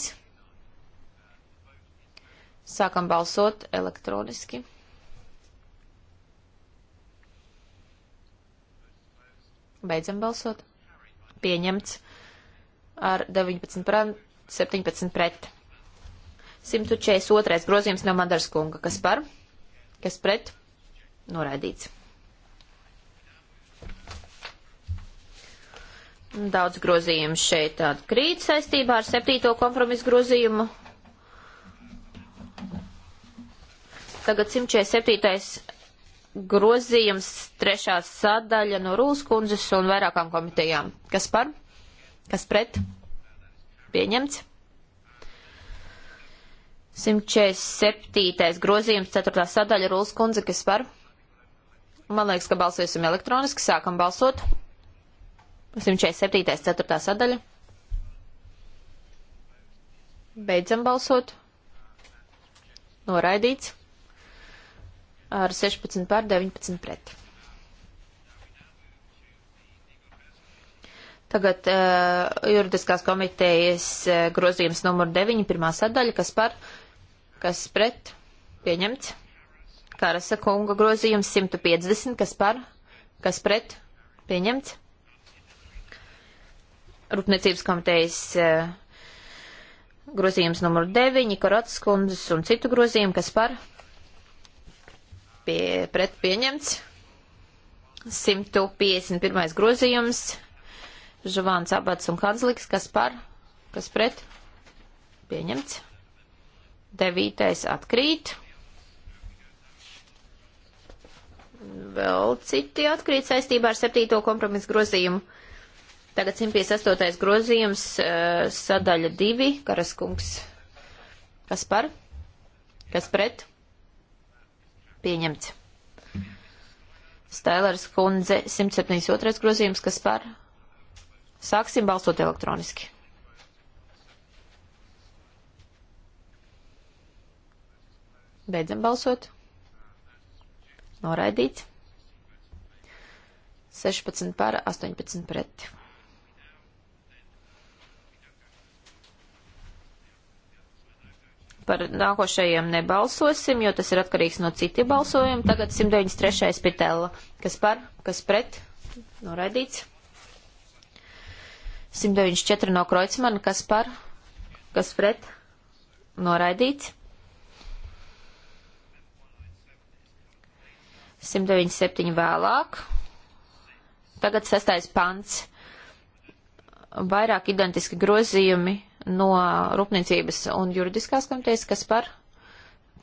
S2: Sākam balsot elektroniski. Beidzam balsot. Pieņemts ar 19 pret, 17 pret. 142. grozījums no Madaras kunga. Kas par? Kas pret? Noraidīts. Daudz grozījumu šeit krīt saistībā ar septīto kompromisu grozījumu. Tagad 147. grozījums, trešā sadaļa no Rūlas kundzes un vairākām komitejām. Kas par? Kas pret? Pieņemts. 147. grozījums, 4. sadaļa, Rūlas kundze, kas par. Man liekas, ka balsosim elektroniski, sākam balsot. 147. 4. sadaļa. Beidzam balsot. Noraidīts. Ar 16 pār 19 pret. Tagad uh, juridiskās komitejas uh, grozījums numur 9, pirmā sadaļa, kas par uh, kas pret, pieņemts. Karasa kunga grozījums 150, kas par, kas pret, pieņemts. Rūpniecības komitejas eh, grozījums numur 9, Korotas kundzes un citu grozījumu, kas par, pie, pret, pieņemts. 151. grozījums, Žuvāns Abats un Kanzliks, kas par, kas pret, pieņemts. Devītais atkrīt. Vēl citi atkrīt saistībā ar septīto kompromisu grozījumu. Tagad 158. grozījums, eh, sadaļa 2, Karaskungs. Kas par? Kas pret? Pieņemts. Stēlers kundze 172. grozījums, kas par? Sāksim balsot elektroniski. Beidzam balsot. Noraidīts. 16 par 18 pret. par nākošajiem nebalsosim, jo tas ir atkarīgs no citi balsojumi. Tagad 193. pitēla. Kas par, kas pret? Noraidīts. 194 no Kreutzmana. Kas par, kas pret? Noraidīts. 197 vēlāk. Tagad sastais pants. Vairāk identiski grozījumi no rūpniecības un juridiskās komitejas, kas par,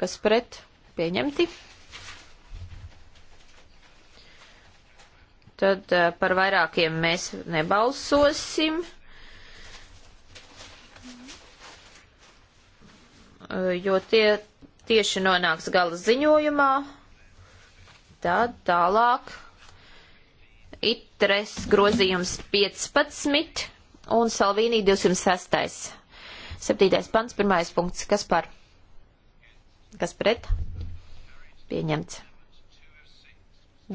S2: kas pret pieņemti. Tad eh, par vairākiem mēs nebalsosim. Eh, jo tie tieši nonāks gala ziņojumā, Tad tālāk itres grozījums 15 un Salvīnī 206. 7. pants, 1. punkts. Kas par? Kas pret? Pieņemts.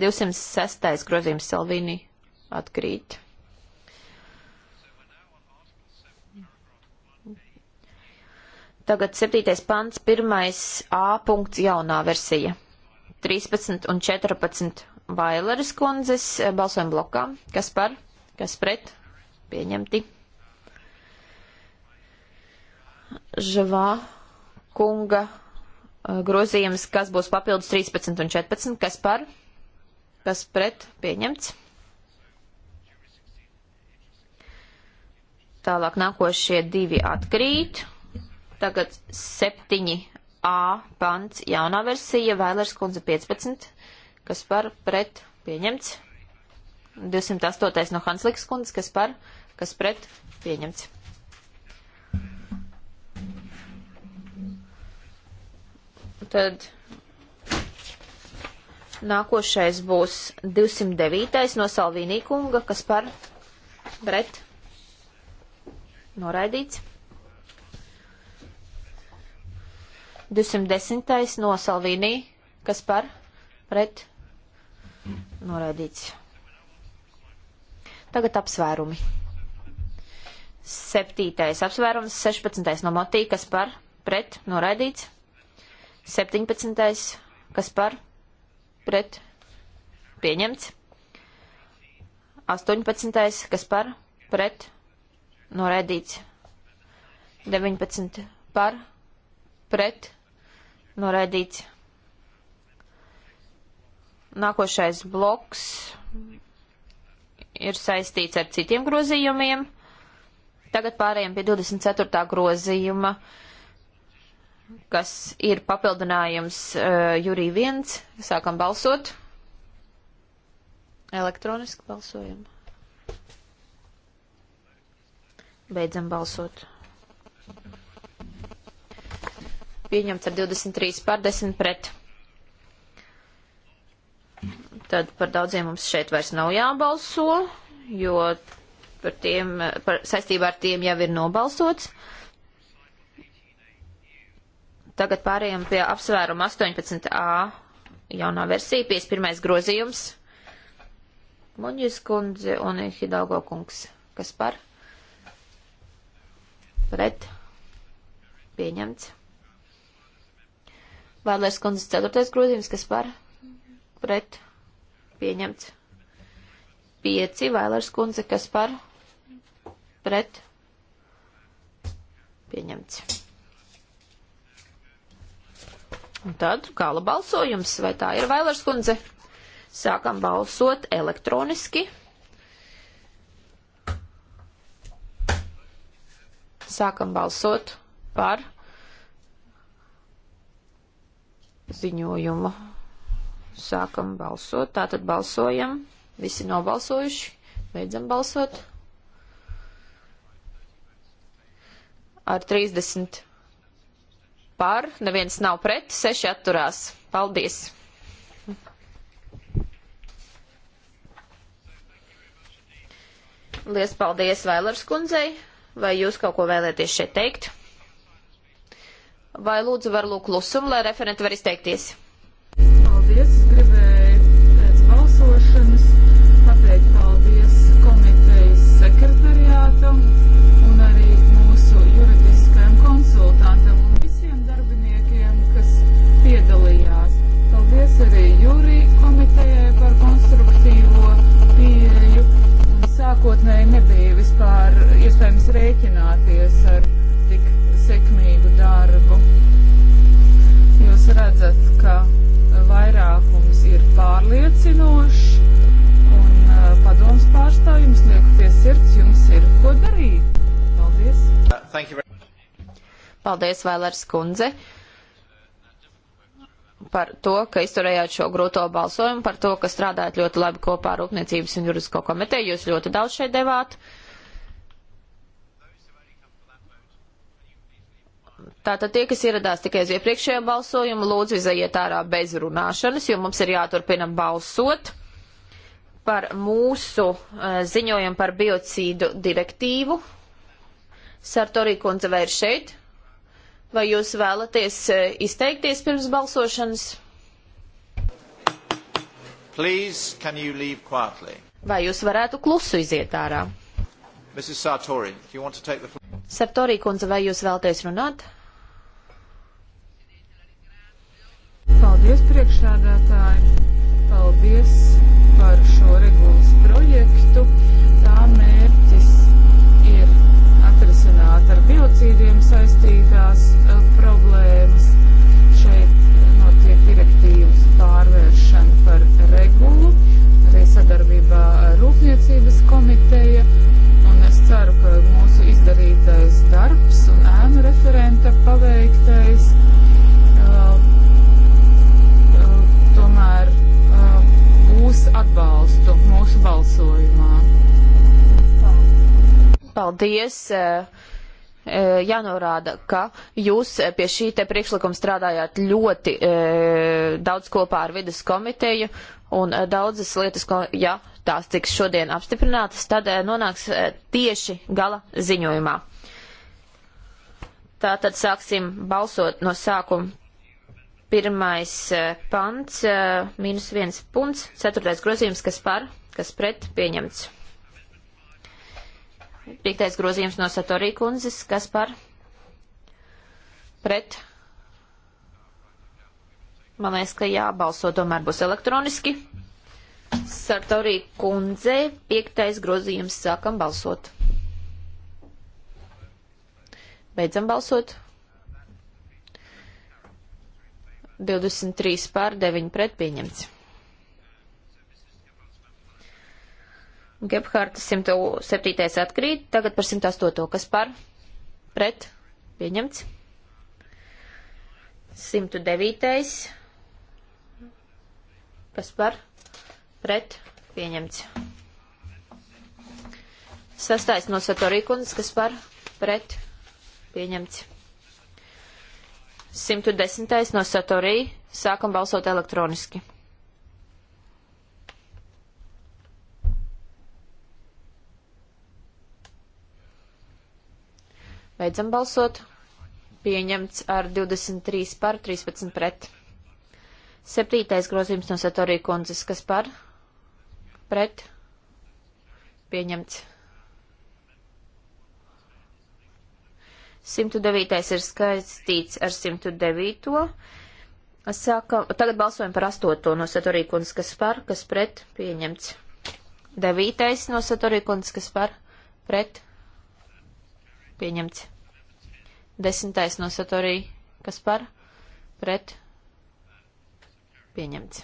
S2: 206. grozījums Salvīnī atkrīt. Tagad 7. pants, 1. A punkts jaunā versija. 13 un 14 Vaileris kundzes eh, balsojam blokā. Kas par? Kas pret? Pieņemti. Žavā kunga eh, grozījums, kas būs papildus 13 un 14. Kas par? Kas pret? Pieņemts. Tālāk nākošie divi atkrīt. Tagad septiņi A pants jaunā versija, Vēlers kundze 15, kas par pret pieņemts. 208. no Hanslikas kundzes, kas par, kas pret pieņemts. Tad nākošais būs 209. no Salvīnī kunga, kas par pret noraidīts. 210. no Salvīnī, kas par pret noraidīts. Tagad apsvērumi. 7. apsvērums, 16. no Motī, kas par pret noraidīts. 17. kas par pret pieņemts. 18. kas par pret noraidīts. 19. par pret Noraidīts. Nākošais bloks ir saistīts ar citiem grozījumiem. Tagad pārējiem pie 24. grozījuma, kas ir papildinājums uh, Jurī 1. Sākam balsot. Elektroniski balsojam. Beidzam balsot. Thank you pieņemts ar 23 pār 10 pret. Tad par daudziem mums šeit vairs nav jābalso, jo par tiem, par, saistībā ar tiem jau ir nobalsots. Tagad pārējām pie apsvēruma 18a jaunā versija, 51. grozījums. Muņģis kundze un Hidalgo kungs. Kas par? Pret. Pieņemts. Vēlēs kundzes ceturtais grozījums, kas par pret pieņemts. Pieci vēlēs kundze, kas par pret pieņemts. Un tad gala balsojums, vai tā ir vēlēs kundze? Sākam balsot elektroniski. Sākam balsot par ziņojumu. Sākam balsot, tātad balsojam. Visi nobalsojuši, beidzam balsot. Ar 30 par, neviens nav pret, 6 atturās. Paldies! Lies paldies Vailers kundzei, vai jūs kaut ko vēlēties šeit teikt? Vai lūdzu var lūk klusumu, lai referenti var izteikties? Paldies, es
S5: gribēju pēc balsošanas pateikt paldies komitejas sekretariātam un arī mūsu juridiskajam konsultantam un visiem darbiniekiem, kas piedalījās. Paldies arī jūrī komitejai par konstruktīvo pieeju. Sākotnēji nebija vispār iespējams rēķināties ar ka e, vairākums ir pārliecinošs un e, padoms pārstāvjums lieku
S1: pie sirds, jums ir ko darīt. Paldies. Uh,
S2: Paldies, Vēlers kundze par to, ka izturējāt šo grūto balsojumu, par to, ka strādājat ļoti labi kopā ar Rūpniecības un Juridisko komiteju. Jūs ļoti daudz šeit devāt. Tātad tie, kas ieradās tikai uz iepriekšējo balsojumu, lūdzu izaiet ārā bez runāšanas, jo mums ir jāturpina balsot par mūsu eh, ziņojumu par biocīdu direktīvu. Sartorī kundze vai ir šeit? Vai jūs vēlaties eh, izteikties pirms balsošanas?
S1: Please, can you leave quietly?
S2: Vai jūs varētu klusu iziet ārā?
S1: Mrs. Sartori, do you want to take the floor?
S2: Sartori kundze, vai jūs vēlaties runāt? Paldies, priekšsēdētāji!
S5: Paldies par šo regulas projektu. Tā mērķis ir atrisināt ar biocīdiem saistītās uh, problēmas. Šeit notiek direktīvas pārvēršana par regulu, arī sadarbībā ar Rūpniecības komiteja. Un es ceru, ka mūsu izdarītais darbs un ēnu referenta paveiktais grupas atbalstu mūsu balsojumā.
S2: Paldies! Eh, eh, jānorāda, ka jūs eh, pie šī te priekšlikuma strādājāt ļoti e, daudz kopā ar vidas komiteju un daudzas lietas, ko, ja tās tiks šodien apstiprinātas, tad e, nonāks e, tieši gala ziņojumā. Tātad sāksim balsot no sākuma Pirmais eh, pants, eh, mīnus viens punkts, ceturtais grozījums, kas par, kas pret, pieņemts. Piektais grozījums no Satorī kundzes, kas par, pret. Man liekas, ka jābalso tomēr būs elektroniski. Sartorī kundze, piektais grozījums, sākam balsot. Beidzam balsot. 23 pār 9 pret pieņemts. Gebhārta 107. atkrīt, tagad par 108. kas par pret pieņemts. 109. kas par pret pieņemts. Sastais no Satorīkundas, kas par pret pieņemts. 110. no Satorī. Sākam balsot elektroniski. Beidzam balsot. Pieņemts ar 23 par, 13 pret. Septītais grozījums no Satorī kundzes, kas par? Pret. Pieņemts. 109. ir skaistīts ar 109. Sākam, tagad balsojam par 8. no Satorīkundas, kas par, kas pret, pieņemts. 9. no Satorīkundas, kas par, pret, pieņemts. 10. no Satorī, kas par, pret, pieņemts.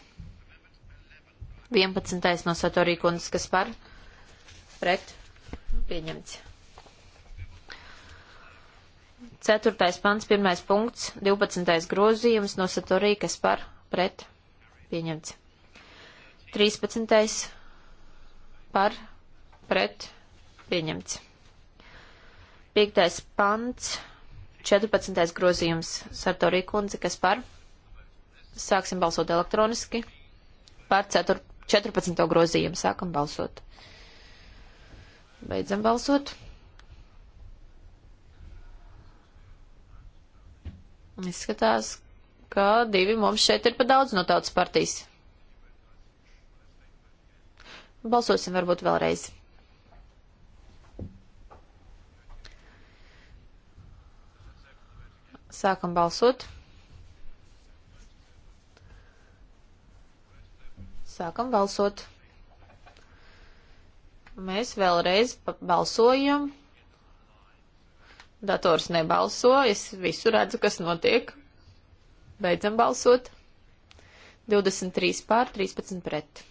S2: 11. no Satorīkundas, kas par, pret, pieņemts. 4. pants, 1. punkts, 12. grozījums no Satorī, kas par pret pieņemts. 13. par pret pieņemts. 5. pants, 14. grozījums Satorī kundze, kas par. Sāksim balsot elektroniski. Par 4, 14. grozījumu sākam balsot. Beidzam balsot. Izskatās, ka divi mums šeit ir pa daudz no tautas partijas. Balsosim varbūt vēlreiz. Sākam balsot. Sākam balsot. Mēs vēlreiz balsojam Dators nebalso, es visu redzu, kas notiek. Beidzam balsot. 23 pār 13 pret.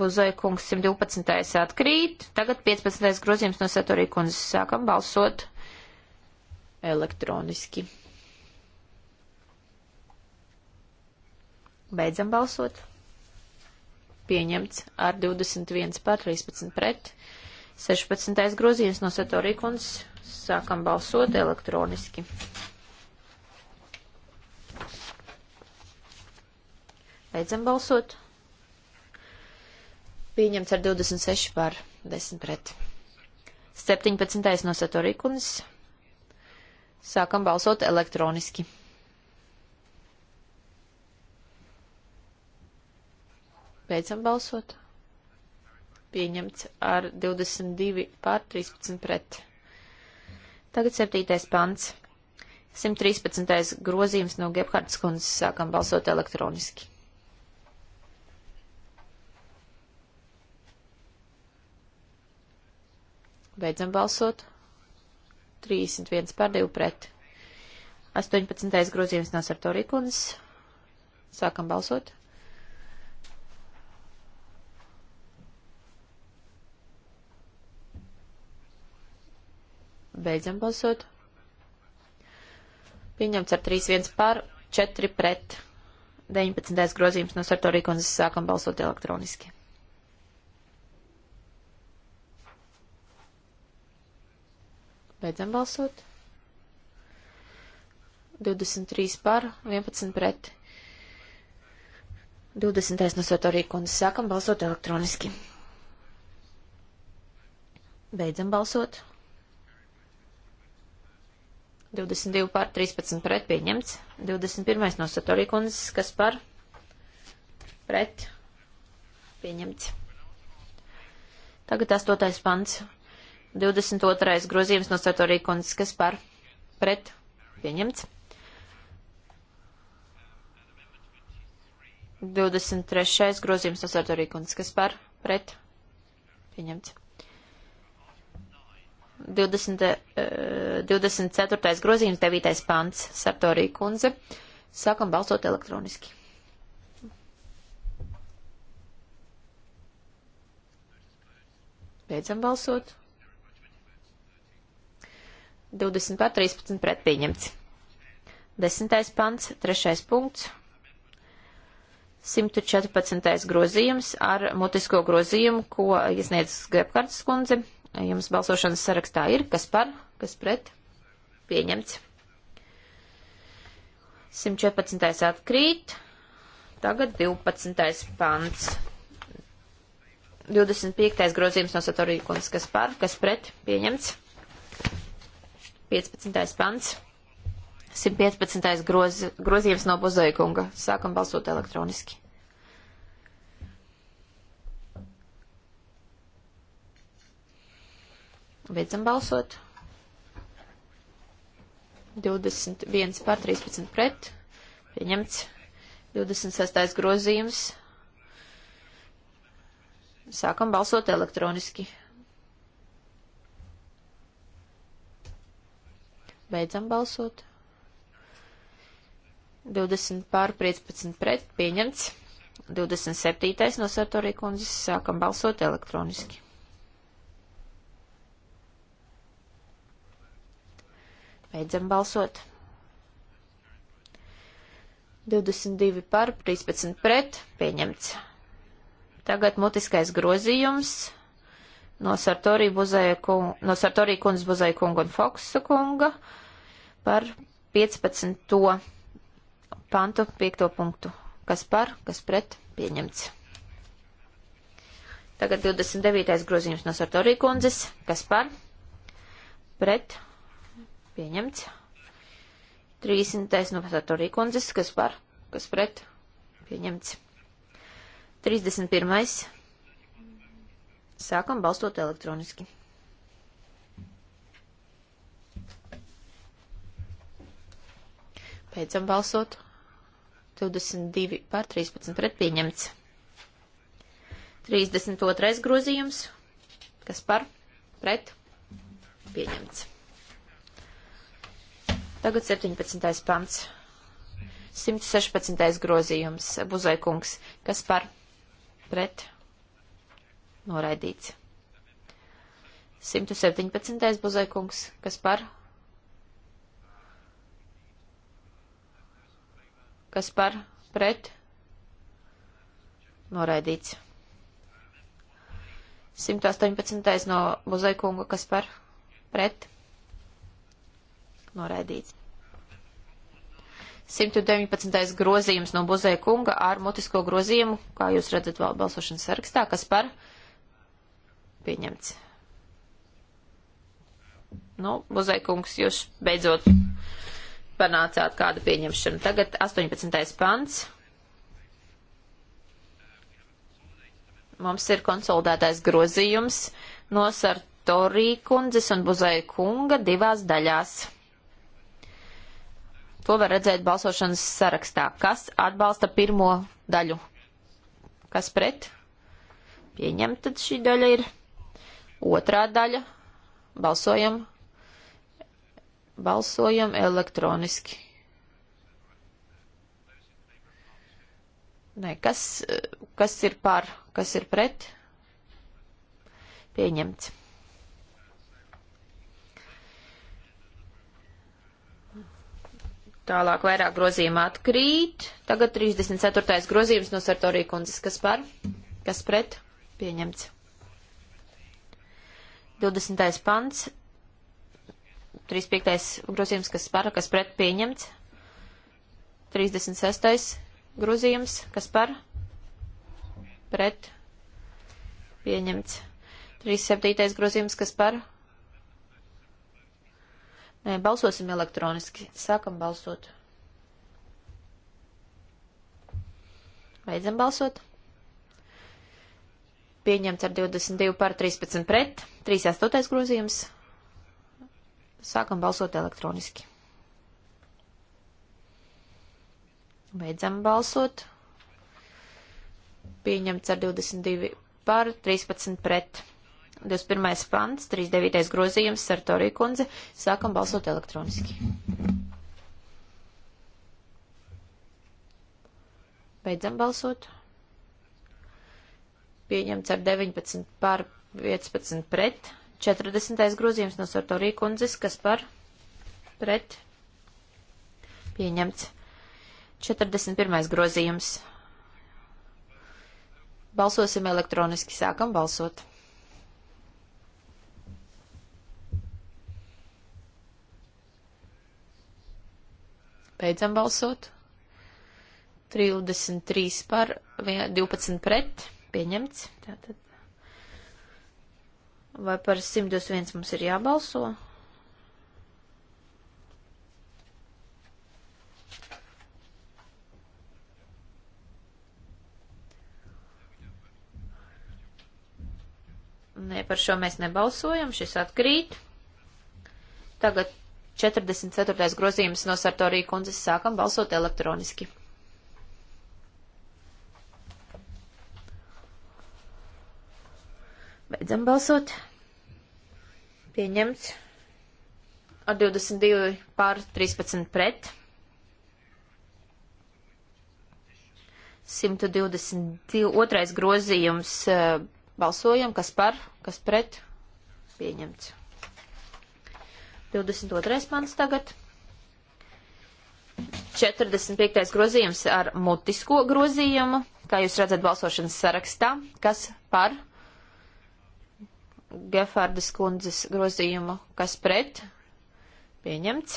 S2: Buzoja kungs 112. atkrīt, tagad 15. grozījums no Satorija kundzes sākam balsot elektroniski. Beidzam balsot. Pieņemts ar 21 pār 13 pret. 16. grozījums no Satorīkundas. Sākam balsot elektroniski. Beidzam balsot. Pieņemts ar 26 pār 10 pret. 17. no Satorīkundas. Sākam balsot elektroniski. Beidzam balsot. Pieņemts ar 22 pār 13 pret. Tagad 7. pants. 113. grozījums no Gebhardas kundzes sākam balsot elektroniski. Beidzam balsot. 31 pār 2 pret. 18. grozījums no Sartorikunas. Sākam balsot. Beidzam balsot. Pieņemts ar 3-1 pār, 4 pret. 19. grozījums no Sartorīkundzes sākam balsot elektroniski. Beidzam balsot. 23 par, 11 pret. 20. no Sotorija kundzes sākam balsot elektroniski. Beidzam balsot. 22 par 13 pret pieņemts. 21. no Sotorija kundzes, kas par pret pieņemts. Tagad 8. pants 22. grozījums no Satorija kundzes, kas par pret pieņemts. 23. grozījums no Satorija kundzes, kas par pret pieņemts. 20, 24. Eh, grozījums, 9. pants, Sartorija kundze. Sākam balsot elektroniski. Beidzam balsot. 20 pār 13 pret pieņemts. Desmitais pants, trešais punkts. 114. grozījums ar mutisko grozījumu, ko iesniedz Grepkartas kundze. Jums balsošanas sarakstā ir, kas par, kas pret, pieņemts. 114. atkrīt, tagad 12. pants. 25. grozījums no Satorija kundzes, kas par, kas pret, pieņemts. 15. pants. 115. Groz, grozījums no Buzoikunga. Sākam balsot elektroniski. Beidzam balsot. 21 pār 13 pret. Pieņemts. 26. grozījums. Sākam balsot elektroniski. Beidzam balsot. 20 pār 15 pret pieņemts. 27. no Sartorī kundzes sākam balsot elektroniski. Beidzam balsot. 22 par 13 pret pieņemts. Tagad mutiskais grozījums no Sartorī, kunga, no Sartorī kundas Buzēja kunga un Foksa kunga par 15. pantu 5. punktu. Kas par, kas pret, pieņemts. Tagad 29. grozījums no Sartorī kundzes. Kas par, pret, pieņemts. 30. no Sartorī kundzes. Kas par, kas pret, pieņemts. 31. Sākam balstot elektroniski. Beidzam balsot. 22 pār 13 pret pieņemts. 32. grozījums. Kas par? Pret? Pieņemts. Tagad 17. pants. 116. grozījums. Buzaikungs. Kas par? Pret? Noraidīts. 117. buzaikungs, kas par? Kas par? Pret? Noraidīts. 118. no buzaikunga, kas par? Pret? Noraidīts. 119. grozījums no buzaikunga ar mutisko grozījumu, kā jūs redzat vēl balsošanas sarakstā, kas par? Pret? Pieņemts. Nu, Buzaikungs, jūs beidzot panācāt kādu pieņemšanu. Tagad 18. pants. Mums ir konsolidētais grozījums no Sartorī kundzes un Buzaja kunga divās daļās. To var redzēt balsošanas sarakstā. Kas atbalsta pirmo daļu? Kas pret? Pieņemt, tad šī daļa ir Otrā daļa. Balsojam. Balsojam elektroniski. Nē, kas, kas ir par, kas ir pret? Pieņemts. Tālāk vairāk grozījumā atkrīt. Tagad 34. grozījums no Sartorija kundzes. Kas par? Kas pret? Pieņemts. 20. pants, 35. grozījums, kas par, kas pret pieņemts, 36. grozījums, kas par, pret pieņemts, 37. grozījums, kas par. Nē, balsosim elektroniski. Sākam balsot. Beidzam balsot pieņemts ar 22 par 13 pret. 38. grozījums. Sākam balsot elektroniski. Beidzam balsot. Pieņemts ar 22 par 13 pret. 21. pants, 39. grozījums, Sartorija kundze. Sākam balsot elektroniski. Beidzam balsot pieņemts ar 19 par 15 pret. 40. grozījums no Sartorī kundzes, kas par pret pieņemts. 41. grozījums. Balsosim elektroniski, sākam balsot. Beidzam balsot. 33 par 12 pret pieņemts. Tātad. Vai par 121 mums ir jābalso? Nē, par šo mēs nebalsojam, šis atkrīt. Tagad 44. grozījums no Sartorija kundzes sākam balsot elektroniski. Beidzam balsot. Pieņemts. Ar 22 pār 13 pret. 122. grozījums eh, balsojam, kas par, kas pret, pieņemts. 22. pants tagad. 45. grozījums ar mutisko grozījumu, kā jūs redzat balsošanas sarakstā, kas par, Gefārdas kundzes grozījumu, kas pret pieņemts.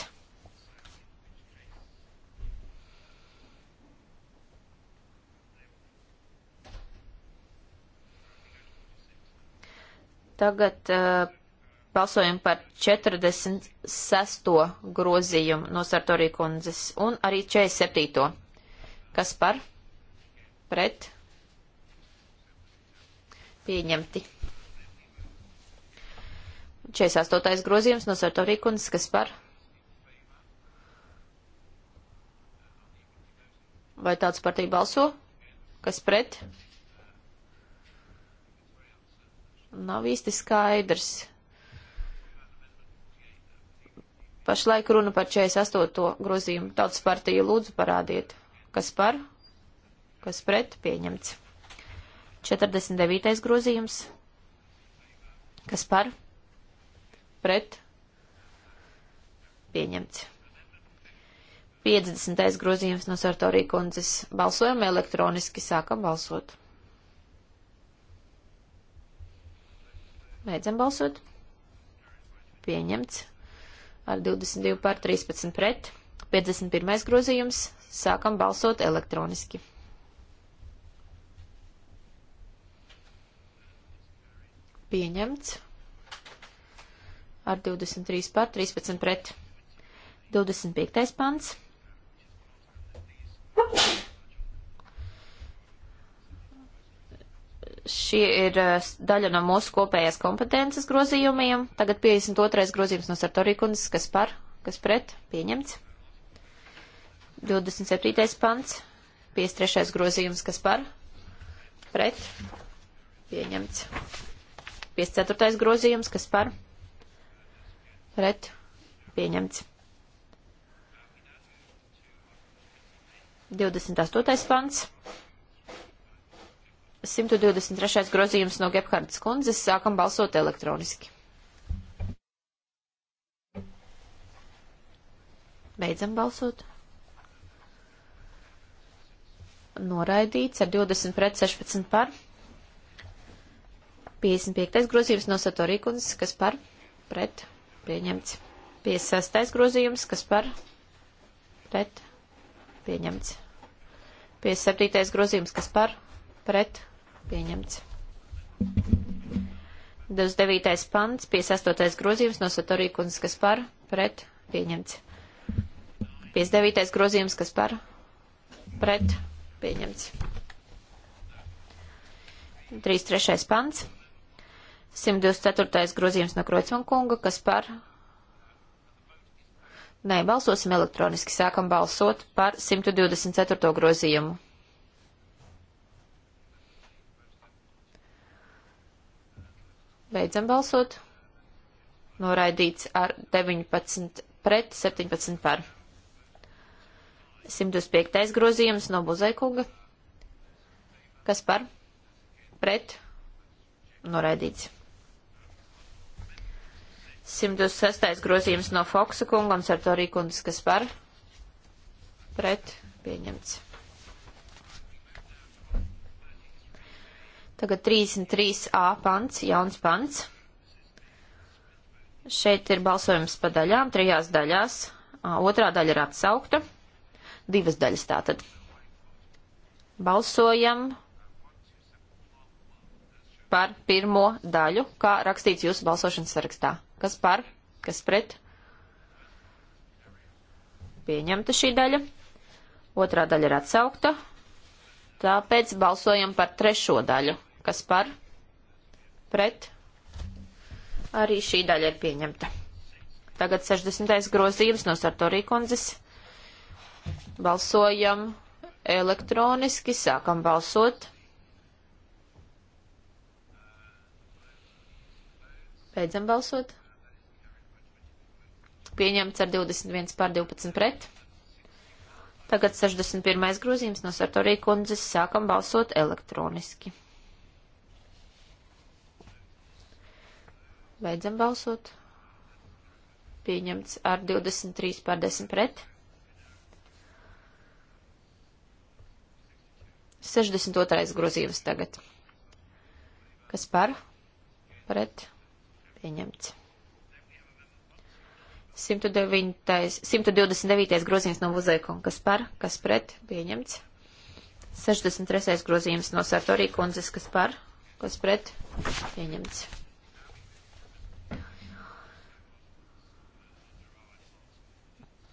S2: Tagad uh, balsojam par 46. grozījumu no Sartorī kundzes un arī 47. Kas par? Pret? Pieņemti. 48. grozījums no Sartorīkunas, kas par? Vai tāds partija balso? Kas pret? Nav īsti skaidrs. Pašlaik runa par 48. grozījumu. Tautas partija lūdzu parādiet. Kas par? Kas pret? Pieņemts. 49. grozījums. Kas par? pret pieņemts. 50. grozījums no Sartorī kundzes. Balsojam elektroniski, sākam balsot. Beidzam balsot. Pieņemts. Ar 22 pār 13 pret. 51. grozījums. Sākam balsot elektroniski. Pieņemts ar 23 par 13 pret. 25. pants. Šie ir eh, daļa no mūsu kopējās kompetences grozījumiem. Tagad 52. grozījums no Sartorīkundas, kas par, kas pret, pieņemts. 27. pants, 53. grozījums, kas par, pret, pieņemts. 54. grozījums, kas par, pret pret pieņemts. 28. pants. 123. grozījums no Gebhardas kundzes sākam balsot elektroniski. Beidzam balsot. Noraidīts ar 20 pret 16 par. 55. grozījums no Satorī kundzes, kas par pret pieņemts. 56. grozījums, kas par pret pieņemts. 57. grozījums, kas par pret pieņemts. 29. pants, 58. grozījums no Satorīkunas, kas par pret pieņemts. 59. grozījums, kas par pret pieņemts. 3. 3. pants. 124. grozījums no Kreutzmann kunga, kas par. Nē, balsosim elektroniski. Sākam balsot par 124. grozījumu. Beidzam balsot. Noraidīts ar 19 pret 17 par. 125. grozījums no Buzaikuga. Kas par? Pret. Noraidīts. 126. grozījums no Foksa kungam, Sartorī kundas, kas par pret pieņemts. Tagad 33a pants, jauns pants. Šeit ir balsojums pa daļām, trijās daļās. Otrā daļa ir atsaukta. Divas daļas tātad. Balsojam par pirmo daļu, kā rakstīts jūsu balsošanas sarakstā. Kas par? Kas pret? Pieņemta šī daļa. Otrā daļa ir atsaukta. Tāpēc balsojam par trešo daļu. Kas par? Pret? Arī šī daļa ir pieņemta. Tagad 60. grozījums no Sartorī kundzes. Balsojam elektroniski, sākam balsot. Beidzam balsot pieņemts ar 21 pār 12 pret. Tagad 61. grozījums no Sartorī kundzes sākam balsot elektroniski. Beidzam balsot. Pieņemts ar 23 pār 10 pret. 62. grozījums tagad. Kas par? Pret. Pieņemts. 109, 129. grozījums no Vuzēkuma, kas par, kas pret, pieņemts. 63. grozījums no Sartorī kundzes, kas par, kas pret, pieņemts.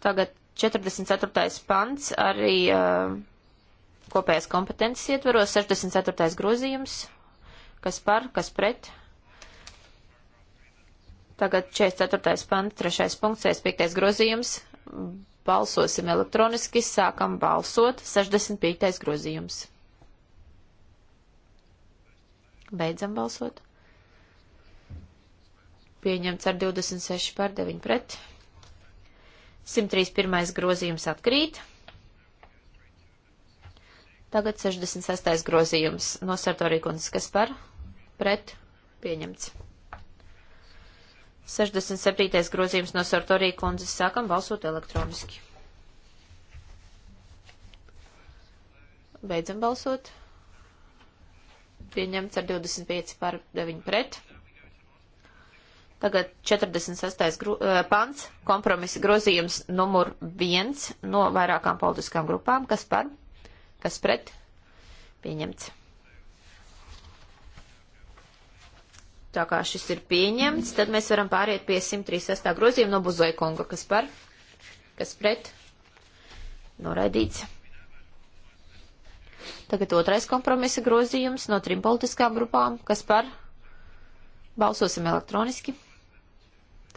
S2: Tagad 44. pants arī uh, kopējās kompetences ietveros, 64. grozījums, kas par, kas pret, Tagad 44. pants, 3. punkts, 65. grozījums. Balsosim elektroniski, sākam balsot. 65. grozījums. Beidzam balsot. Pieņemts ar 26 pār 9 pret. 131. grozījums atkrīt. Tagad 66. grozījums no Sartorīkundas, kas par pret pieņemts. 67. grozījums no Sartorī kundzes sākam balsot elektroniski. Beidzam balsot. Pieņemts ar 25 par 9 pret. Tagad 46. Eh, pants, kompromisa grozījums numur 1 no vairākām politiskām grupām. Kas par? Kas pret? Pieņemts. Tā kā šis ir pieņemts, tad mēs varam pāriet pie 136. grozījuma no Buzoja kunga, kas par, kas pret, noraidīts. Tagad otrais kompromisa grozījums no trim politiskām grupām, kas par, balsosim elektroniski.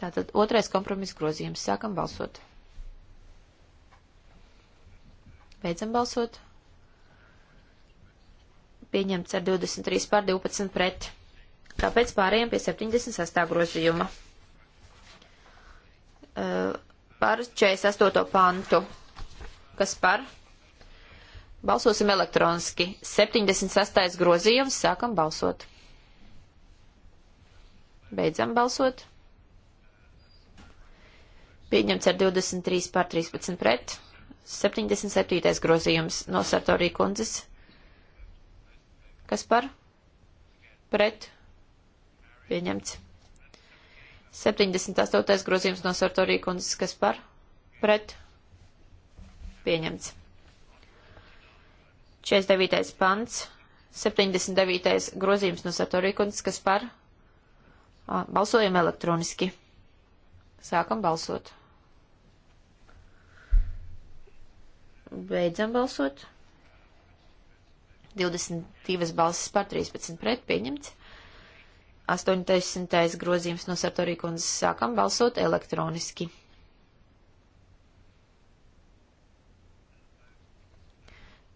S2: Tātad otrais kompromisa grozījums, sākam balsot. Beidzam balsot. Pieņemts ar 23 pār 12 pret. Tāpēc pārējiem pie 76. grozījuma. Par 48. pantu. Kas par? Balsosim elektroniski. 76. grozījums. Sākam balsot. Beidzam balsot. Pieņemts ar 23 pār 13 pret. 77. grozījums no Sartorī kundzes. Kas par? Pret Pieņemts. 78. grozījums no Sartorī kundzes, kas par? Pret. Pieņemts. 49. pants. 79. grozījums no Sartorī kundzes, kas par? Balsojam elektroniski. Sākam balsot. Beidzam balsot. 22 balsis par 13 pret pieņemts. 80. grozījums no Sartorī kundzes sākam balsot elektroniski.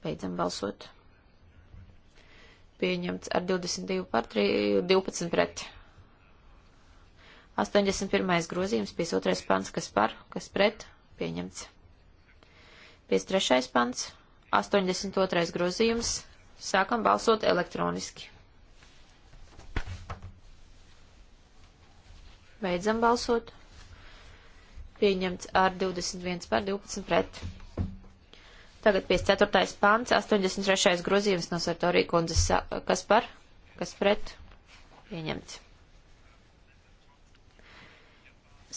S2: Beidzam balsot. Pieņemts ar 22 par 3, 12 pret. 81. grozījums, 52. pants, kas par, kas pret, pieņemts. 53. pants, 82. grozījums, sākam balsot elektroniski. Beidzam balsot. Pieņemts ar 21 par 12 pret. Tagad 54. pants, 83. grozījums no Sartorī kundzes. Kas par? Kas pret? Pieņemts.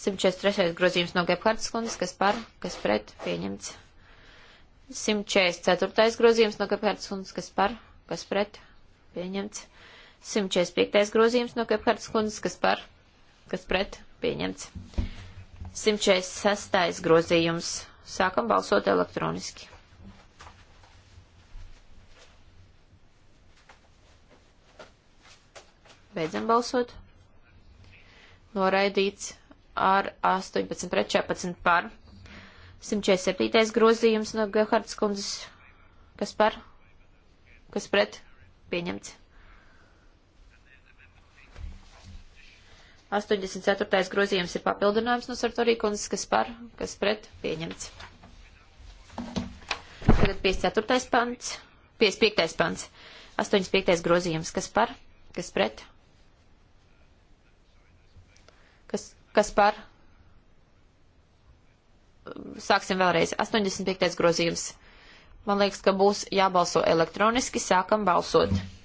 S2: 143. grozījums no Gebhardas kundzes. Kas par? Kas pret? Pieņemts. 144. grozījums no Gebhardas kundzes. Kas par? Kas pret? Pieņemts. 145. grozījums no Gebhardas kundzes. Kas par? kas pret pieņemts. 146. grozījums. Sākam balsot elektroniski. Beidzam balsot. Noraidīts ar 18 pret 14 par. 147. grozījums no Gehards kundzes. Kas par? Kas pret? Pieņemts. 84. grozījums ir papildinājums no Sartorī kundzes, kas par, kas pret, pieņemts. Tagad 54. pants, 55. pants, 85. grozījums, kas par, kas pret, kas, kas par, sāksim vēlreiz, 85. grozījums. Man liekas, ka būs jābalso elektroniski, sākam balsot. Mm.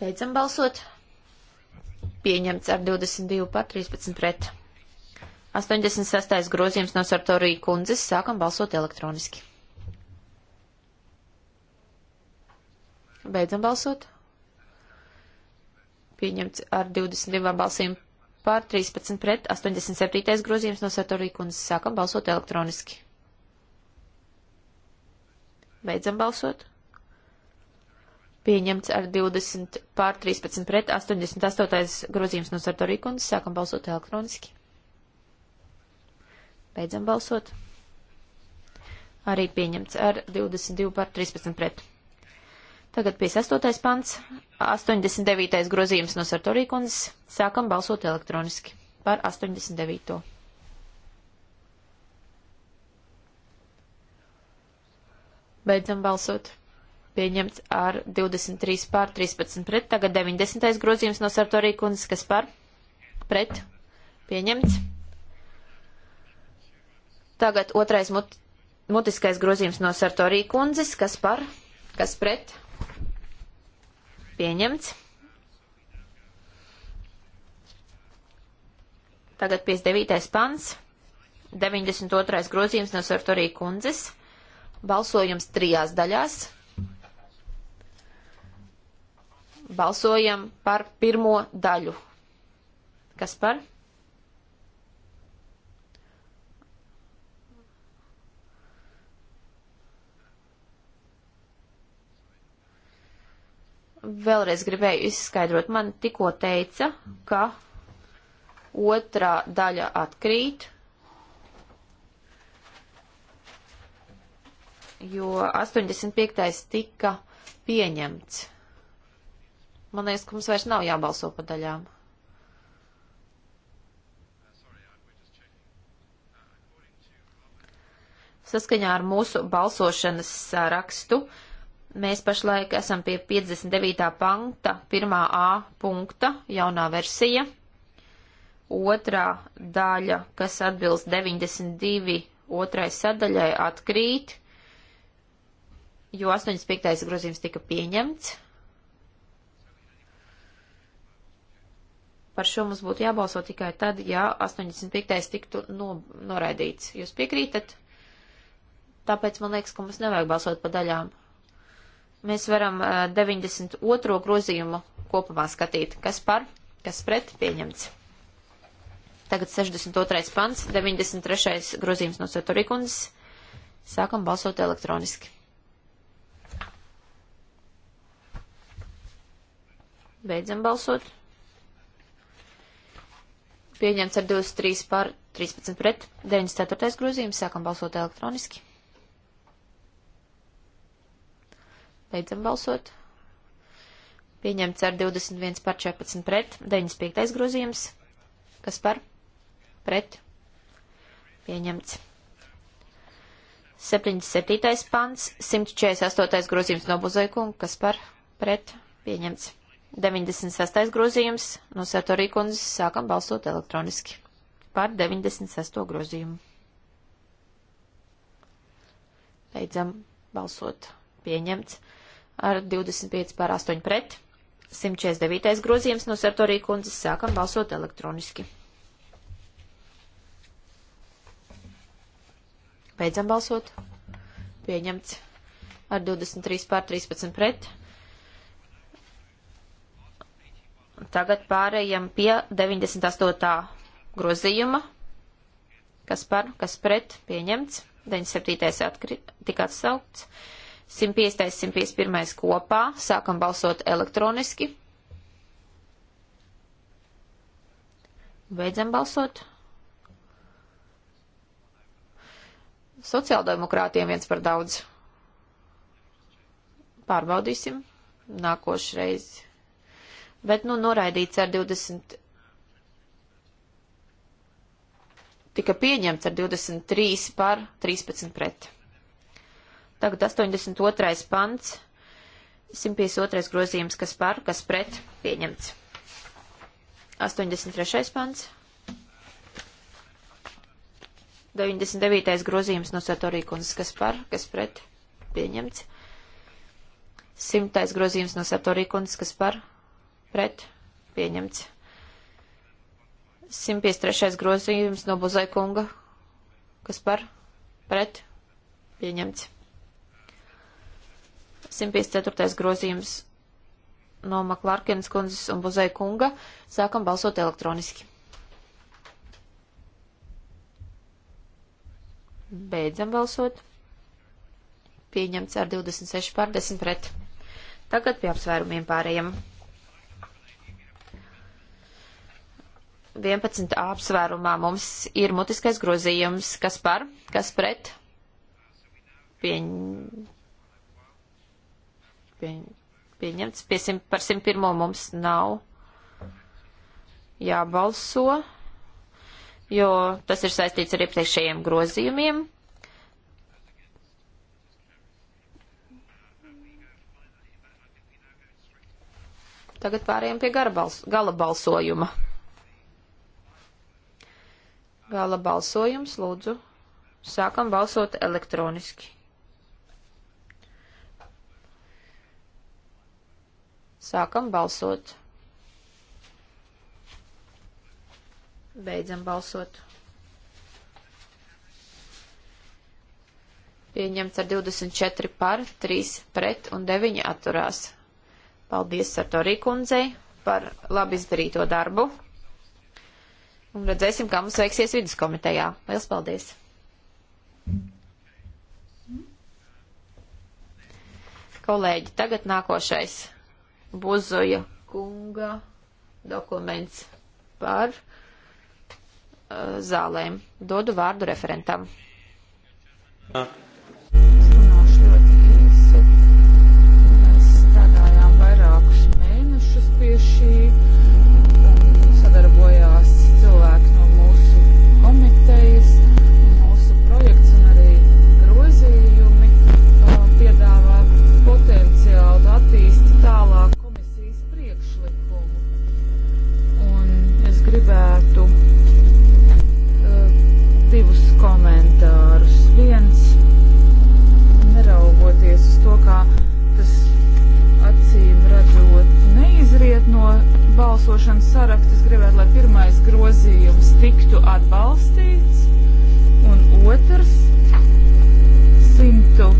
S2: Beidzam balsot. Pieņemts ar 22 par 13 pret. 86. grozījums no Sartorija kundzes. Sākam balsot elektroniski. Beidzam balsot. Pieņemts ar 22 balsīm par 13 pret. 87. grozījums no Sartorija kundzes. Sākam balsot elektroniski. Beidzam balsot pieņemts ar 20 pār 13 pret 88. grozījums no Sartorīkundas. Sākam balsot elektroniski. Beidzam balsot. Arī pieņemts ar 22 pār 13 pret. Tagad 58. pants, 89. grozījums no Sartorīkundas. Sākam balsot elektroniski par 89. Beidzam balsot pieņemts ar 23 pār 13 pret. Tagad 90. grozījums no Sartorī kundzes, kas par pret pieņemts. Tagad otrais mut, mutiskais grozījums no Sartorī kundzes, kas par, kas pret pieņemts. Tagad 59. pants, 92. grozījums no Sartorī kundzes. Balsojums trijās daļās. Balsojam par pirmo daļu. Kas par? Vēlreiz gribēju izskaidrot, man tikko teica, ka otrā daļa atkrīt, jo 85. tika pieņemts. Man liekas, ka mums vairs nav jābalso pa daļām. Saskaņā ar mūsu balsošanas rakstu mēs pašlaik esam pie 59. panta, 1a punkta, jaunā versija, otrā daļa, kas atbilst 92. otrai sadaļai, atkrīt, jo 85. grozījums tika pieņemts. Par šo mums būtu jābalso tikai tad, ja 85. tiktu no, noraidīts. Jūs piekrītat? Tāpēc man liekas, ka mums nevajag balsot pa daļām. Mēs varam 92. grozījumu kopumā skatīt. Kas par, kas pret, pieņemts. Tagad 62. pants, 93. grozījums no Saturikundas. Sākam balsot elektroniski. Beidzam balsot. Pieņemts ar 23 pār 13 pret 94. grozījums. Sākam balsot elektroniski. Beidzam balsot. Pieņemts ar 21 par 14 pret 95. grozījums. Kas par? Pret. Pieņemts. 77. pants, 148. grozījums no buzoikunga, kas par pret pieņemts. 96. grozījums no Satorī kundzes sākam balsot elektroniski par 96. grozījumu. Beidzam balsot pieņemts ar 25 pār 8 pret. 149. grozījums no Satorī kundzes sākam balsot elektroniski. Beidzam balsot. Pieņemts ar 23 pār 13 pret. Tagad pārējām pie 98. grozījuma, kas par, kas pret, pieņemts. 97. Atkri, tika atsaukts. 105. 151. kopā. Sākam balsot elektroniski. Beidzam balsot. Sociāldemokrātiem viens par daudz. Pārbaudīsim nākošreiz bet, nu, noraidīts ar 20. Tika pieņemts ar 23 par 13 pret. Tagad 82. pants, 152. grozījums, kas par, kas pret, pieņemts. 83. pants, 99. grozījums no Satorīkunas, kas par, kas pret, pieņemts. 100. grozījums no Satorīkunas, kas par, pret pieņemts. 153. grozījums no Buzaikunga, kas par pret pieņemts. 154. grozījums no Maklārkienas kundzes un Buzaikunga. Sākam balsot elektroniski. Beidzam balsot. Pieņemts ar 26 pār 10 pret. Tagad pie apsvērumiem pārējiem. 11. apsvērumā mums ir mutiskais grozījums, kas par, kas pret. Pieņ... Pieņ... Pieņemts. Pie sim... Par 101. mums nav jābalso, jo tas ir saistīts ar iepriekšējiem grozījumiem. Tagad pārējiem pie balso, gala balsojuma. Gala balsojums, lūdzu. Sākam balsot elektroniski. Sākam balsot. Beidzam balsot. Pieņemts ar 24 par, 3 pret un 9 atturās. Paldies Sartori kundzei par labi izdarīto darbu un redzēsim, kā mums veiksies viduskomitejā. Lielas paldies! Kolēģi, tagad nākošais Buzoja kunga dokuments par uh, zālēm. Dodu vārdu referentam.
S5: Uh. Mēs strādājām vairākus mēnešus pie šī balsošanas sarakstu. Es gribētu, lai pirmais grozījums tiktu atbalstīts, un otrs - 100.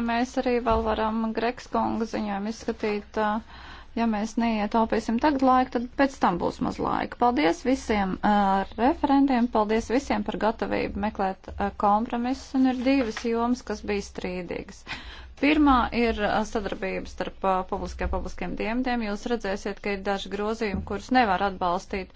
S3: vai mēs arī vēl varam Grekskonga ziņojumu izskatīt, ja mēs neietaupīsim tagad laiku, tad pēc tam būs maz laika. Paldies visiem uh, referentiem, paldies visiem par gatavību meklēt uh, kompromisus, un ir divas jomas, kas bija strīdīgas. Pirmā ir sadarbība starp publiskajiem publiskiem diemdiem. Jūs redzēsiet, ka ir daži grozījumi, kurus nevar atbalstīt,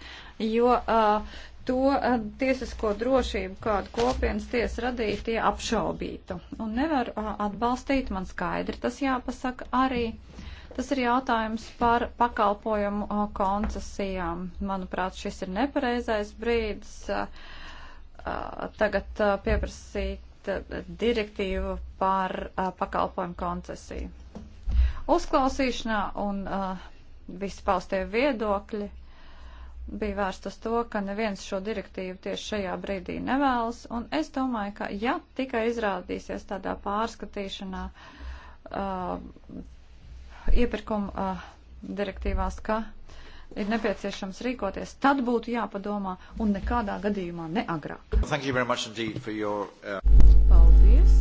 S3: jo uh, to uh, tiesisko drošību, kādu kopienas tiesa radīja, tie apšaubītu. Un nevar uh, atbalstīt, man skaidri tas jāpasaka arī. Tas ir jautājums par pakalpojumu uh, koncesijām. Manuprāt, šis ir nepareizais brīdis uh, uh, tagad uh, pieprasīt uh, direktīvu par uh, pakalpojumu koncesiju. Uzklausīšanā un uh, visi paustie viedokļi. Uh, bija vērsts uz to, ka neviens šo direktīvu tieši šajā brīdī nevēlas, un es domāju, ka ja tikai izrādīsies tādā pārskatīšanā uh, iepirkuma uh, direktīvās, ka ir nepieciešams rīkoties, tad būtu jāpadomā un nekādā gadījumā neagrāk.
S1: Your, uh... Paldies!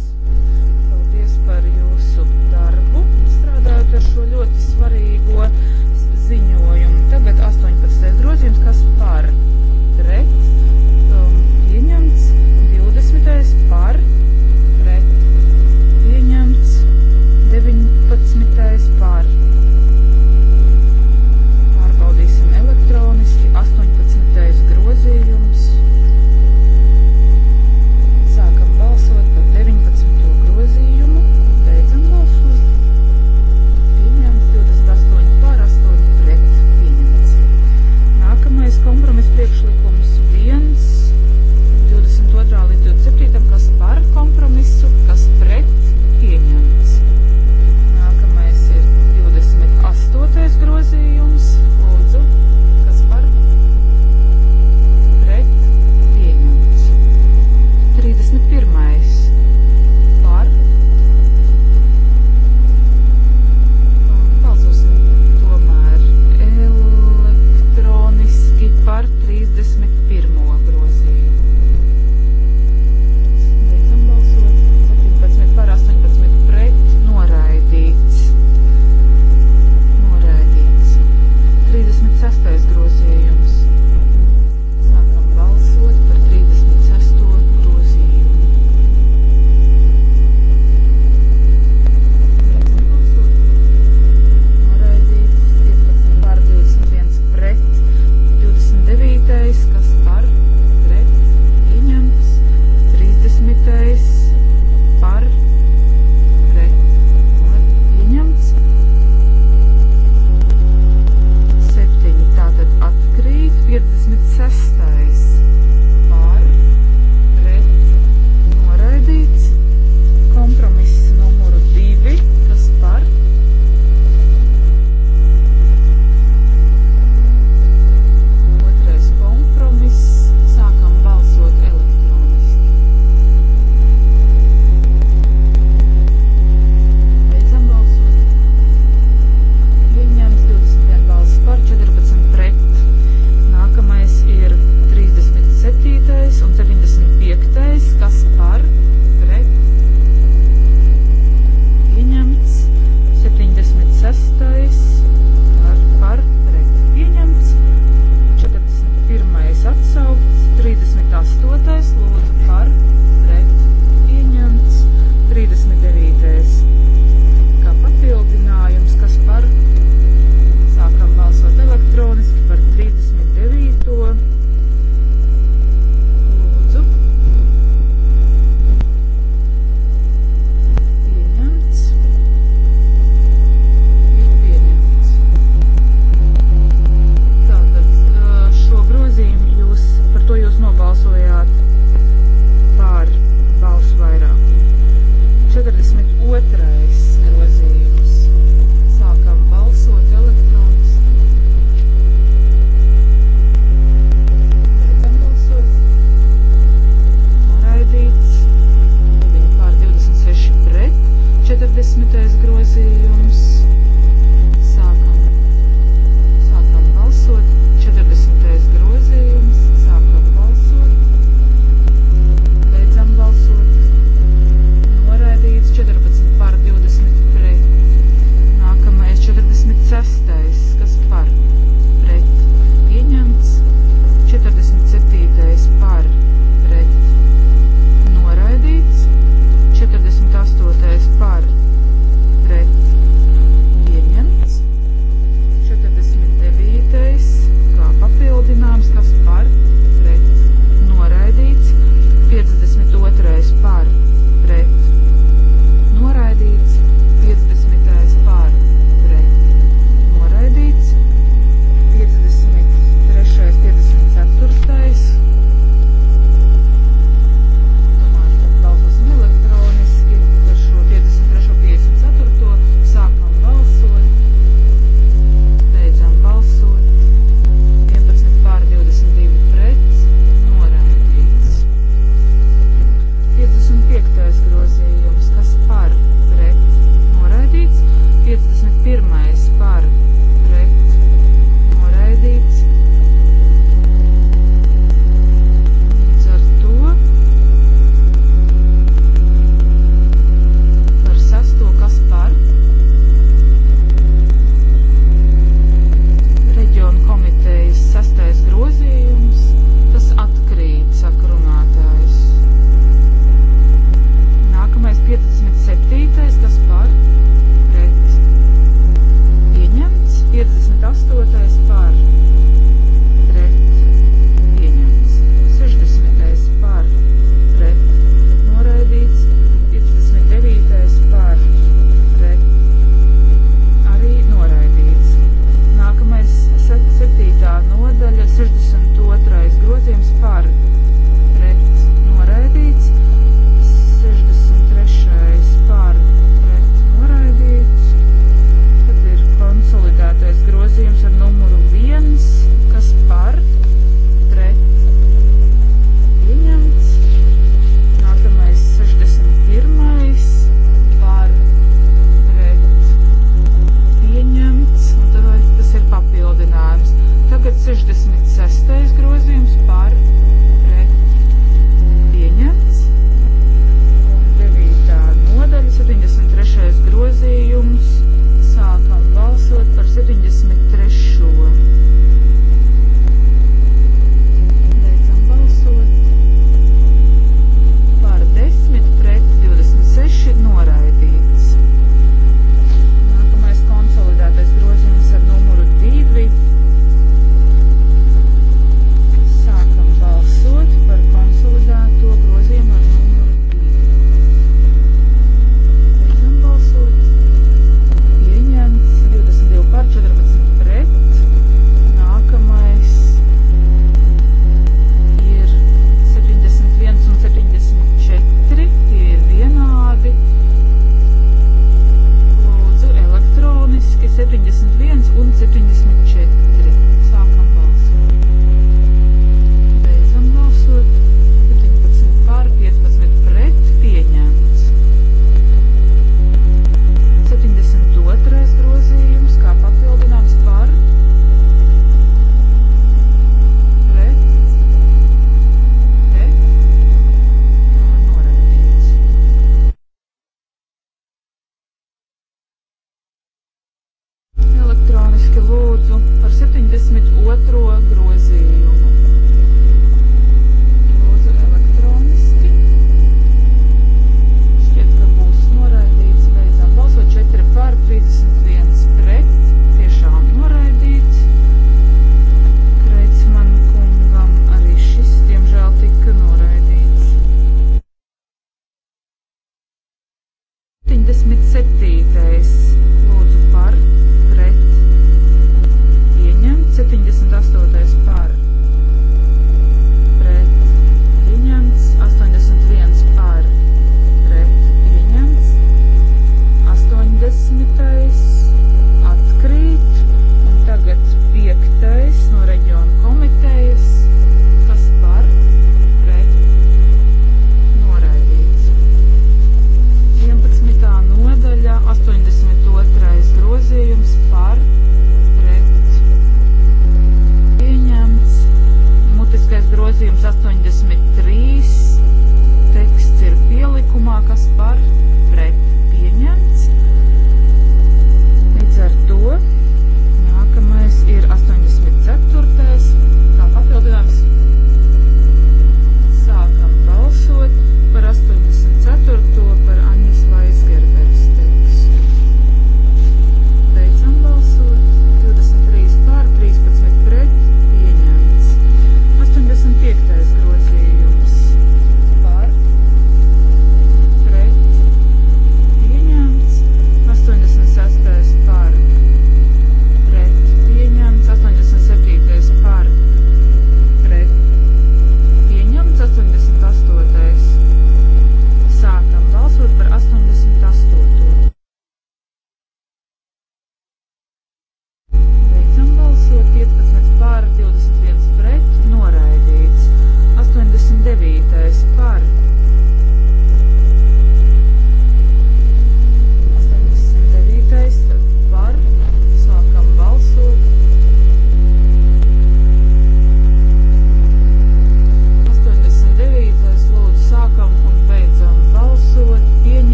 S1: Paldies par jūsu darbu,
S5: strādājot ar šo ļoti svarīgo ziņojumu. Tagad 8. 18. grozījums, kas par pret um, pieņemts, 20. par pret pieņemts, 19. par pret.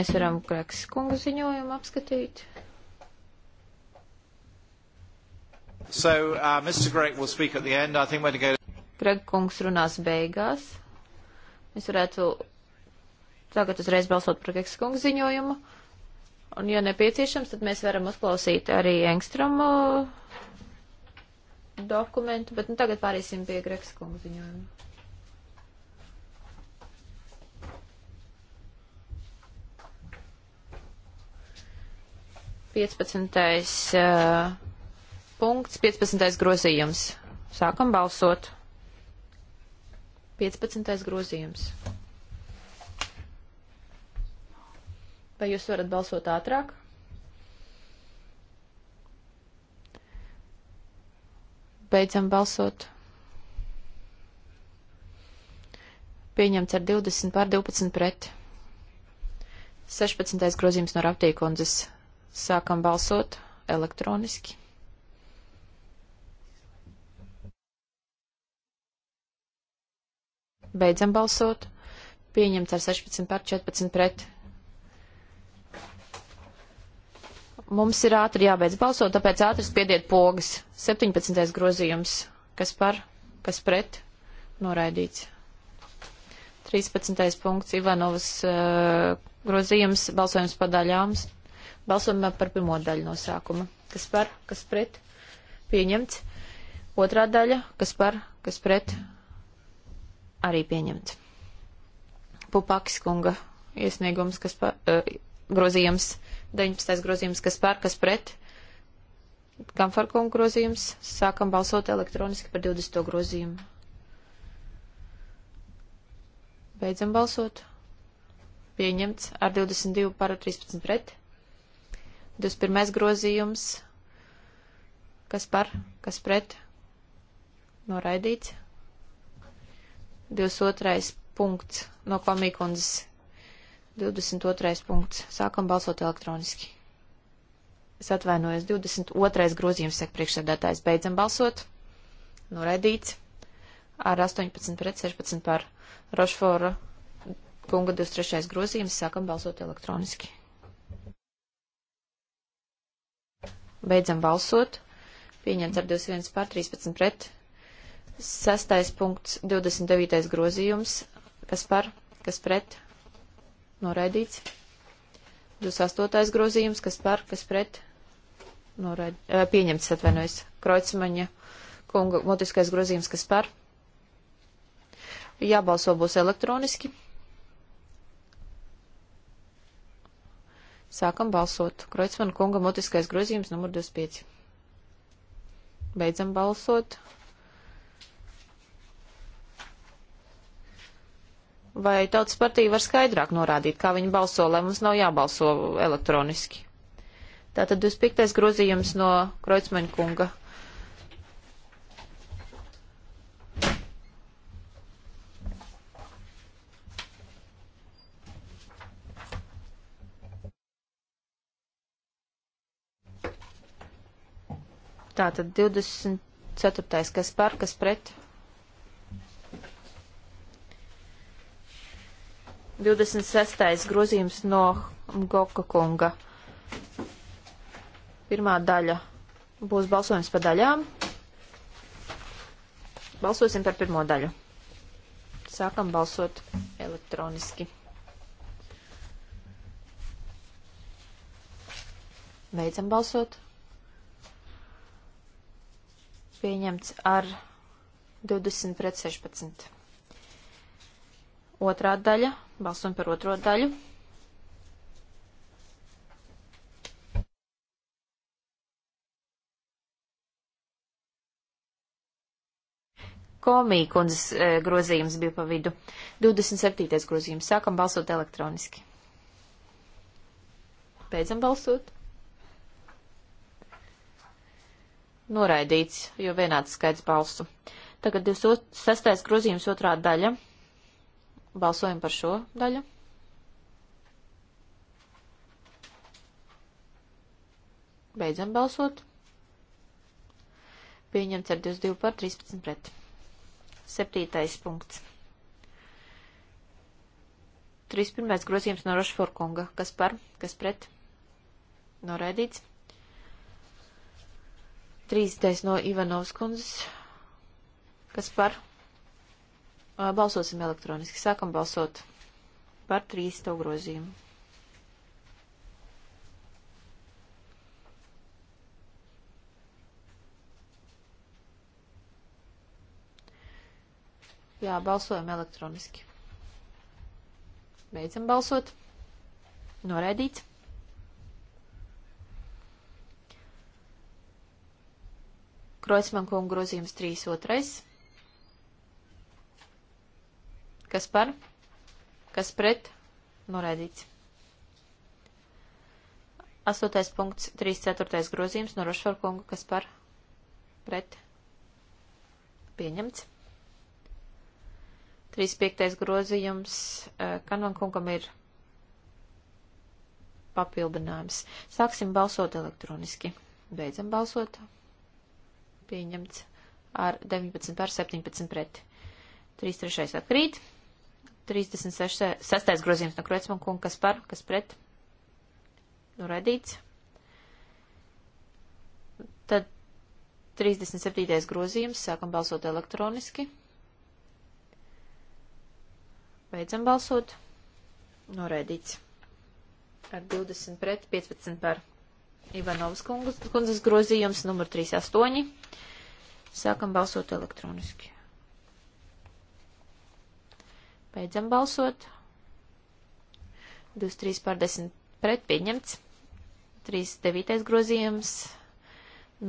S2: mēs varam Grekas kungu ziņojumu apskatīt.
S1: So, uh, Mr. Greg will speak at the end. I think we're going to go...
S2: Greg kungs runās beigās. Mēs varētu tagad uzreiz balsot par Grekas kungu ziņojumu. Un, ja nepieciešams, tad mēs varam uzklausīt arī Engstrumu uh, dokumentu, bet nu, tagad pāriesim pie Grekas kungu ziņojumu. 15. Eh, punkts, 15. grozījums. Sākam balsot. 15. grozījums. Vai jūs varat balsot ātrāk? Beidzam balsot. Pieņemts ar 20 pār 12 pret. 16. grozījums no Raptīkundzes. Sākam balsot elektroniski. Beidzam balsot. Pieņemts ar 16 par 14 pret. Mums ir ātri jābeidz balsot, tāpēc ātri spiediet pogas. 17. grozījums. Kas par, kas pret? Noraidīts. 13. punkts Ivanovas uh, grozījums, balsojums pa daļāms. Balsojumā par pirmo daļu nosākuma. Kas par, kas pret? Pieņemts. Otrā daļa, kas par, kas pret? Arī pieņemts. Pupakis kunga iesniegums, kas par, uh, eh, grozījums, 19. grozījums, kas par, kas pret? Kamfarkunga grozījums. Sākam balsot elektroniski par 20. grozījumu. Beidzam balsot. Pieņemts ar 22 par 13 pret. 21. grozījums, kas par, kas pret, noraidīts. 22. punkts no komikundzes. 22. punkts. Sākam balsot elektroniski. Es atvainojos, 22. grozījums sek priekšsēdētājs. Beidzam balsot. Noraidīts. Ar 18 pret 16 par Rošfora kunga 23. grozījums sākam balsot elektroniski. Beidzam balsot. Pieņemts ar 21 pār 13 pret. Sastais punkts 29. grozījums. Kas par? Kas pret? Noraidīts. 28. grozījums. Kas par? Kas pret? Noraid... Eh, pieņemts, atvainojas. Kreutzmaņa kunga motiskais grozījums. Kas par? Jābalso būs elektroniski. Sākam balsot. Kreutzmanu kunga mutiskais grozījums numur 25. Beidzam balsot. Vai tautas partija var skaidrāk norādīt, kā viņi balso, lai mums nav jābalso elektroniski? Tātad 25. grozījums no Kreutzmaņa kunga Tātad 24. kas par, kas pret. 26. grozījums no Goka kunga. Pirmā daļa būs balsojums pa daļām. Balsosim par pirmo daļu. Sākam balsot elektroniski. Beidzam balsot pieņemts ar 20 pret 16. Otrā daļa, balsojam par otro daļu. Komija kundzes e, grozījums bija pa vidu. 27. grozījums. Sākam balsot elektroniski. Beidzam balsot. Noraidīts, jo vienāds skaits balsu. Tagad 26. grozījums otrā daļa. Balsojam par šo daļu. Beidzam balsot. Pieņemts ar 22 par 13 pret. Septītais punkts. 31. grozījums no Rošforkunga. Kas par? Kas pret? Noraidīts. 30. no Ivanovas kundzes. Kas par? Balsosim elektroniski. Sākam balsot par 30. grozījumu. Jā, balsojam elektroniski. Beidzam balsot. Noraidīts. Kroisman kunga grozījums 3 otrais. Kas par? Kas pret? Noraidīts. 8. punkts 3 ceturtais grozījums no Rošvar kunga. Kas par? Pret? Pieņemts. 35. grozījums eh, Kanvan kungam ir papildinājums. Sāksim balsot elektroniski. Beidzam balsot pieņemts ar 19 par 17 pret. 3 trešais atkrīt. 36. grozījums no Kreutzmann kunga, kas par, kas pret. Noraidīts. Tad 37. grozījums, sākam balsot elektroniski. Beidzam balsot. Noraidīts. Ar 20 pret, 15 par. Ivanovas kundzes grozījums numur 38. Sākam balsot elektroniski. Beidzam balsot. 23 pār 10 pret pieņemts. 39. grozījums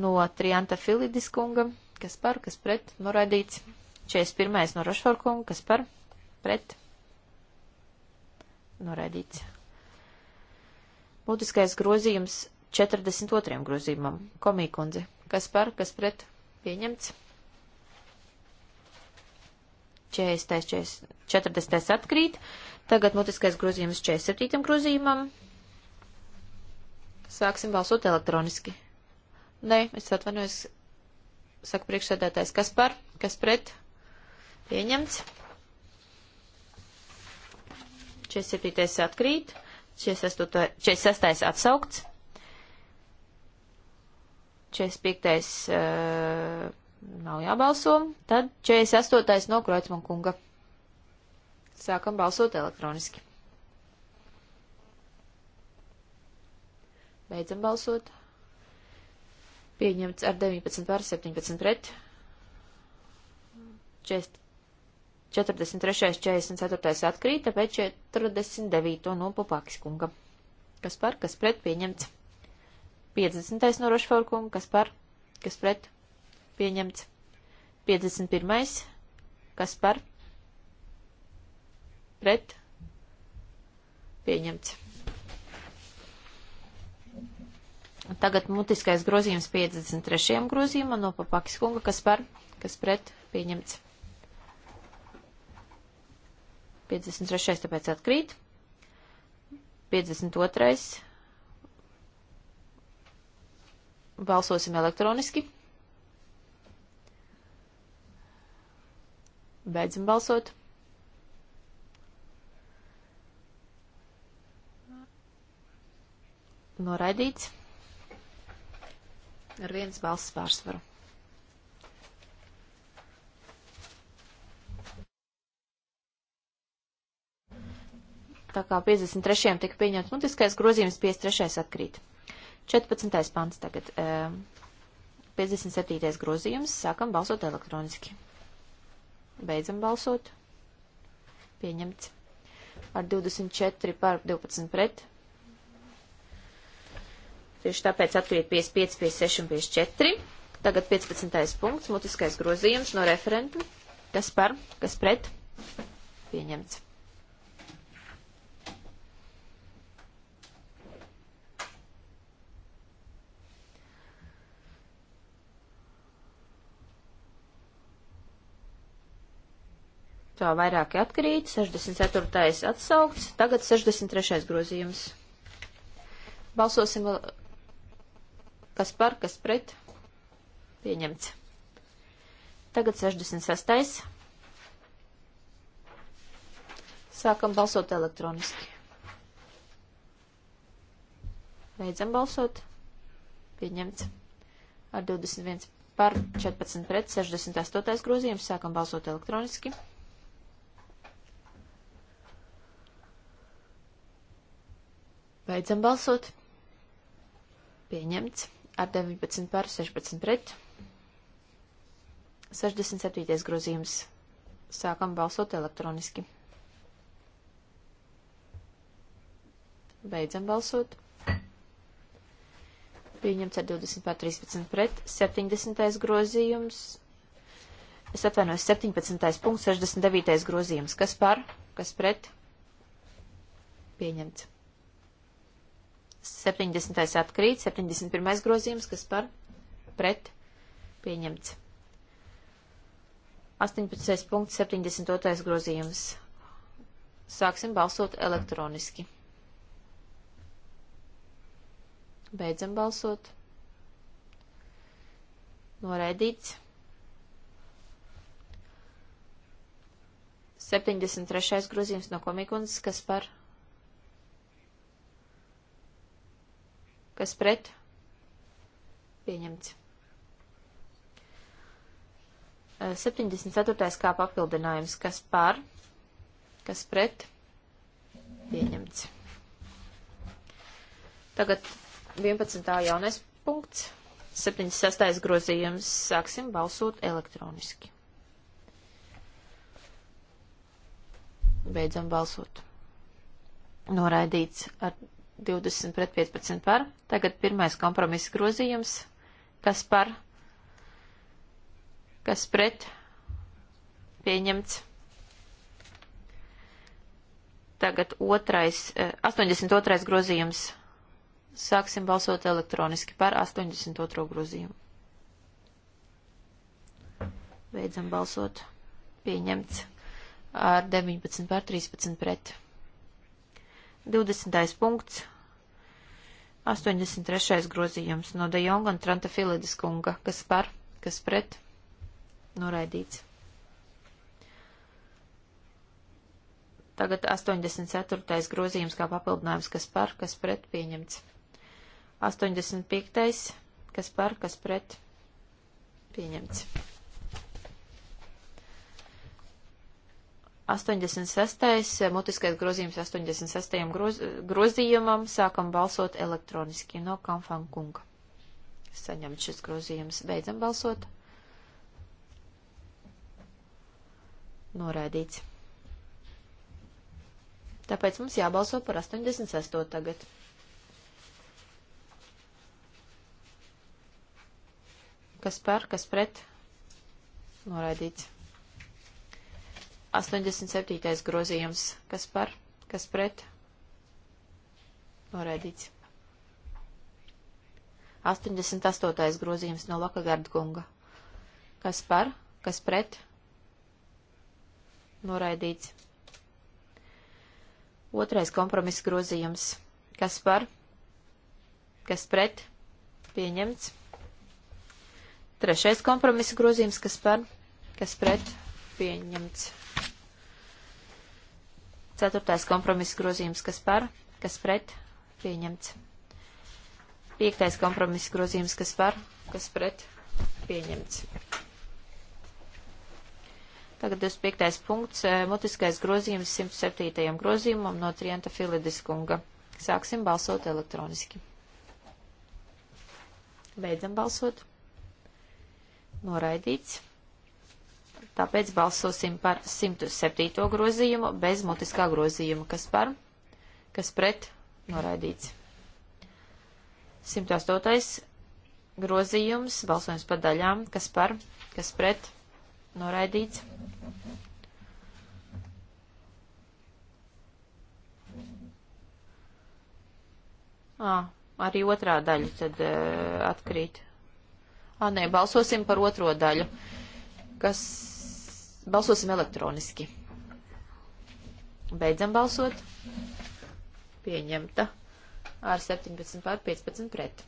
S2: no Trianta Filidis kunga, kas par, kas pret, noraidīts. 41. no Rošfor kunga, kas par, pret, noraidīts. Būtiskais grozījums 42. grozījumam. Komīkundze, kas par, kas pret pieņemts? 40. 40. atkrīt. Tagad mutiskais grozījums 47. grozījumam. Sāksim balsot elektroniski. Nē, es atvainojos, saka priekšsēdētājs, kas par, kas pret pieņemts. 47. atkrīt, 46. 46. atsaukts. 45. Uh, eh, nav jābalso. Tad 48. no Kreutzmann kunga. Sākam balsot elektroniski. Beidzam balsot. Pieņemts ar 19 pār 17 pret. 43. 44. atkrīt, tāpēc 49. no Popakis kunga. Kas par, kas pret pieņemts? 50. no Rošforkunga, kas par, kas pret, pieņemts. 51. kas par, pret, pieņemts. Tagad mutiskais grozījums 53. grozījumam no Papakis kunga, kas par, kas pret, pieņemts. 53. tāpēc atkrīt. 52. Balsosim elektroniski. Beidzam balsot. Noraidīts ar vienas balss pārsvaru. Tā kā 53. tika pieņemts mutiskais grozījums, 53. atkrīt. 14. pants tagad. 57. Eh, grozījums. Sākam balsot elektroniski. Beidzam balsot. Pieņemts. Ar 24 pār 12 pret. Tieši tāpēc atkrīt 55, 56 un 54. Tagad 15. punkts, mutiskais grozījums no referenta. Kas par, kas pret? Pieņemts. tā vairāki atkrīt, 64. atsaukts, tagad 63. grozījums. Balsosim, kas par, kas pret. Pieņemts. Tagad 66. Sākam balsot elektroniski. Beidzam balsot. Pieņemts. Ar 21 par 14 pret 68. grozījums sākam balsot elektroniski. Beidzam balsot. Pieņemts ar 19 par 16 pret. 67. grozījums. Sākam balsot elektroniski. Beidzam balsot. Pieņemts ar 20 pār 13 pret. 70. grozījums. Es atvainojos 17. punkts, 69. grozījums. Kas par? Kas pret? Pieņemts. 70. atkrīt, 71. grozījums, kas par pret pieņemts. 18. punkts, 72. grozījums. Sāksim balsot elektroniski. Beidzam balsot. Noraidīts. 73. grozījums no komikundas, kas par pret Kas pret? Pieņemts. 74. kā papildinājums. Kas par? Kas pret? Pieņemts. Tagad 11. jaunais punkts. 76. grozījums. Sāksim balsot elektroniski. Beidzam balsot. Noraidīts ar 20 pret 15 par. Tagad pirmais kompromisa grozījums. Kas par? Kas pret? Pieņemts. Tagad otrais, 82. Eh, grozījums. Sāksim balsot elektroniski par 82. grozījumu. Beidzam balsot. Pieņemts ar 19 pār 13 pret. 20. punkts. 83. grozījums no Dejonga un Tranta Filides kunga. Kas par, kas pret? Noraidīts. Tagad 84. grozījums kā papildinājums, kas par, kas pret pieņemts. 85. kas par, kas pret pieņemts. 86. mutiskais grozījums 86. Groz, grozījumam sākam balsot elektroniski no Kanfankunga. Saņemt šis grozījums. Beidzam balsot. Noraidīts. Tāpēc mums jābalso par 86. tagad. Kas par, kas pret? Noraidīts. 87. grozījums. Kas par? Kas pret? Noraidīts. 88. grozījums no Lakagarda kunga. Kas par? Kas pret? Noraidīts. Otrais kompromiss grozījums. Kas par? Kas pret? Pieņemts. Trešais kompromisa grozījums. Kas par? Kas pret? Pieņemts. Ceturtais kompromiss grozījums, kas par, kas pret, pieņemts. Piektais kompromiss grozījums, kas par, kas pret, pieņemts. Tagad 25. punkts, eh, mutiskais grozījums 107. grozījumam no Trienta Filidiskunga. Sāksim balsot elektroniski. Beidzam balsot. Noraidīts. Tāpēc balsosim par 107. grozījumu bez mutiskā grozījuma. Kas par? Kas pret? Noraidīts. 108. grozījums, balsojums par daļām. Kas par? Kas pret? Noraidīts. À, arī otrā daļa tad uh, atkrīt. Ā, nē, balsosim par otro daļu. Kas Balsosim elektroniski. Beidzam balsot. Pieņemta ar 17 pār 15 pret.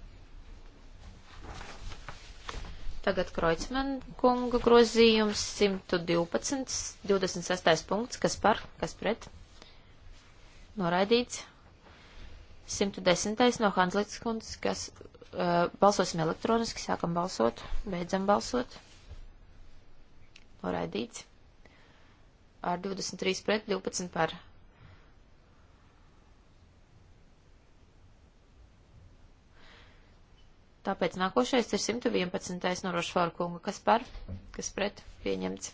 S2: Tagad Kreutzmann kunga grozījums 112, 26. punkts, kas par, kas pret. Noraidīts. 110. no Hanslītas kundzes, kas uh, balsosim elektroniski, sākam balsot, beidzam balsot noraidīts ar 23 pret 12 par. Tāpēc nākošais ir 111. no Rošfāra kunga, kas par, kas pret, pieņemts.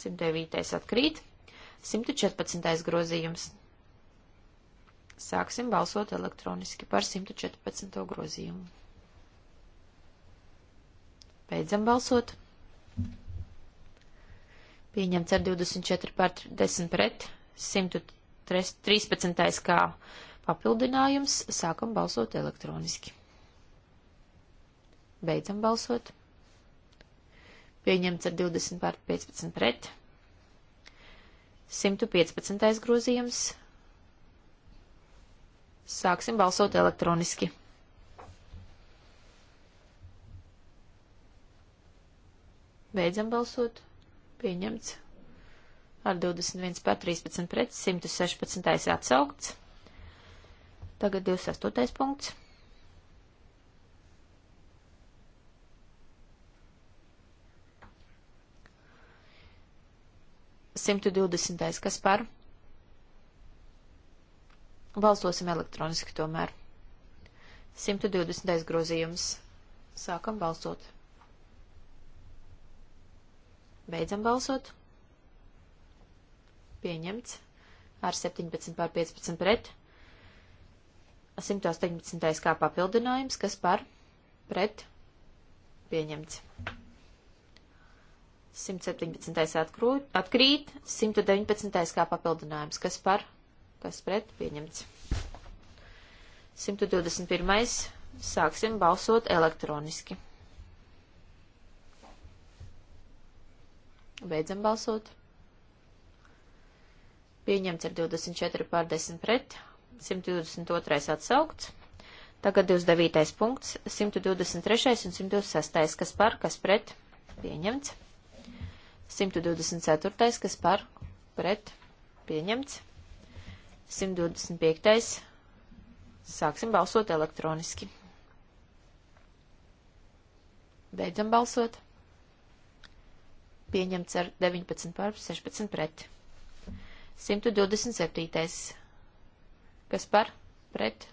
S2: 109. atkrīt, 114. grozījums. Sāksim balsot elektroniski par 114. grozījumu. Beidzam balsot. Pieņemts ar 24 pār 10 pret, 113 kā papildinājums. Sākam balsot elektroniski. Beidzam balsot. Pieņemts ar 20 pār 15 pret. 115. grozījums. Sāksim balsot elektroniski. Beidzam balsot pieņemts ar 21 pār 13 pret 116 atsaukts. Tagad 28. punkts. Simtu divdesmitais, kas par? Balsosim elektroniski tomēr. 120. grozījums. Sākam balsot. Beidzam balsot. Pieņemts ar 17 pār 15 pret. 118. kā papildinājums, kas par pret pieņemts. 117. Atkrūt, atkrīt, 119. kā papildinājums, kas par, kas pret pieņemts. 121. sāksim balsot elektroniski. Beidzam balsot. Pieņemts ar 24 pār 10 pret, 122 atsaukts. Tagad 29. punkts, 123. un 126. kas par, kas pret, pieņemts. 124. kas par, pret, pieņemts. 125. Sāksim balsot elektroniski. Beidzam balsot pieņemts ar 19 pār 16 pret. 127. Kas par? Pret.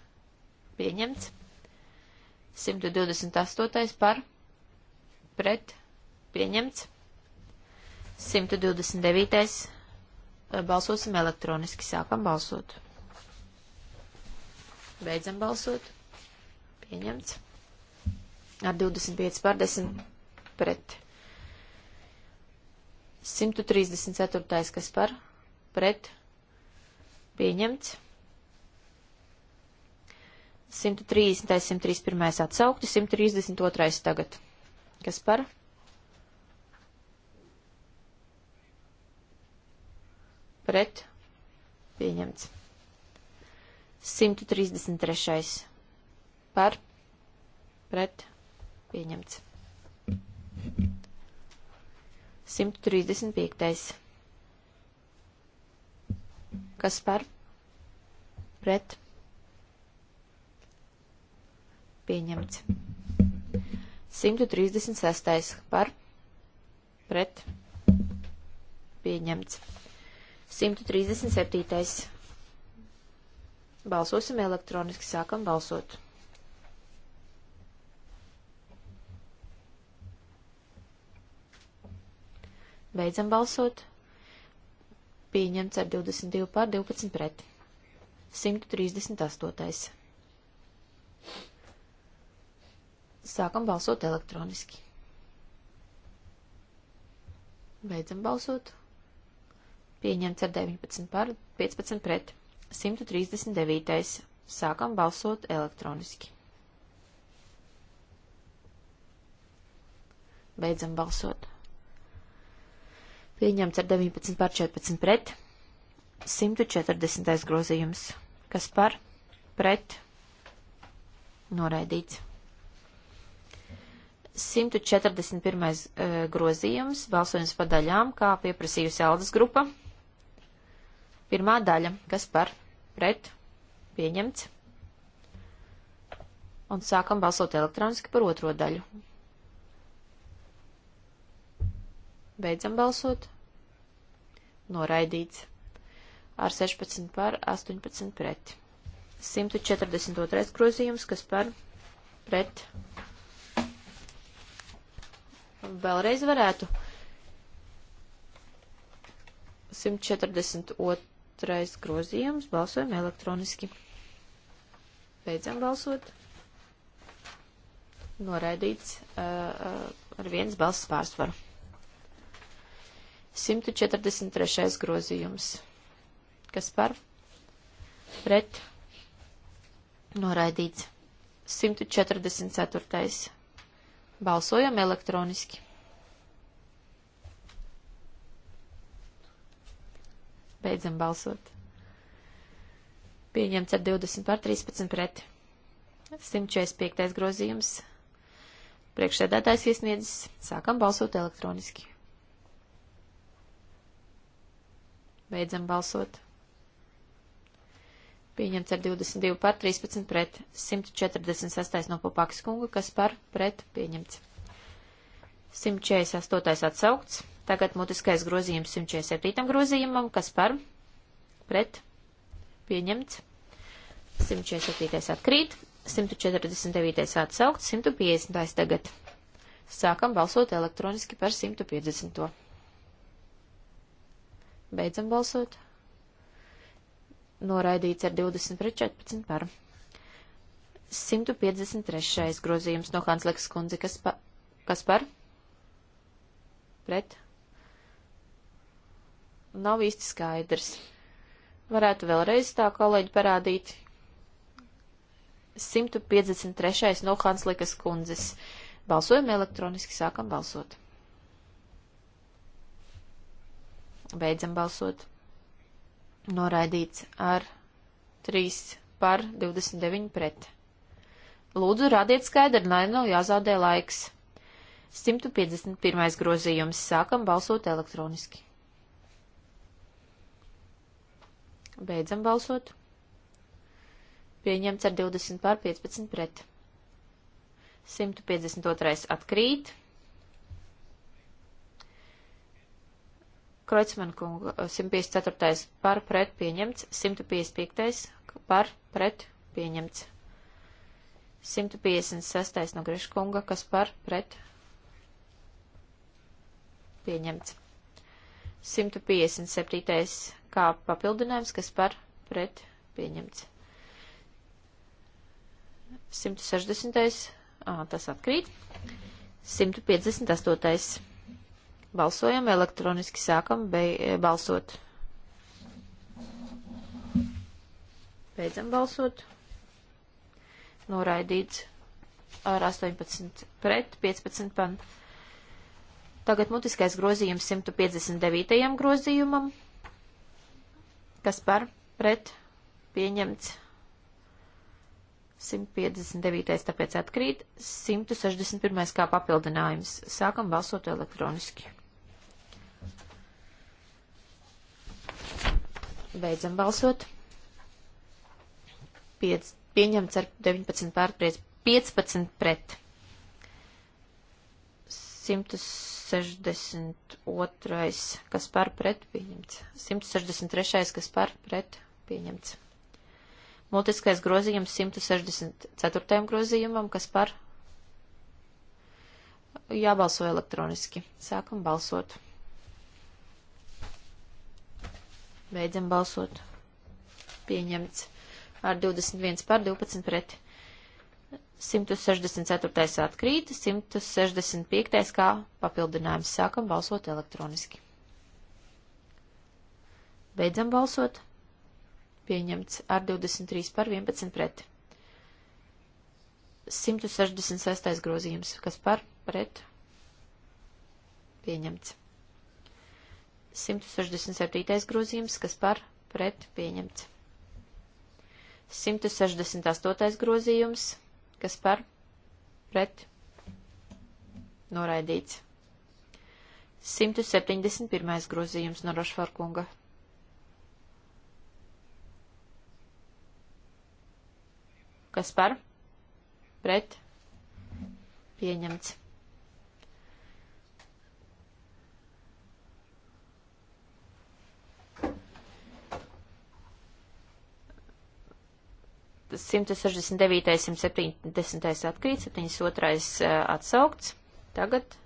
S2: Pieņemts. 128. par? Pret. Pieņemts. 129. Balsosim elektroniski. Sākam balsot. Beidzam balsot. Pieņemts. Ar 25 pār 10 pret. 134. kas par pret pieņemts. 130. 131. atsaukti, 132. tagad. Kas par? Pret pieņemts. 133. par pret pieņemts. 135. Kas par? Pret? Pieņemts. 136. Par? Pret? Pieņemts. 137. Balsosim elektroniski, sākam balsot. Beidzam balsot. Pieņemts ar 22 pār 12 pret. 138. Sākam balsot elektroniski. Beidzam balsot. Pieņemts ar 19 pār 15 pret. 139. Sākam balsot elektroniski. Beidzam balsot. Pieņemts ar 19 pār 14 pret. 140. grozījums. Kas par? Pret. Noraidīts. 141. E, grozījums. Balsojums pa daļām, kā pieprasījusi Aldas grupa. Pirmā daļa. Kas par? Pret. Pieņemts. Un sākam balsot elektroniski par otro daļu. Beidzam balsot. Noraidīts. Ar 16 par 18 pret. 142. grozījums, kas par pret. Vēlreiz varētu. 142. grozījums. Balsojam elektroniski. Beidzam balsot. Noraidīts uh, uh, ar viens balss pārsvaru. 143. grozījums. Kas par? Pret. Noraidīts. 144. Balsojam elektroniski. Beidzam balsot. Pieņemts ar 20 pār 13 pret. 145. grozījums. Priekšsēdētājs iesniedzis. Sākam balsot elektroniski. Beidzam balsot. Pieņemts ar 22 par 13 pret 146 no Popākas kunga, kas par pret pieņemts. 148 atsaukts. Tagad mutiskais grozījums 147 grozījumam, kas par pret pieņemts. 147 atkrīt, 149 atsaukts, 150 tagad. Sākam balsot elektroniski par 150. Beidzam balsot. Noraidīts ar 20 pret 14 par. 153. grozījums no Hanslikas kundze, kas, pa, kas par? Pret? Nav īsti skaidrs. Varētu vēlreiz tā kolēģi parādīt. 153. no Hanslikas kundzes. Balsojam elektroniski, sākam balsot. Beidzam balsot. Noraidīts ar 3 par 29 pret. Lūdzu, rādiet skaidri, lai nav jāzaudē laiks. 151. grozījums. Sākam balsot elektroniski. Beidzam balsot. Pieņemts ar 20 pār 15 pret. 152. atkrīt. Kreutzmann kunga 154. Eh, par pret pieņemts, 155. par pret pieņemts. 156. no Griškunga, kas par pret pieņemts. 157. kā papildinājums, kas par pret pieņemts. 160. Ā, tas atkrīt. 158. Balsojam elektroniski, sākam bei, e, balsot. Beidzam balsot. Noraidīts ar 18 pret 15 pan. Tagad mutiskais grozījums 159. grozījumam. Kas par pret pieņemts 159. tāpēc atkrīt 161. kā papildinājums. Sākam balsot elektroniski. Beidzam balsot. Piec, pieņemts ar 19 pār 15 pret. 162. kas par pret pieņemts. 163. kas par pret pieņemts. Multiskais grozījums 164. grozījumam, kas par jābalso elektroniski. Sākam balsot. Beidzam balsot. Pieņemts ar 21 pār 12 pret. 164. atkrīt, 165. kā papildinājums. Sākam balsot elektroniski. Beidzam balsot. Pieņemts ar 23 par 11 pret. 166. grozījums. Kas par? Pret. Pieņemts. 167. grozījums, kas par pret pieņemts. 168. grozījums, kas par pret noraidīts. 171. grozījums no Rošvarkunga. Kas par? Pret? Pieņemts. 169, 170 atkrīt, 72 eh, atsaukts. Tagad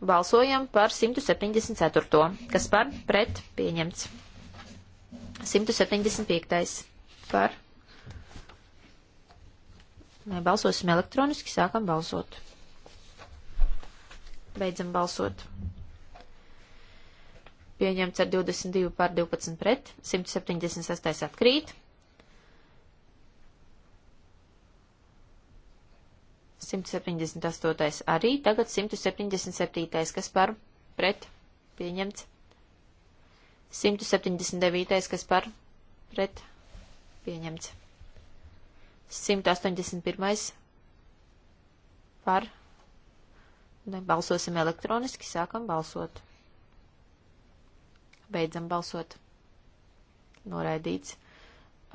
S2: balsojam par 174. Kas par? Pret pieņemts. 175. Par. Mēs balsosim elektroniski, sākam balsot. Beidzam balsot. Pieņemts ar 22 pār 12 pret, 178 atkrīt, 178. arī, tagad 177. kas par pret pieņemts. 179. kas par pret pieņemts. 181. par. Ne, balsosim elektroniski, sākam balsot. Beidzam balsot. Noraidīts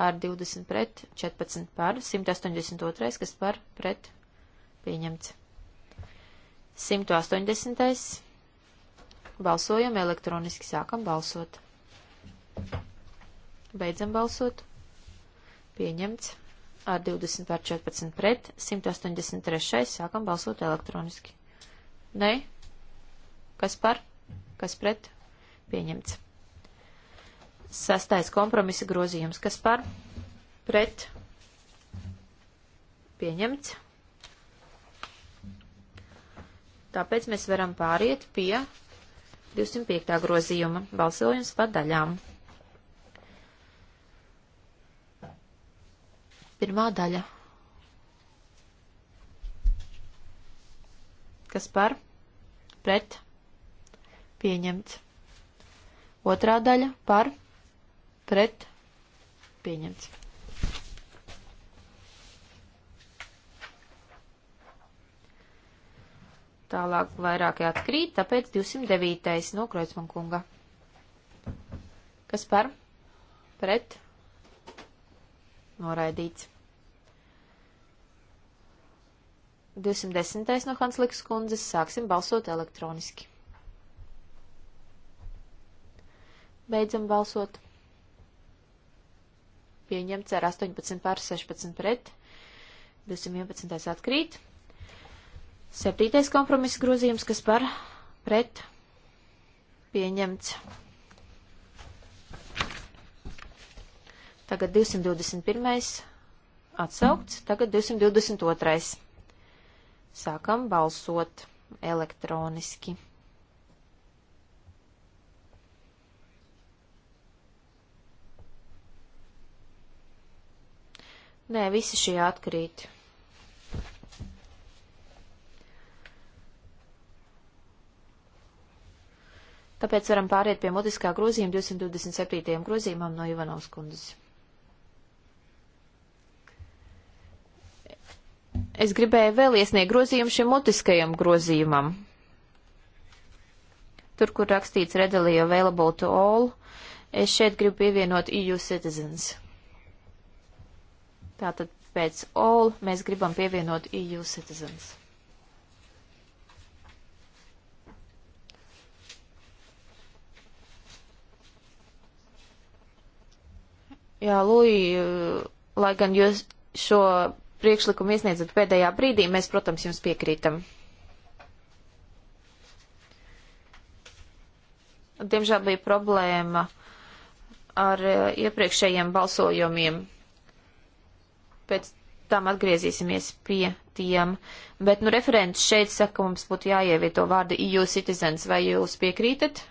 S2: ar 20 pret, 14 par, 182, kas par pret Pieņemts. 180. Balsojam elektroniski, sākam balsot. Beidzam balsot. Pieņemts. Ar 20 pār 14 pret. 183. Sākam balsot elektroniski. Nē. Kas par? Kas pret? Pieņemts. Sastais kompromisa grozījums. Kas par? Pret. Pieņemts. Tāpēc mēs varam pāriet pie 205. grozījuma balsojums pa daļām. Pirmā daļa. Kas par? Pret? Pieņemts. Otrā daļa par? Pret? Pieņemts. Tālāk vairākie atkrīt, tāpēc 209. no Kreuzman kunga. Kas par? Pret? Noraidīts. 210. no Hanslikas kundzes sāksim balsot elektroniski. Beidzam balsot. Pieņemts ar 18 pār 16 pret. 211. atkrīt. Septītais kompromisa grozījums, kas par pret pieņemts. Tagad 221. atsaukts, tagad 222. Sākam balsot elektroniski. Nē, visi šie atkrīt. Tāpēc varam pāriet pie mutiskā grozījuma 227. grozījumam no Ivanovas kundzes. Es gribēju vēl iesniegt grozījumu šim mutiskajam grozījumam. Tur, kur rakstīts readily available to all, es šeit gribu pievienot EU citizens. Tātad pēc all mēs gribam pievienot EU citizens. Jā, Lūija, lai gan jūs šo priekšlikumu iesniedzat pēdējā brīdī, mēs, protams, jums piekrītam. Diemžēl bija problēma ar eh, iepriekšējiem balsojumiem. Pēc tam atgriezīsimies pie tiem. Bet, nu, referents šeit saka, mums būtu jāievieto vārdi EU citizens. Vai jūs piekrītat?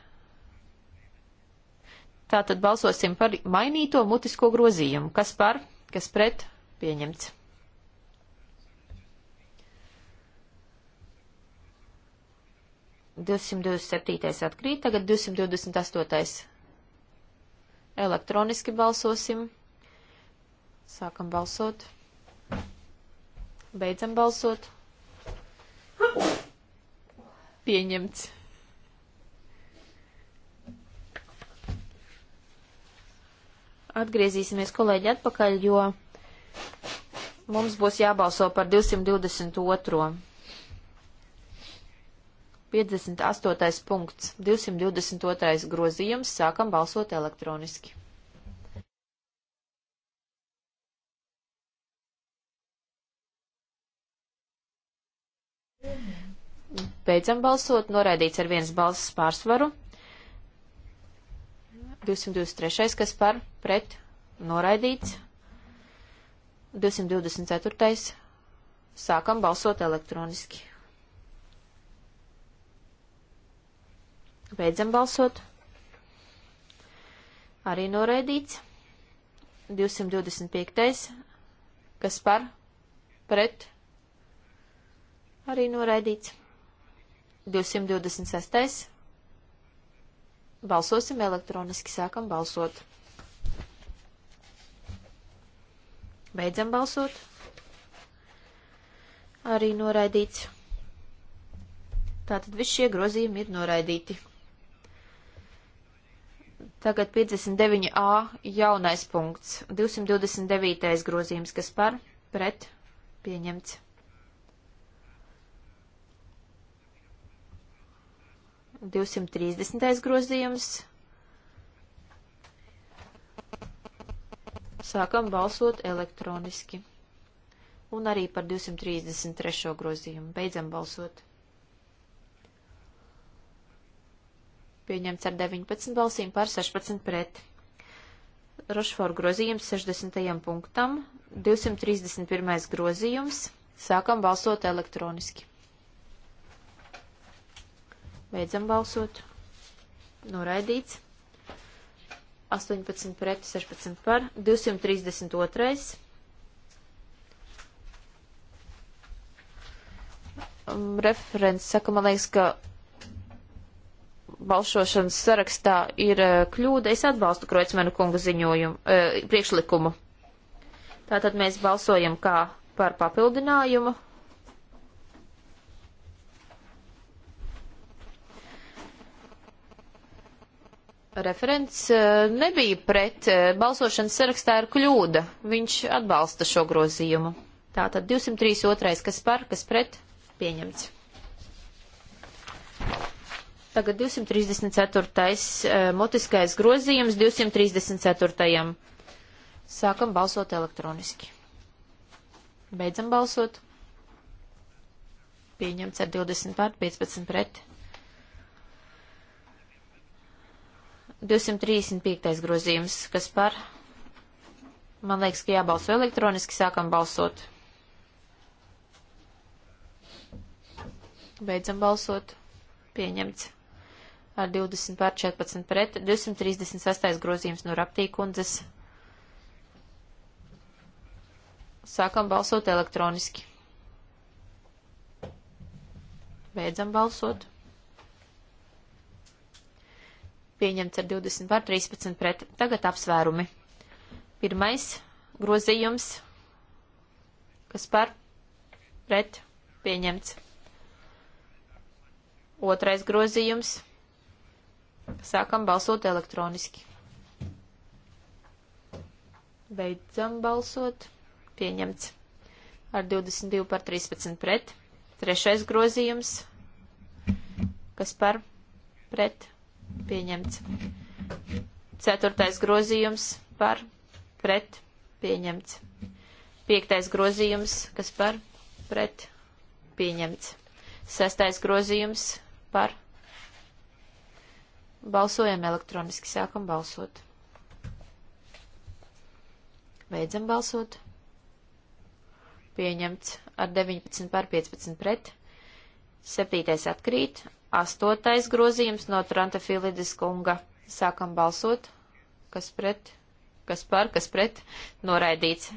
S2: Tātad balsosim par mainīto mutisko grozījumu. Kas par, kas pret, pieņemts. Divsimt divdesmit septītais atkrīt, tagad divsimt divdesmit astotais. Elektroniski balsosim. Sākam balsot. Beidzam balsot. Pieņemts. Atgriezīsimies kolēģi atpakaļ, jo mums būs jābalso par 222. 58. punkts, 222. grozījums, sākam balsot elektroniski. Beidzam balsot, noraidīts ar vienas balsas pārsvaru. 223. kas par pret noraidīts. 224. Sākam balsot elektroniski. Beidzam balsot. Arī noraidīts. 225. kas par pret arī noraidīts. 226. Balsosim elektroniski, sākam balsot. Beidzam balsot. Arī noraidīts. Tātad visi šie grozījumi ir noraidīti. Tagad 59a jaunais punkts. 229. grozījums, kas par pret pieņemts. 230. grozījums. Sākam balsot elektroniski. Un arī par 233. grozījumu. Beidzam balsot. Pieņemts ar 19 balsīm par 16 pret. Rošfor grozījums 60. punktam. 231. grozījums. Sākam balsot elektroniski. Beidzam balsot. Noraidīts. 18 pret 16 par. 232. Um, referents saka, man liekas, ka balsošanas sarakstā ir uh, kļūda. Es atbalstu Kroicmenu kunga ziņojumu, e, priekšlikumu. Tātad mēs balsojam kā par papildinājumu Referents eh, nebija pret eh, balsošanas sarakstā ar kļūda. Viņš atbalsta šo grozījumu. Tātad 232. kas par, kas pret, pieņemts. Tagad 234. Eh, mutiskais grozījums 234. Sākam balsot elektroniski. Beidzam balsot. Pieņemts ar 20 pār 15 pret. 235. grozījums, kas par, man liekas, ka jābalso elektroniski, sākam balsot. Beidzam balsot. Pieņemts. Ar 20 pār 14 pret. 236. grozījums no raptīkundzes. Sākam balsot elektroniski. Beidzam balsot. pieņemts ar 20 pār 13 pret. Tagad apsvērumi. Pirmais grozījums, kas par pret pieņemts. Otrais grozījums. Sākam balsot elektroniski. Beidzam balsot. Pieņemts. Ar 22 par 13 pret. Trešais grozījums. Kas par pret? pieņemts. Ceturtais grozījums par pret pieņemts. Piektais grozījums, kas par pret pieņemts. Sestais grozījums par balsojam elektroniski, sākam balsot. Beidzam balsot. Pieņemts ar 19 pār 15 pret. Septītais atkrīt, Astotais grozījums no Tranta Filides kunga. Sākam balsot. Kas pret? Kas par? Kas pret? Noraidīts.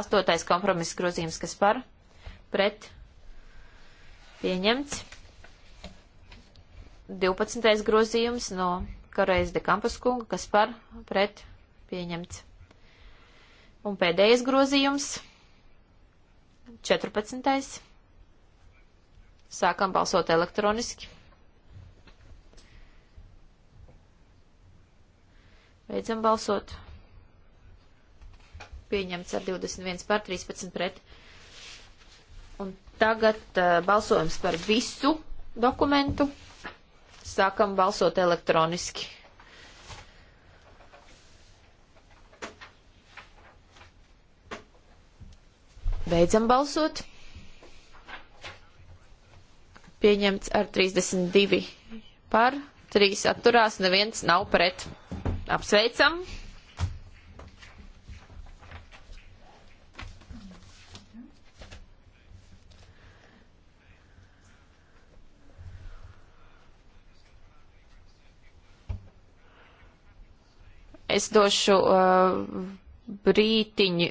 S2: Astotais kompromiss grozījums. Kas par? Pret. Pieņemts. 12. grozījums no Karais de Kampas kunga. Kas par? Pret. Pieņemts. Un pēdējais grozījums. 14. Sākam balsot elektroniski. Beidzam balsot. Pieņemts ar 21 par 13 pret. Un tagad uh, balsojums par visu dokumentu. Sākam balsot elektroniski. Beidzam balsot. Pieņemts ar 32 par, 3 atturās, neviens nav pret. Apsveicam! Es došu uh, brītiņu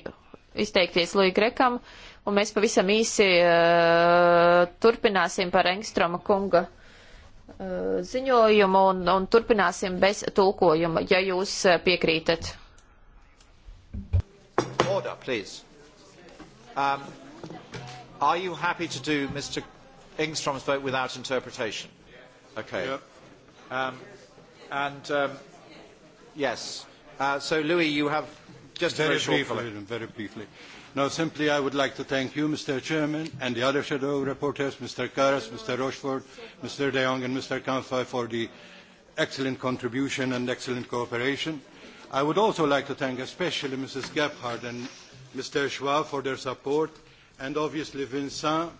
S2: izteikties Lui Grekam, un mēs pavisam īsi uh, turpināsim par Engstroma kunga Eh, ziņojumu un, un turpināsim bez tulkojuma, ja jūs eh, piekrītat.
S1: Order, please. Um, are you happy to do Mr. Ingstrom's vote without interpretation? Okay. Yep. Um, and um, yes. Uh, so, Louis, you have just very a very short briefly, comment. Very briefly. Uh, No, simply I would like to thank you, Mr. Chairman, and the other shadow reporters, Mr. Karas, Mr. Rochford, Mr. De Jong, and Mr. Kanfai, for the excellent contribution and excellent cooperation. I would also like to thank especially Mrs. Gebhardt and Mr. Schwab for their support, and obviously Vincent,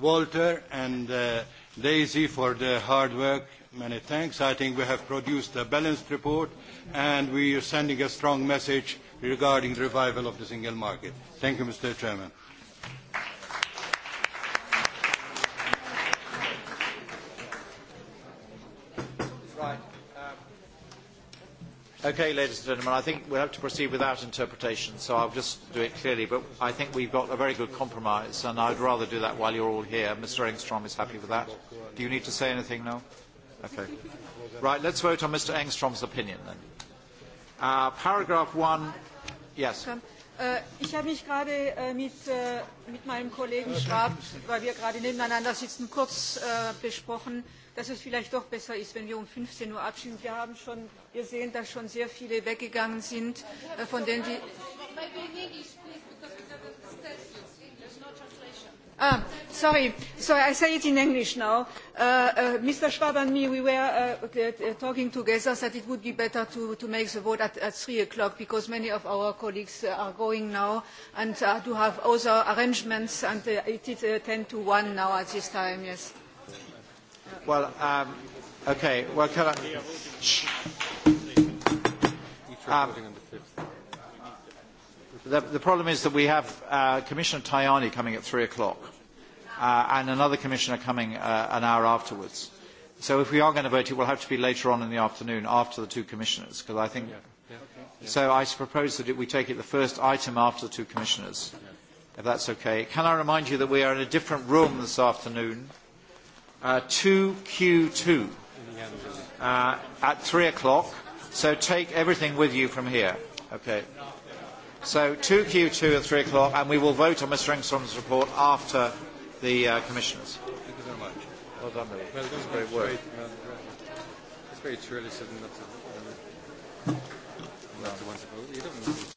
S1: Walter, and uh, Daisy for their hard work. Many thanks. I think we have produced a balanced report, and we are sending a strong message regarding the revival of the single market. Thank you, Mr. Chairman. Right. Um, okay, ladies and gentlemen, I think we'll have to proceed without interpretation, so I'll just do it clearly. But I think we've got a very good compromise, and I'd rather do that while you're all here. Mr. Engstrom is happy with that. Do you need to say anything now? Okay. Right, let's vote on Mr. Engstrom's opinion then. Uh, paragraph 1 Yes.
S5: Ich habe mich gerade mit, mit meinem Kollegen Schwab, weil wir gerade nebeneinander sitzen, kurz besprochen, dass es vielleicht doch besser ist, wenn wir um 15 Uhr abschieben. Wir haben schon, wir sehen, dass schon sehr viele weggegangen sind, von denen die... Ah, sorry, sorry, I say it in English now. Uh, uh, Mr. Schwab and me, we were uh, uh, uh, talking together that it would be better to, to make the vote at, at 3 o'clock because many of our colleagues uh, are going now and uh, do have other arrangements and uh, it is uh, 10 to 1 now at this time, yes.
S1: Well, um, okay, well, can I... Shh. Um, the, the problem is that we have uh, Commissioner Tajani coming at 3 o'clock uh, and another commissioner coming uh, an hour afterwards. So if we are going to vote, it will have to be later on in the afternoon after the two commissioners, because I think... Yeah. Yeah. Okay. So I propose that we take it the first item after the two commissioners, yeah. if that's okay. Can I remind you that we are in a different room this afternoon, uh, 2Q2, uh, at 3 o'clock. So take everything with you from here. Okay. So 2Q2 at 3 o'clock, and we will vote on Mr. Engstrom's report after the uh, commissioners. Thank you very much. Well done, Louis. Well done, great work. Trade,
S4: um, it's very true, isn't it? Um, no. You don't want to vote. You don't want to vote.